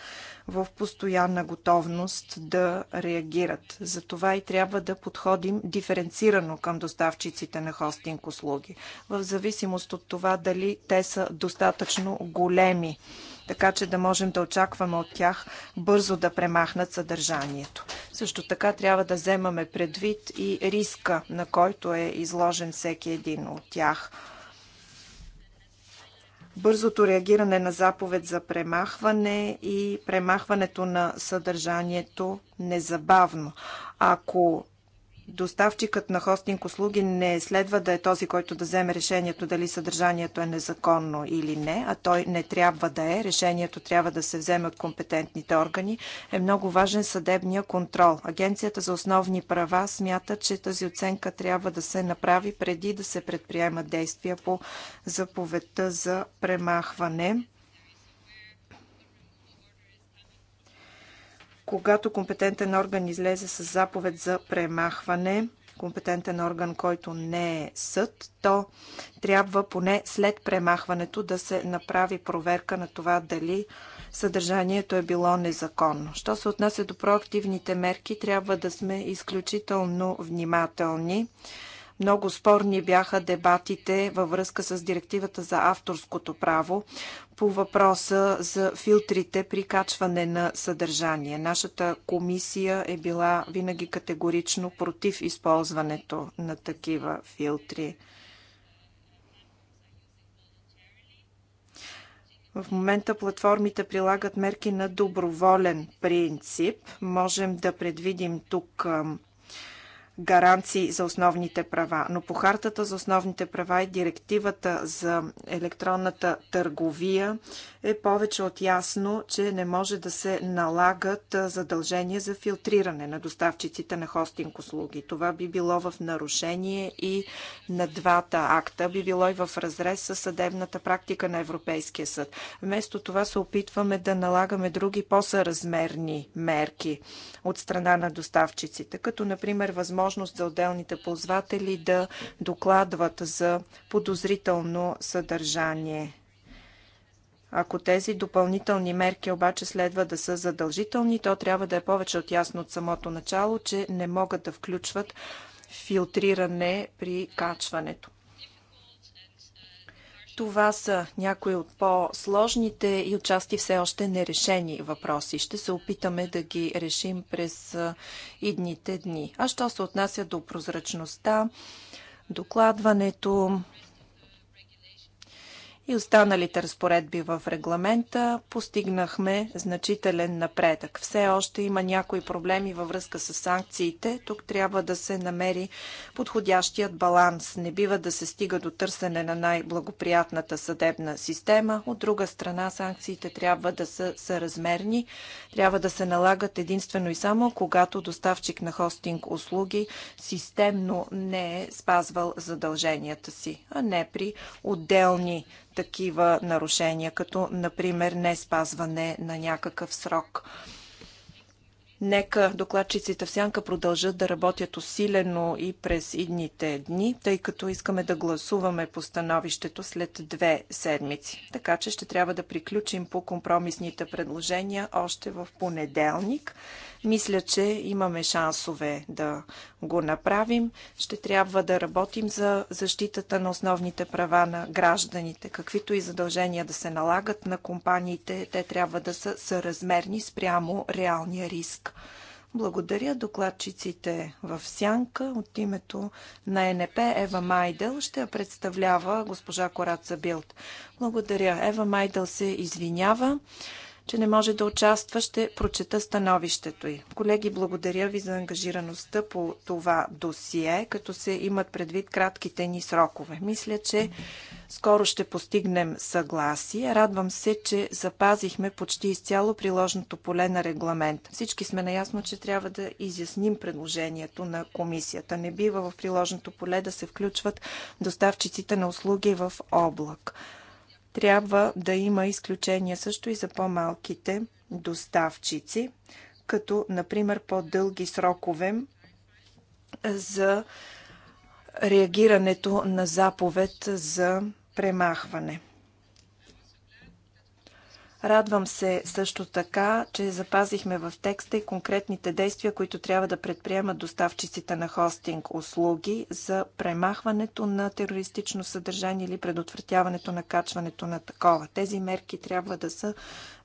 B: в постоянна готовност да реагират. Затова и трябва да подходим диференцирано към доставчиците на хостинг услуги, в зависимост от това дали те са достатъчно големи така че да можем да очакваме от тях бързо да премахнат съдържанието. Също така трябва да вземаме предвид и риска, на който е изложен всеки един от тях. Бързото реагиране на заповед за премахване и премахването на съдържанието незабавно. Ако доставчикът на хостинг услуги не следва да е този, който да вземе решението дали съдържанието е незаконно или не, а той не трябва да е. Решението трябва да се вземе от компетентните органи. Е много важен съдебния контрол. Агенцията за основни права смята, че тази оценка трябва да се направи преди да се предприемат действия по заповедта за премахване. Когато компетентен орган излезе с заповед за премахване, компетентен орган, който не е съд, то трябва поне след премахването да се направи проверка на това дали съдържанието е било незаконно. Що се отнася до проактивните мерки, трябва да сме изключително внимателни. Много спорни бяха дебатите във връзка с директивата за авторското право по въпроса за филтрите при качване на съдържание. Нашата комисия е била винаги категорично против използването на такива филтри. В момента платформите прилагат мерки на доброволен принцип. Можем да предвидим тук гаранции за основните права. Но по хартата за основните права и директивата за електронната търговия е повече от ясно, че не може да се налагат задължения за филтриране на доставчиците на хостинг услуги. Това би било в нарушение и на двата акта, би било и в разрез с съдебната практика на Европейския съд. Вместо това се опитваме да налагаме други по-съразмерни мерки от страна на доставчиците, като например възможност възможност за отделните ползватели да докладват за подозрително съдържание. Ако тези допълнителни мерки обаче следва да са задължителни, то трябва да е повече от ясно от самото начало, че не могат да включват филтриране при качването. Това са някои от по-сложните и отчасти все още нерешени въпроси. Ще се опитаме да ги решим през идните дни. А що се отнася до прозрачността, докладването, и останалите разпоредби в регламента постигнахме значителен напредък. Все още има някои проблеми във връзка с санкциите. Тук трябва да се намери подходящият баланс. Не бива да се стига до търсене на най-благоприятната съдебна система. От друга страна, санкциите трябва да са съразмерни, трябва да се налагат единствено и само когато доставчик на хостинг услуги системно не е спазвал задълженията си, а не при отделни такива нарушения, като например не спазване на някакъв срок. Нека докладчиците в Сянка продължат да работят усилено и през идните дни, тъй като искаме да гласуваме по становището след две седмици. Така че ще трябва да приключим по компромисните предложения още в понеделник. Мисля, че имаме шансове да го направим. Ще трябва да работим за защитата на основните права на гражданите. Каквито и задължения да се налагат на компаниите, те трябва да са съразмерни спрямо реалния риск. Благодаря докладчиците в Сянка. От името на НП Ева Майдел ще я представлява госпожа Кораца Билт. Благодаря. Ева Майдел се извинява, че не може да участва, ще прочета становището й. Колеги, благодаря ви за ангажираността по това досие, като се имат предвид кратките ни срокове. Мисля, че скоро ще постигнем съгласие. Радвам се, че запазихме почти изцяло приложното поле на регламент. Всички сме наясно, че трябва да изясним предложението на комисията. Не бива в приложното поле да се включват доставчиците на услуги в облак. Трябва да има изключения също и за по-малките доставчици, като, например, по-дълги срокове за реагирането на заповед за премахване. Радвам се също така, че запазихме в текста и конкретните действия, които трябва да предприемат доставчиците на хостинг услуги за премахването на терористично съдържание или предотвратяването на качването на такова. Тези мерки трябва да са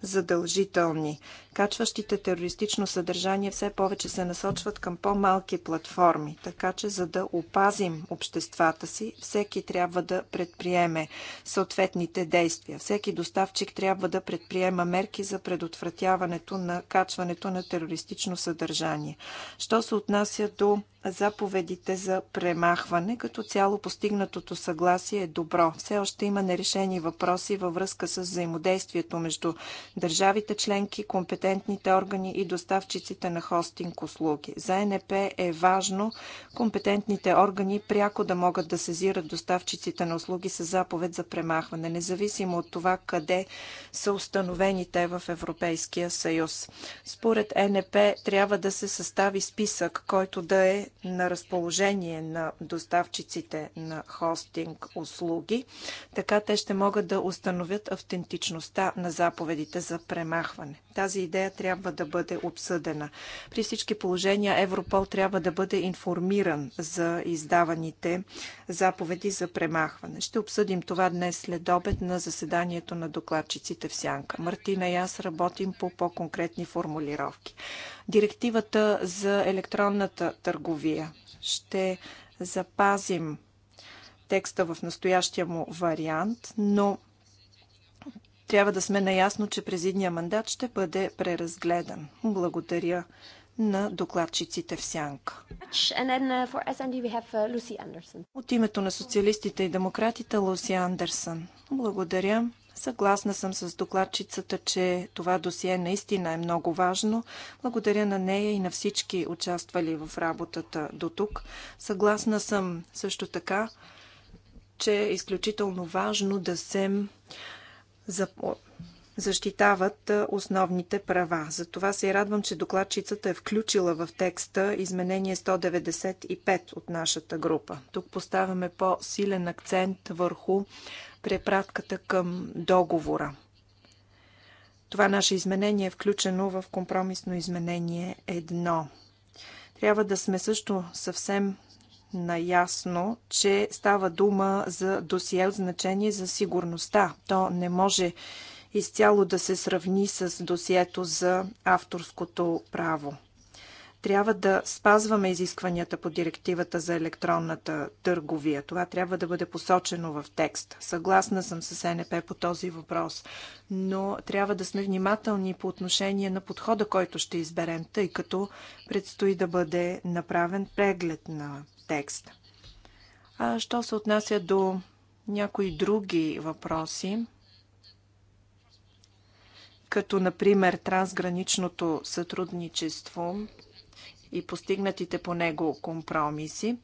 B: задължителни. Качващите терористично съдържание все повече се насочват към по-малки платформи, така че за да опазим обществата си, всеки трябва да предприеме съответните действия. Всеки доставчик трябва да предприема мерки за предотвратяването на качването на терористично съдържание. Що се отнася до заповедите за премахване. Като цяло постигнатото съгласие е добро. Все още има нерешени въпроси във връзка с взаимодействието между държавите членки, компетентните органи и доставчиците на хостинг услуги. За НП е важно компетентните органи пряко да могат да сезират доставчиците на услуги с заповед за премахване, независимо от това къде са установени те в Европейския съюз. Според НП трябва да се състави списък, който да е на разположение на доставчиците на хостинг услуги. Така те ще могат да установят автентичността на заповедите за премахване. Тази идея трябва да бъде обсъдена. При всички положения Европол трябва да бъде информиран за издаваните заповеди за премахване. Ще обсъдим това днес след обед на заседанието на докладчиците в Сянка. Мартина и аз работим по по-конкретни формулировки директивата за електронната търговия. Ще запазим текста в настоящия му вариант, но трябва да сме наясно, че през мандат ще бъде преразгледан. Благодаря на докладчиците в сянка. Uh, uh, От името на социалистите и демократите Луси Андерсън. Благодаря. Съгласна съм с докладчицата, че това досие наистина е много важно. Благодаря на нея и на всички участвали в работата до тук. Съгласна съм също така, че е изключително важно да се защитават основните права. Затова се радвам, че докладчицата е включила в текста изменение 195 от нашата група. Тук поставяме по-силен акцент върху препратката към договора. Това наше изменение е включено в компромисно изменение 1. Трябва да сме също съвсем наясно, че става дума за досие от значение за сигурността. То не може изцяло да се сравни с досието за авторското право трябва да спазваме изискванията по директивата за електронната търговия. Това трябва да бъде посочено в текст. Съгласна съм с НП по този въпрос, но трябва да сме внимателни по отношение на подхода, който ще изберем, тъй като предстои да бъде направен преглед на текст. А що се отнася до някои други въпроси, като например трансграничното сътрудничество, и постигнатите по него компромиси.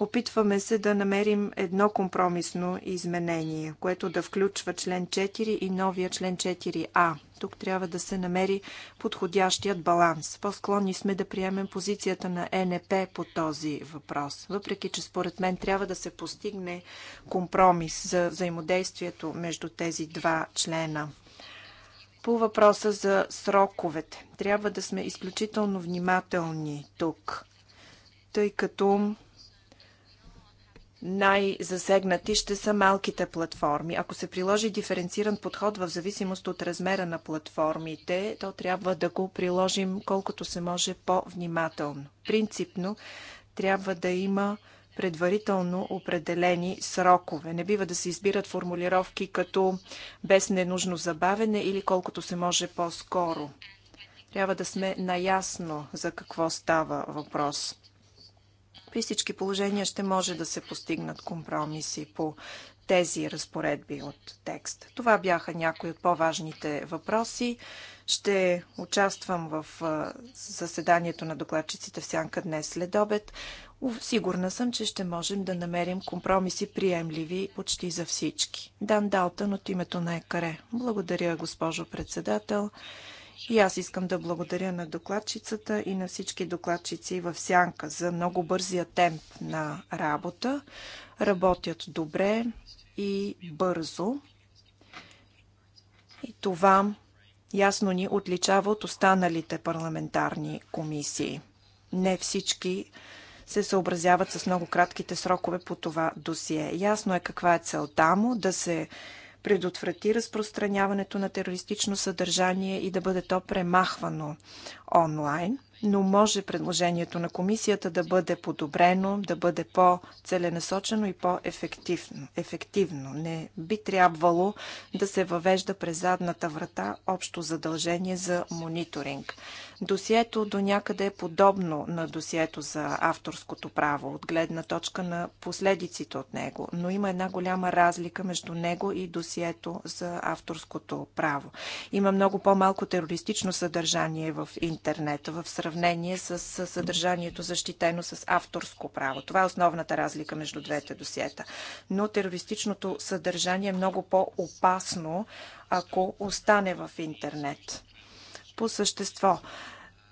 B: Опитваме се да намерим едно компромисно изменение, което да включва член 4 и новия член 4а. Тук трябва да се намери подходящият баланс. По-склонни сме да приемем позицията на НП по този въпрос. Въпреки, че според мен трябва да се постигне компромис за взаимодействието между тези два члена – по въпроса за сроковете. Трябва да сме изключително внимателни тук, тъй като най-засегнати ще са малките платформи. Ако се приложи диференциран подход в зависимост от размера на платформите, то трябва да го приложим колкото се може по-внимателно. Принципно трябва да има предварително определени срокове. Не бива да се избират формулировки като без ненужно забавене или колкото се може по-скоро. Трябва да сме наясно за какво става въпрос. При всички положения ще може да се постигнат компромиси по тези разпоредби от текст. Това бяха някои от по-важните въпроси. Ще участвам в заседанието на докладчиците в Сянка днес след обед. Сигурна съм, че ще можем да намерим компромиси приемливи почти за всички. Дан Далтън от името на ЕКАРЕ. Благодаря, госпожо председател. И аз искам да благодаря на докладчицата и на всички докладчици в Сянка за много бързия темп на работа. Работят добре, и бързо. И това ясно ни отличава от останалите парламентарни комисии. Не всички се съобразяват с много кратките срокове по това досие. Ясно е каква е целта му да се предотврати разпространяването на терористично съдържание и да бъде то премахвано онлайн но може предложението на комисията да бъде подобрено, да бъде по-целенасочено и по-ефективно. Ефективно. Не би трябвало да се въвежда през задната врата общо задължение за мониторинг. Досието до някъде е подобно на досието за авторското право, от гледна точка на последиците от него, но има една голяма разлика между него и досието за авторското право. Има много по-малко терористично съдържание в интернет в сравнение с съдържанието защитено с авторско право. Това е основната разлика между двете досиета. Но терористичното съдържание е много по-опасно, ако остане в интернет по същество.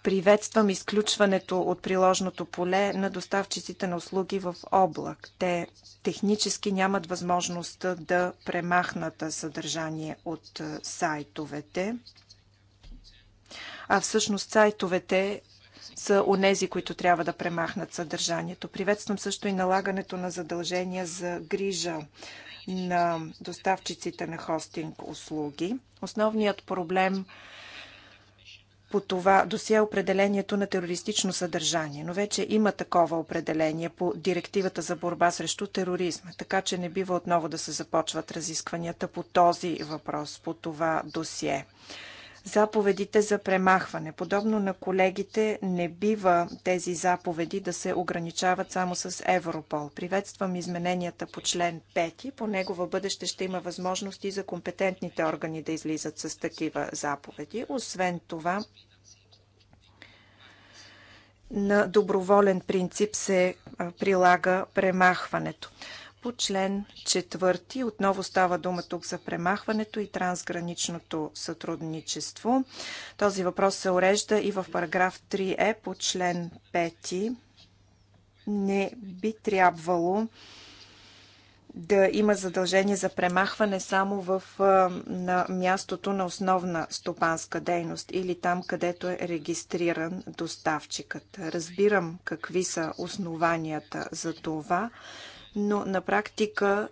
B: Приветствам изключването от приложното поле на доставчиците на услуги в облак. Те технически нямат възможност да премахнат съдържание от е, сайтовете. А всъщност сайтовете са онези, които трябва да премахнат съдържанието. Приветствам също и налагането на задължения за грижа на доставчиците на хостинг услуги. Основният проблем е по това досие определението на терористично съдържание, но вече има такова определение по Директивата за борба срещу тероризма, така че не бива отново да се започват разискванията по този въпрос, по това досие заповедите за премахване. Подобно на колегите, не бива тези заповеди да се ограничават само с Европол. Приветствам измененията по член 5. По негова бъдеще ще има възможности за компетентните органи да излизат с такива заповеди. Освен това, на доброволен принцип се прилага премахването. По член 4 отново става дума тук за премахването и трансграничното сътрудничество. Този въпрос се урежда и в параграф 3е по член 5. Не би трябвало да има задължение за премахване само в, на мястото на основна стопанска дейност или там, където е регистриран доставчикът. Разбирам какви са основанията за това, но на практика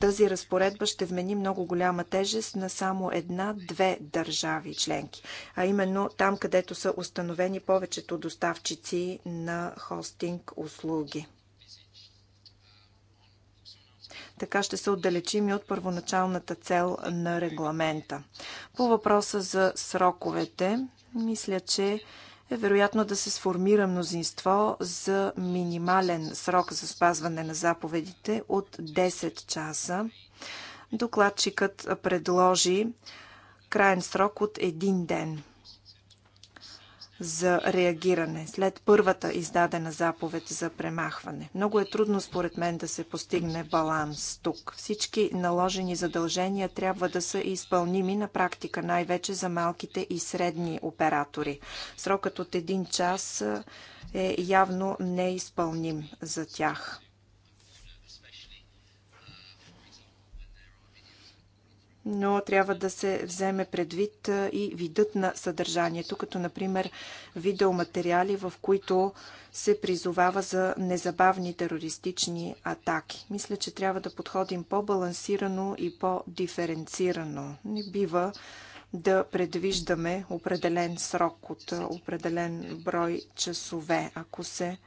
B: тази разпоредба ще вмени много голяма тежест на само една-две държави членки, а именно там, където са установени повечето доставчици на хостинг услуги. Така ще се отдалечим и от първоначалната цел на регламента. По въпроса за сроковете, мисля, че е вероятно да се сформира мнозинство за минимален срок за спазване на заповедите от 10 часа. Докладчикът предложи крайен срок от един ден за реагиране след първата издадена заповед за премахване. Много е трудно според мен да се постигне баланс тук. Всички наложени задължения трябва да са изпълними на практика, най-вече за малките и средни оператори. Срокът от един час е явно неизпълним за тях. но трябва да се вземе предвид и видът на съдържанието, като например видеоматериали, в които се призовава за незабавни терористични атаки. Мисля, че трябва да подходим по-балансирано и по-диференцирано. Не бива да предвиждаме определен срок от определен брой часове. Ако се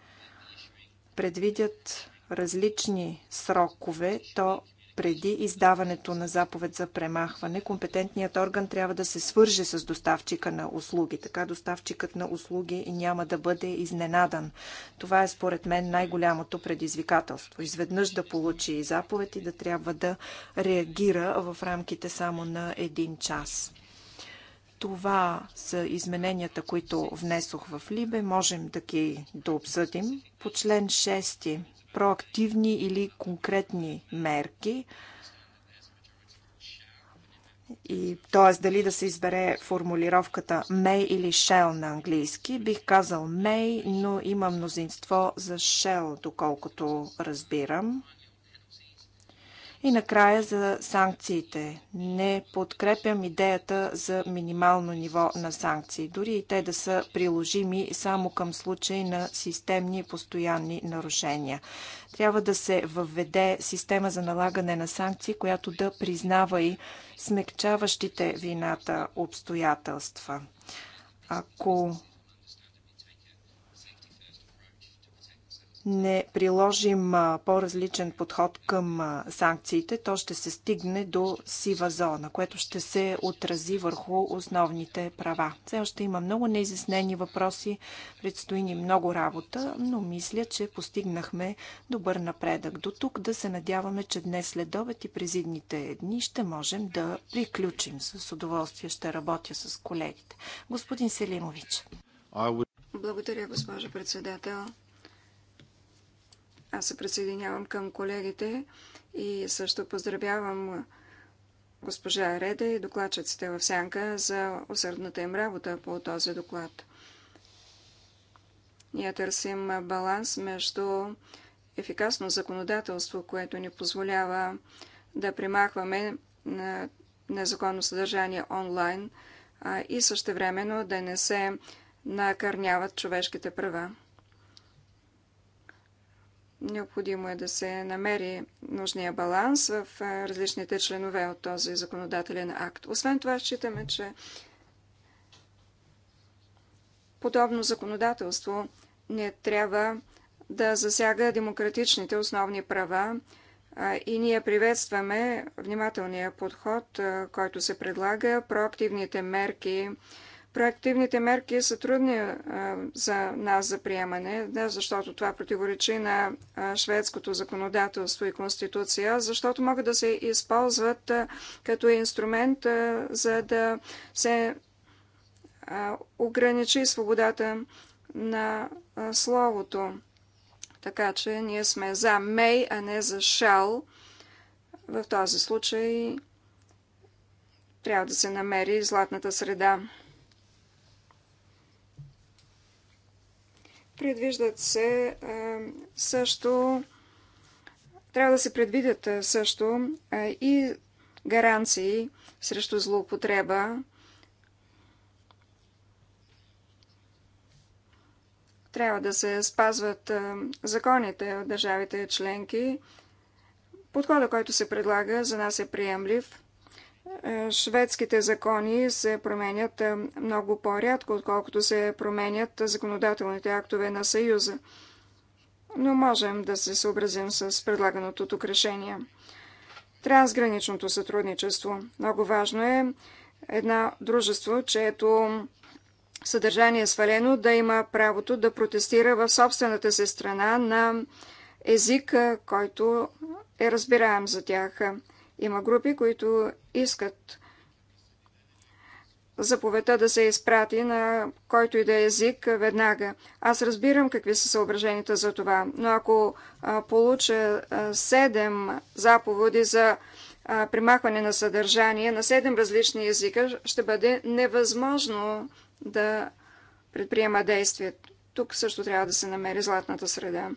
B: предвидят различни срокове, то преди издаването на заповед за премахване, компетентният орган трябва да се свърже с доставчика на услуги. Така доставчикът на услуги няма да бъде изненадан. Това е според мен най-голямото предизвикателство. Изведнъж да получи заповед и да трябва да реагира в рамките само на един час. Това са измененията, които внесох в Либе. Можем да ги да обсъдим. По член 6 проактивни или конкретни мерки. И, т.е. дали да се избере формулировката may или shell на английски. Бих казал may, но има мнозинство за shell, доколкото разбирам. И накрая за санкциите. Не подкрепям идеята за минимално ниво на санкции, дори и те да са приложими само към случай на системни постоянни нарушения. Трябва да се въведе система за налагане на санкции, която да признава и смекчаващите вината обстоятелства. Ако не приложим по-различен подход към санкциите, то ще се стигне до сива зона, което ще се отрази върху основните права. Все още има много неизяснени въпроси, предстои ни много работа, но мисля, че постигнахме добър напредък. До тук да се надяваме, че днес след обед и през идните дни ще можем да приключим. С удоволствие ще работя с колегите. Господин
A: Селимович. Благодаря, госпожо председател. Аз се присъединявам към колегите и също поздравявам госпожа Реда и докладчиците в Сянка за усърдната им работа по този доклад. Ние търсим баланс между ефикасно законодателство, което ни позволява да примахваме незаконно съдържание онлайн и същевременно да не се накърняват човешките права. Необходимо е да се намери нужния баланс в е, различните членове от този законодателен акт. Освен това, считаме, че подобно законодателство не трябва да засяга демократичните основни права е, и ние приветстваме внимателния подход, е, който се предлага, проактивните мерки, Проактивните мерки са трудни за нас за приемане, не защото това противоречи на шведското законодателство и конституция, защото могат да се използват като инструмент, за да се ограничи свободата на словото. Така че ние сме за мей, а не за шал. В този случай трябва да се намери златната среда. Предвиждат се е, също, трябва да се предвидят е, също е, и гаранции срещу злоупотреба. Трябва да се спазват законите в държавите членки. Подходът, който се предлага, за нас е приемлив – е, шведските закони се променят е, много по-рядко, отколкото се променят законодателните актове на Съюза. Но можем да се съобразим с предлаганото тук решение. Трансграничното сътрудничество. Много важно е една дружество, чието съдържание е свалено, да има правото да протестира в собствената си страна на език, е, който е разбираем за тях. Има групи, които искат заповедта да се изпрати на който и да е език веднага. Аз разбирам какви са съображенията за това, но ако получа 7 заповеди за примахване на съдържание на 7 различни езика, ще бъде невъзможно да предприема действие. Тук също трябва да се намери златната среда.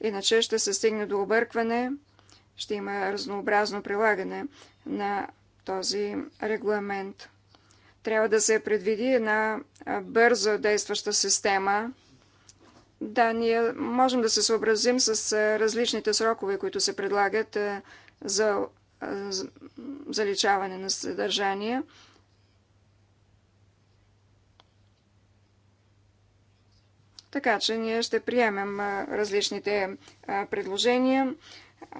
A: Иначе ще се стигне до объркване, ще има разнообразно прилагане на този регламент. Трябва да се предвиди една бързо действаща система. Да, ние можем да се съобразим с различните срокове, които се предлагат за заличаване на съдържание. Така че ние ще приемем различните предложения.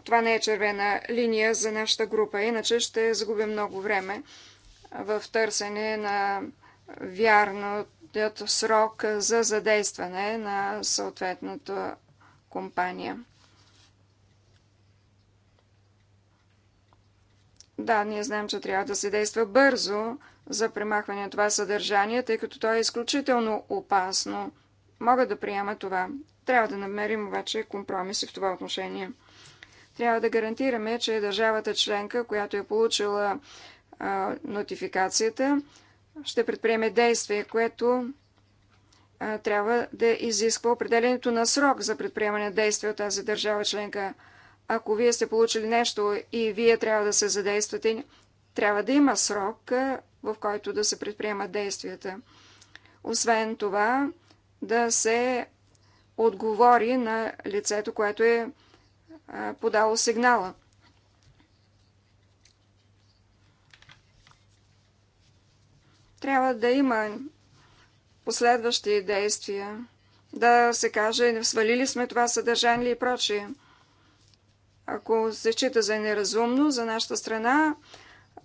A: Това не е червена линия за нашата група, иначе ще загубим много време в търсене на вярният срок за задействане на съответната компания. Да, ние знаем, че трябва да се действа бързо за премахване на това съдържание, тъй като то е изключително опасно. Мога да приема това. Трябва да намерим обаче компромиси в това отношение. Трябва да гарантираме, че държавата членка, която е получила нотификацията, ще предприеме действие, което трябва да изисква определенето на срок за предприемане на действие от тази държава членка. Ако вие сте получили нещо и вие трябва да се задействате, трябва да има срок, в който да се предприемат действията. Освен това, да се отговори на лицето, което е подало сигнала. Трябва да има последващи действия, да се каже, свалили сме това съдържание и прочие. Ако се счита за неразумно за нашата страна,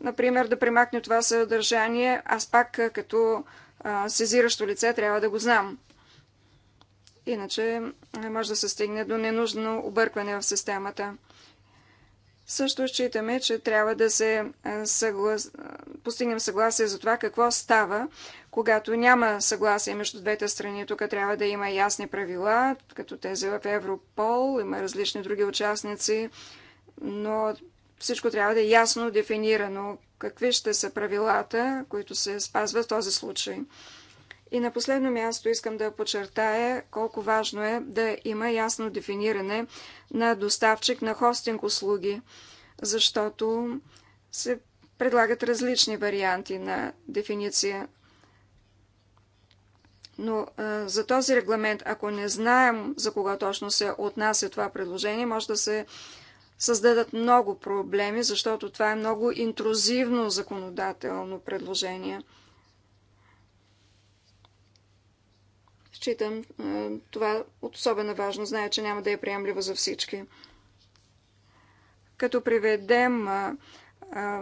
A: например, да примакне това съдържание, аз пак като сезиращо лице трябва да го знам. Иначе може да се стигне до ненужно объркване в системата. Също считаме, че трябва да се е, съглас... постигнем съгласие за това какво става, когато няма съгласие между двете страни. Тук трябва да има ясни правила, като тези в Европол, има различни други участници, но всичко трябва да е ясно дефинирано. Какви ще са правилата, които се спазват в този случай? И на последно място искам да подчертая колко важно е да има ясно дефиниране на доставчик на хостинг услуги, защото се предлагат различни варианти на дефиниция. Но а, за този регламент, ако не знаем за кога точно се отнася това предложение, може да се създадат много проблеми, защото това е много интрузивно законодателно предложение – Считам е, това от особена важно. Зная, че няма да е приемливо за всички. Като приведем е, е,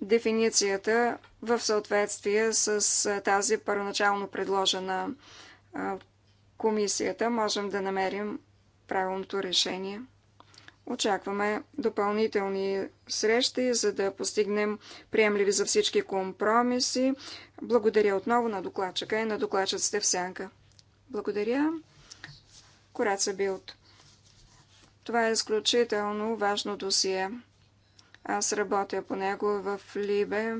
A: дефиницията в съответствие с тази първоначално предложена комисията, можем да намерим правилното решение. Очакваме допълнителни срещи, за да постигнем приемливи за всички компромиси. Благодаря отново на докладчика и на докладчиците в сянка. Благодаря. Кораца Билт. Това е изключително важно досие. Аз работя по него в Либе.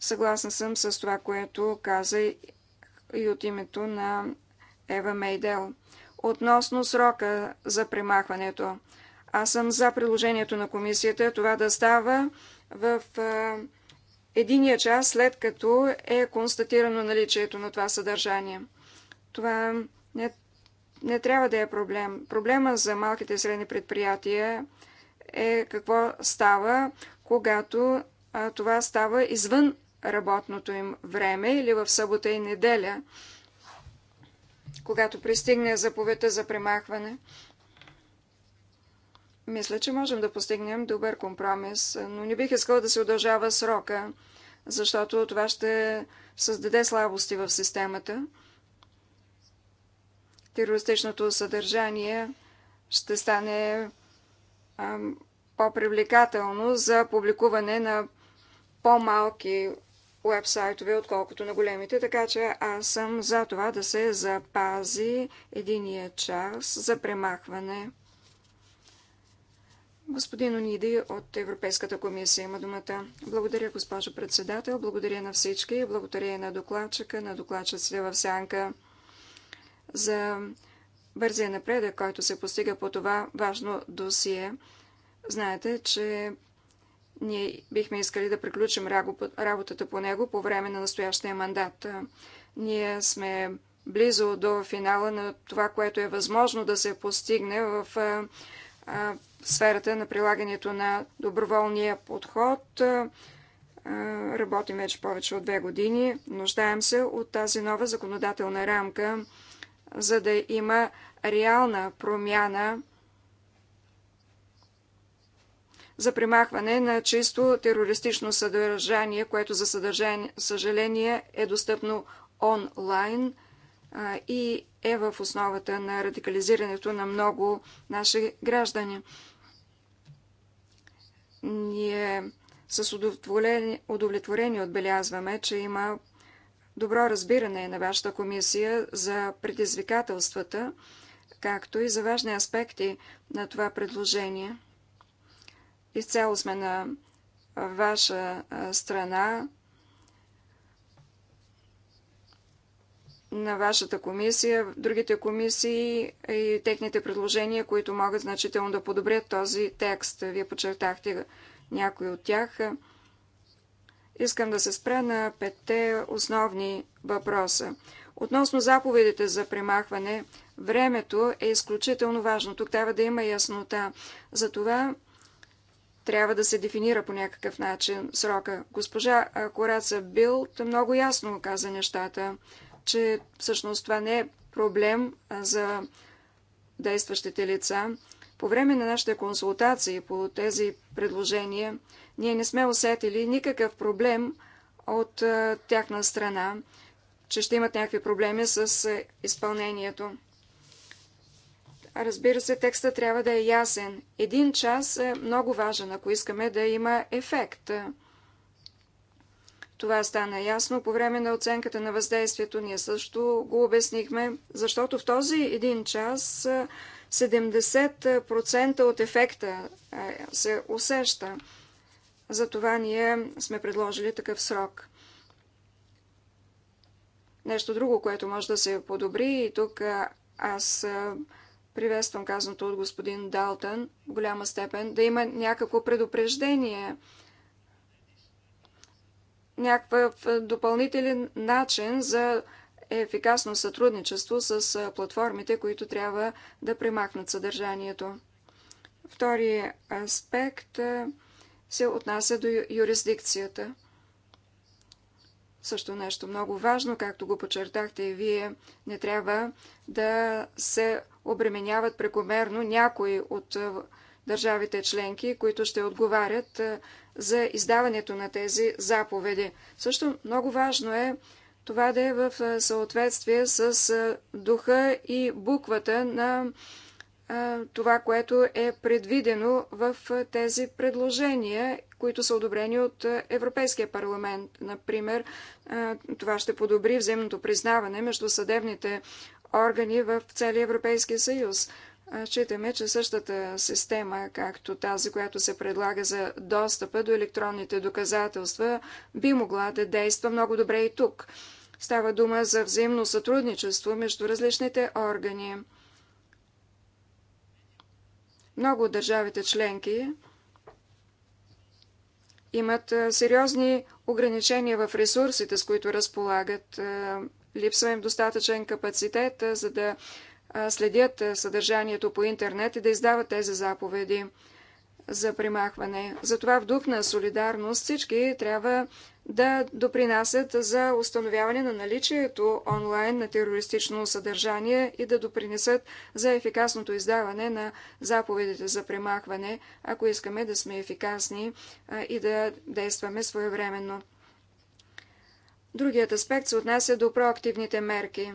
A: Съгласна съм с това, което каза и от името на Ева Мейдел. Относно срока за примахването. Аз съм за приложението на комисията това да става в а, единия час след като е констатирано наличието на това съдържание. Това не, не трябва да е проблем. Проблема за малките и средни предприятия е какво става, когато а, това става извън работното им време или в събота и неделя, когато пристигне заповедта за премахване. Мисля, че можем да постигнем добър компромис, но не бих искал да се удължава срока, защото това ще създаде слабости в системата терористичното съдържание ще стане по-привлекателно за публикуване на по-малки уебсайтове, отколкото на големите, така че аз съм за това да се запази единия час за премахване. Господин Ониди от Европейската комисия има думата. Благодаря, госпожо председател, благодаря на всички, благодаря и на докладчика, на докладчиците в сянка за бързия напредък, който се постига по това важно досие. Знаете, че ние бихме искали да приключим работата по него по време на настоящия мандат. Ние сме близо до финала на това, което е възможно да се постигне в сферата на прилагането на доброволния подход. Работим вече повече от две години. Нуждаем се от тази нова законодателна рамка за да има реална промяна за примахване на чисто терористично съдържание, което за съжаление е достъпно онлайн и е в основата на радикализирането на много наши граждани. Ние с удовлетворение отбелязваме, че има добро разбиране на вашата комисия за предизвикателствата, както и за важни аспекти на това предложение. Изцяло сме на ваша страна, на вашата комисия, другите комисии и техните предложения, които могат значително да подобрят този текст. Вие подчертахте някои от тях искам да се спра на петте основни въпроса. Относно заповедите за премахване, времето е изключително важно. Тук трябва да има яснота. Затова трябва да се дефинира по някакъв начин срока. Госпожа Кораца Бил много ясно каза нещата, че всъщност това не е проблем за действащите лица. По време на нашите консултации по тези предложения ние не сме усетили никакъв проблем от тяхна страна, че ще имат някакви проблеми с изпълнението. Разбира се, текста трябва да е ясен. Един час е много важен, ако искаме да има ефект. Това стана ясно по време на оценката на въздействието. Ние също го обяснихме, защото в този един час 70% от ефекта се усеща. Затова ние сме предложили такъв срок. Нещо друго, което може да се подобри и тук аз приветствам казаното от господин Далтън в голяма степен, да има някакво предупреждение, някакъв допълнителен начин за ефикасно сътрудничество с платформите, които трябва да премахнат съдържанието. Втори аспект – се отнася до юрисдикцията. Също нещо много важно, както го подчертахте и вие, не трябва да се обременяват прекомерно някои от държавите членки, които ще отговарят за издаването на тези заповеди. Също много важно е това да е в съответствие с духа и буквата на това, което е предвидено в тези предложения, които са одобрени от Европейския парламент. Например, това ще подобри взаимното признаване между съдебните органи в целия Европейския съюз. Считаме, че същата система, както тази, която се предлага за достъпа до електронните доказателства, би могла да действа много добре и тук. Става дума за взаимно сътрудничество между различните органи. Много от държавите членки имат сериозни ограничения в ресурсите, с които разполагат. Липсва им достатъчен капацитет, за да следят съдържанието по интернет и да издават тези заповеди за примахване. Затова в дух на солидарност всички трябва да допринасят за установяване на наличието онлайн на терористично съдържание и да допринесат за ефикасното издаване на заповедите за премахване, ако искаме да сме ефикасни и да действаме своевременно. Другият аспект се отнася до проактивните мерки.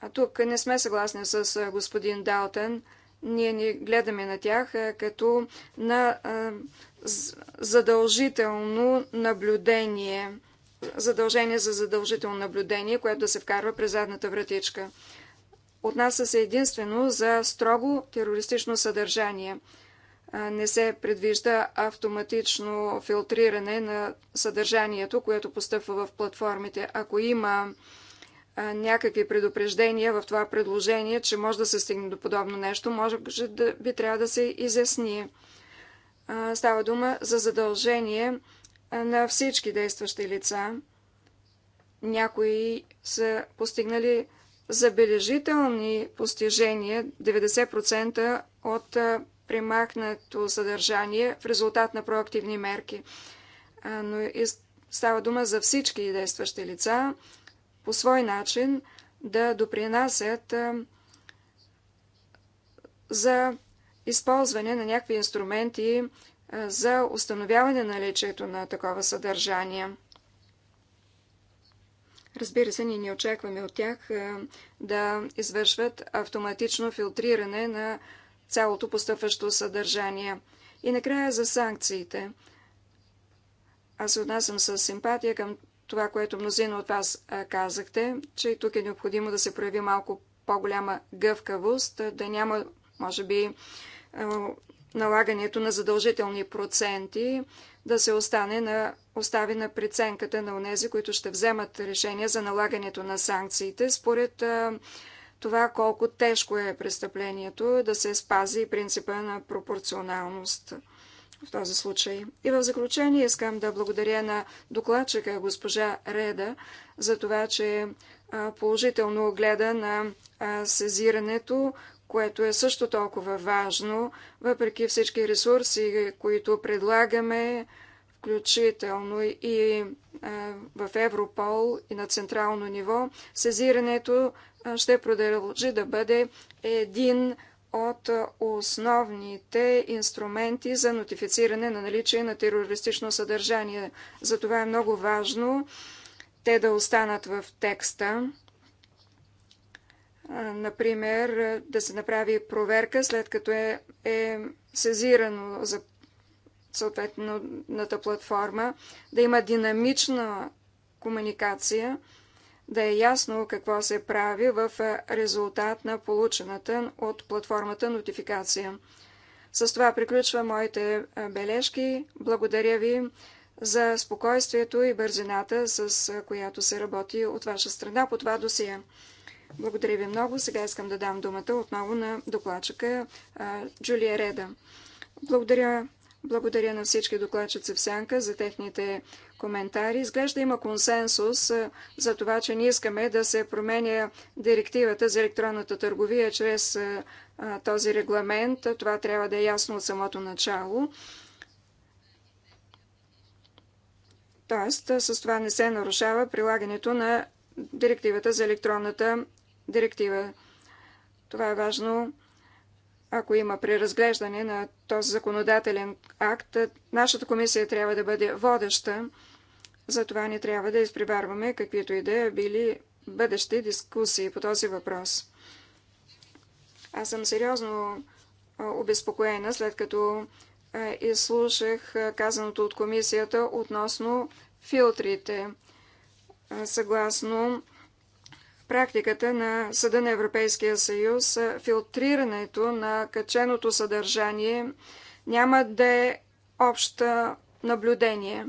A: А тук не сме съгласни с господин Далтън – ние не гледаме на тях като на задължително наблюдение, задължение за задължително наблюдение, което да се вкарва през задната вратичка. Отнася се единствено за строго терористично съдържание. Не се предвижда автоматично филтриране на съдържанието, което постъпва в платформите. Ако има някакви предупреждения в това предложение, че може да се стигне до подобно нещо, може да би трябва да се изясни. Става дума за задължение на всички действащи лица. Някои са постигнали забележителни постижения, 90% от примахнато съдържание в резултат на проактивни мерки. Но става дума за всички действащи лица, по свой начин да допринасят за използване на някакви инструменти за установяване на наличието на такова съдържание. Разбира се, ние не очакваме от тях да извършват автоматично филтриране на цялото постъпващо съдържание. И накрая за санкциите. Аз се отнасям с симпатия към това, което мнозина от вас казахте, че и тук е необходимо да се прояви малко по-голяма гъвкавост, да няма, може би, налагането на задължителни проценти, да се остане на, остави на преценката на унези, които ще вземат решение за налагането на санкциите, според това колко тежко е престъплението, да се спази принципа на пропорционалност в този случай. И в заключение искам да благодаря на докладчика госпожа Реда за това, че положително гледа на сезирането, което е също толкова важно, въпреки всички ресурси, които предлагаме, включително и в Европол и на централно ниво, сезирането ще продължи да бъде един от основните инструменти за нотифициране на наличие на терористично съдържание. Затова е много важно те да останат в текста. Например, да се направи проверка след като е, е сезирано за съответната платформа, да има динамична комуникация – да е ясно какво се прави в резултат на получената от платформата нотификация. С това приключва моите бележки. Благодаря ви за спокойствието и бързината, с която се работи от ваша страна по това досие. Благодаря ви много. Сега искам да дам думата отново на докладчика Джулия Реда. Благодаря, благодаря на всички докладчици в Сянка за техните коментари. Изглежда има консенсус за това, че не искаме да се променя директивата за електронната търговия чрез този регламент. Това трябва да е ясно от самото начало. Тоест, с това не се нарушава прилагането на директивата за електронната директива. Това е важно ако има преразглеждане на този законодателен акт, нашата комисия трябва да бъде водеща. Затова не трябва да изпреварваме каквито и да били бъдещи дискусии по този въпрос. Аз съм сериозно обезпокоена, след като изслушах казаното от комисията относно филтрите. Съгласно практиката на Съда на Европейския съюз, филтрирането на каченото съдържание няма да е обща наблюдение.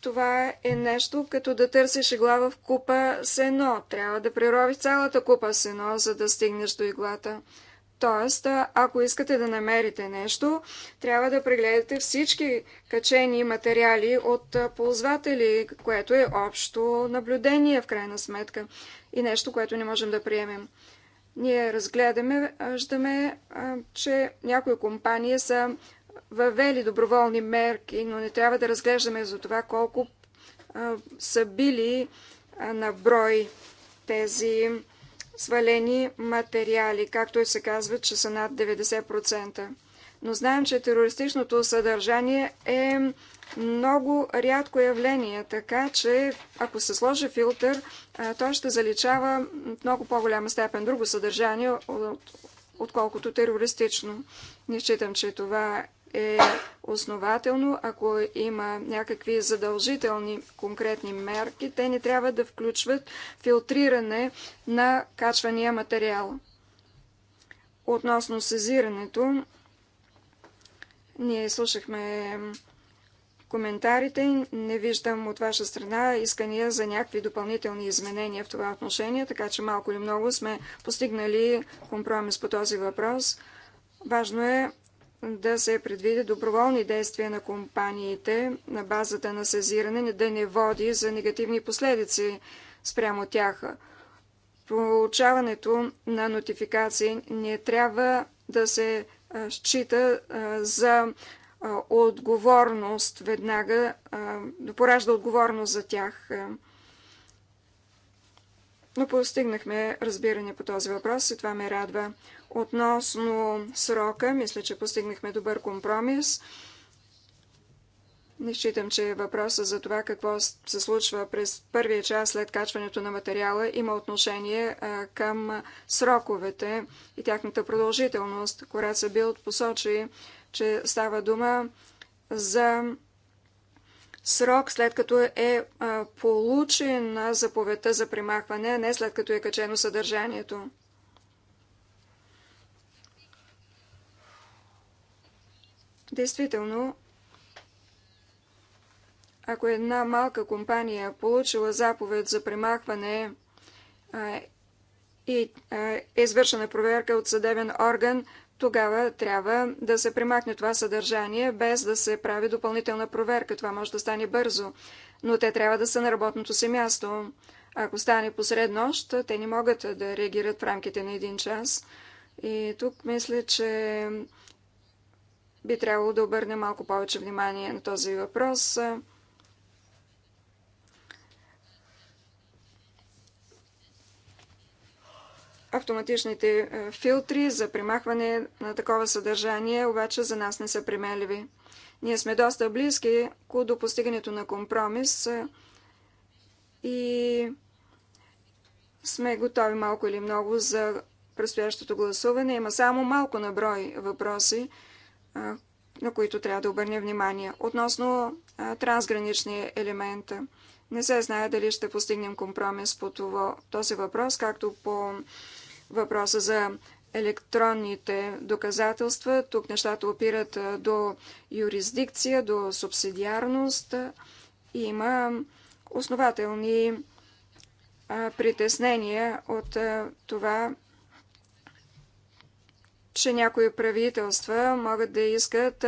A: Това е нещо като да търсиш игла в купа сено. Трябва да прерови цялата купа сено, за да стигнеш до иглата. Тоест, ако искате да намерите нещо, трябва да прегледате всички качени материали от ползватели, което е общо наблюдение в крайна сметка и нещо, което не можем да приемем. Ние разгледаме, виждаме, че някои компании са въвели доброволни мерки, но не трябва да разглеждаме за това колко са били на брой тези свалени материали, както и се казва, че са над 90%. Но знаем, че терористичното съдържание е много рядко явление, така че ако се сложи филтър, той ще заличава в много по-голяма степен друго съдържание, отколкото терористично. Не считам, че това е основателно, ако има някакви задължителни конкретни мерки, те не трябва да включват филтриране на качвания материал. Относно сезирането, ние слушахме коментарите. Не виждам от ваша страна искания за някакви допълнителни изменения в това отношение, така че малко или много сме постигнали компромис по този въпрос. Важно е да се предвиди доброволни действия на компаниите на базата на сезиране, да не води за негативни последици спрямо тях. Получаването на нотификации не трябва да се счита за отговорност веднага, да поражда отговорност за тях но постигнахме разбиране по този въпрос и това ме радва. Относно срока, мисля, че постигнахме добър компромис. Не считам, че е въпроса за това какво се случва през първия час след качването на материала има отношение а, към сроковете и тяхната продължителност. Кораца Билд посочи, че става дума за срок, след като е получена заповедта за примахване, а не след като е качено съдържанието. Действително, ако една малка компания е получила заповед за примахване и е извършена проверка от съдебен орган, тогава трябва да се примахне това съдържание, без да се прави допълнителна проверка. Това може да стане бързо, но те трябва да са на работното си място. Ако стане посред нощ, те не могат да реагират в рамките на един час. И тук мисля, че би трябвало да обърне малко повече внимание на този въпрос. Автоматичните е, филтри за примахване на такова съдържание обаче за нас не са примеливи. Ние сме доста близки до постигането на компромис е, и сме готови малко или много за предстоящото гласуване. Има само малко на брой въпроси, е, на които трябва да обърне внимание. Относно трансграничния елемент, не се знае дали ще постигнем компромис по този въпрос, както по въпроса за електронните доказателства. Тук нещата опират до юрисдикция, до субсидиарност. Има основателни притеснения от това, че някои правителства могат да искат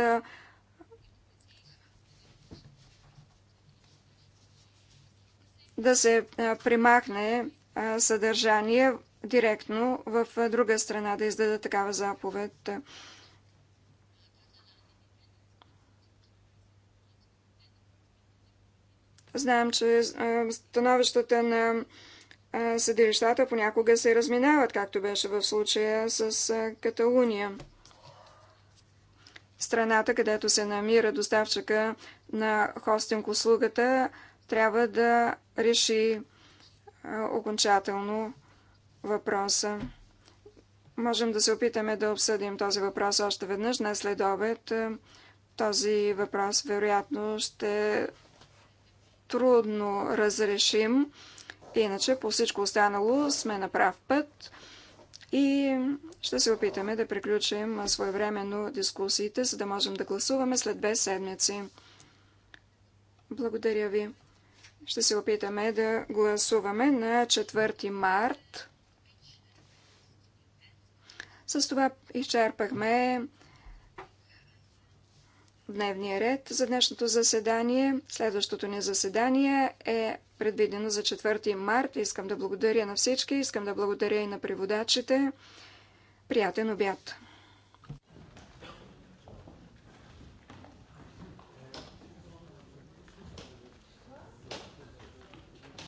A: да се примахне съдържание директно в друга страна да издаде такава заповед. Знаем, че становищата на съдилищата понякога се разминават, както беше в случая с Каталуния. Страната, където се намира доставчика на хостинг услугата, трябва да реши окончателно въпроса. Можем да се опитаме да обсъдим този въпрос още веднъж не след обед. Този въпрос вероятно ще е трудно разрешим. Иначе по всичко останало сме на прав път и ще се опитаме да приключим своевременно дискусиите, за да можем да гласуваме след две седмици. Благодаря ви. Ще се опитаме да гласуваме на 4 март с това изчерпахме дневния ред за днешното заседание. Следващото ни заседание е предвидено за 4 март. Искам да благодаря на всички, искам да благодаря и на преводачите. Приятен обяд!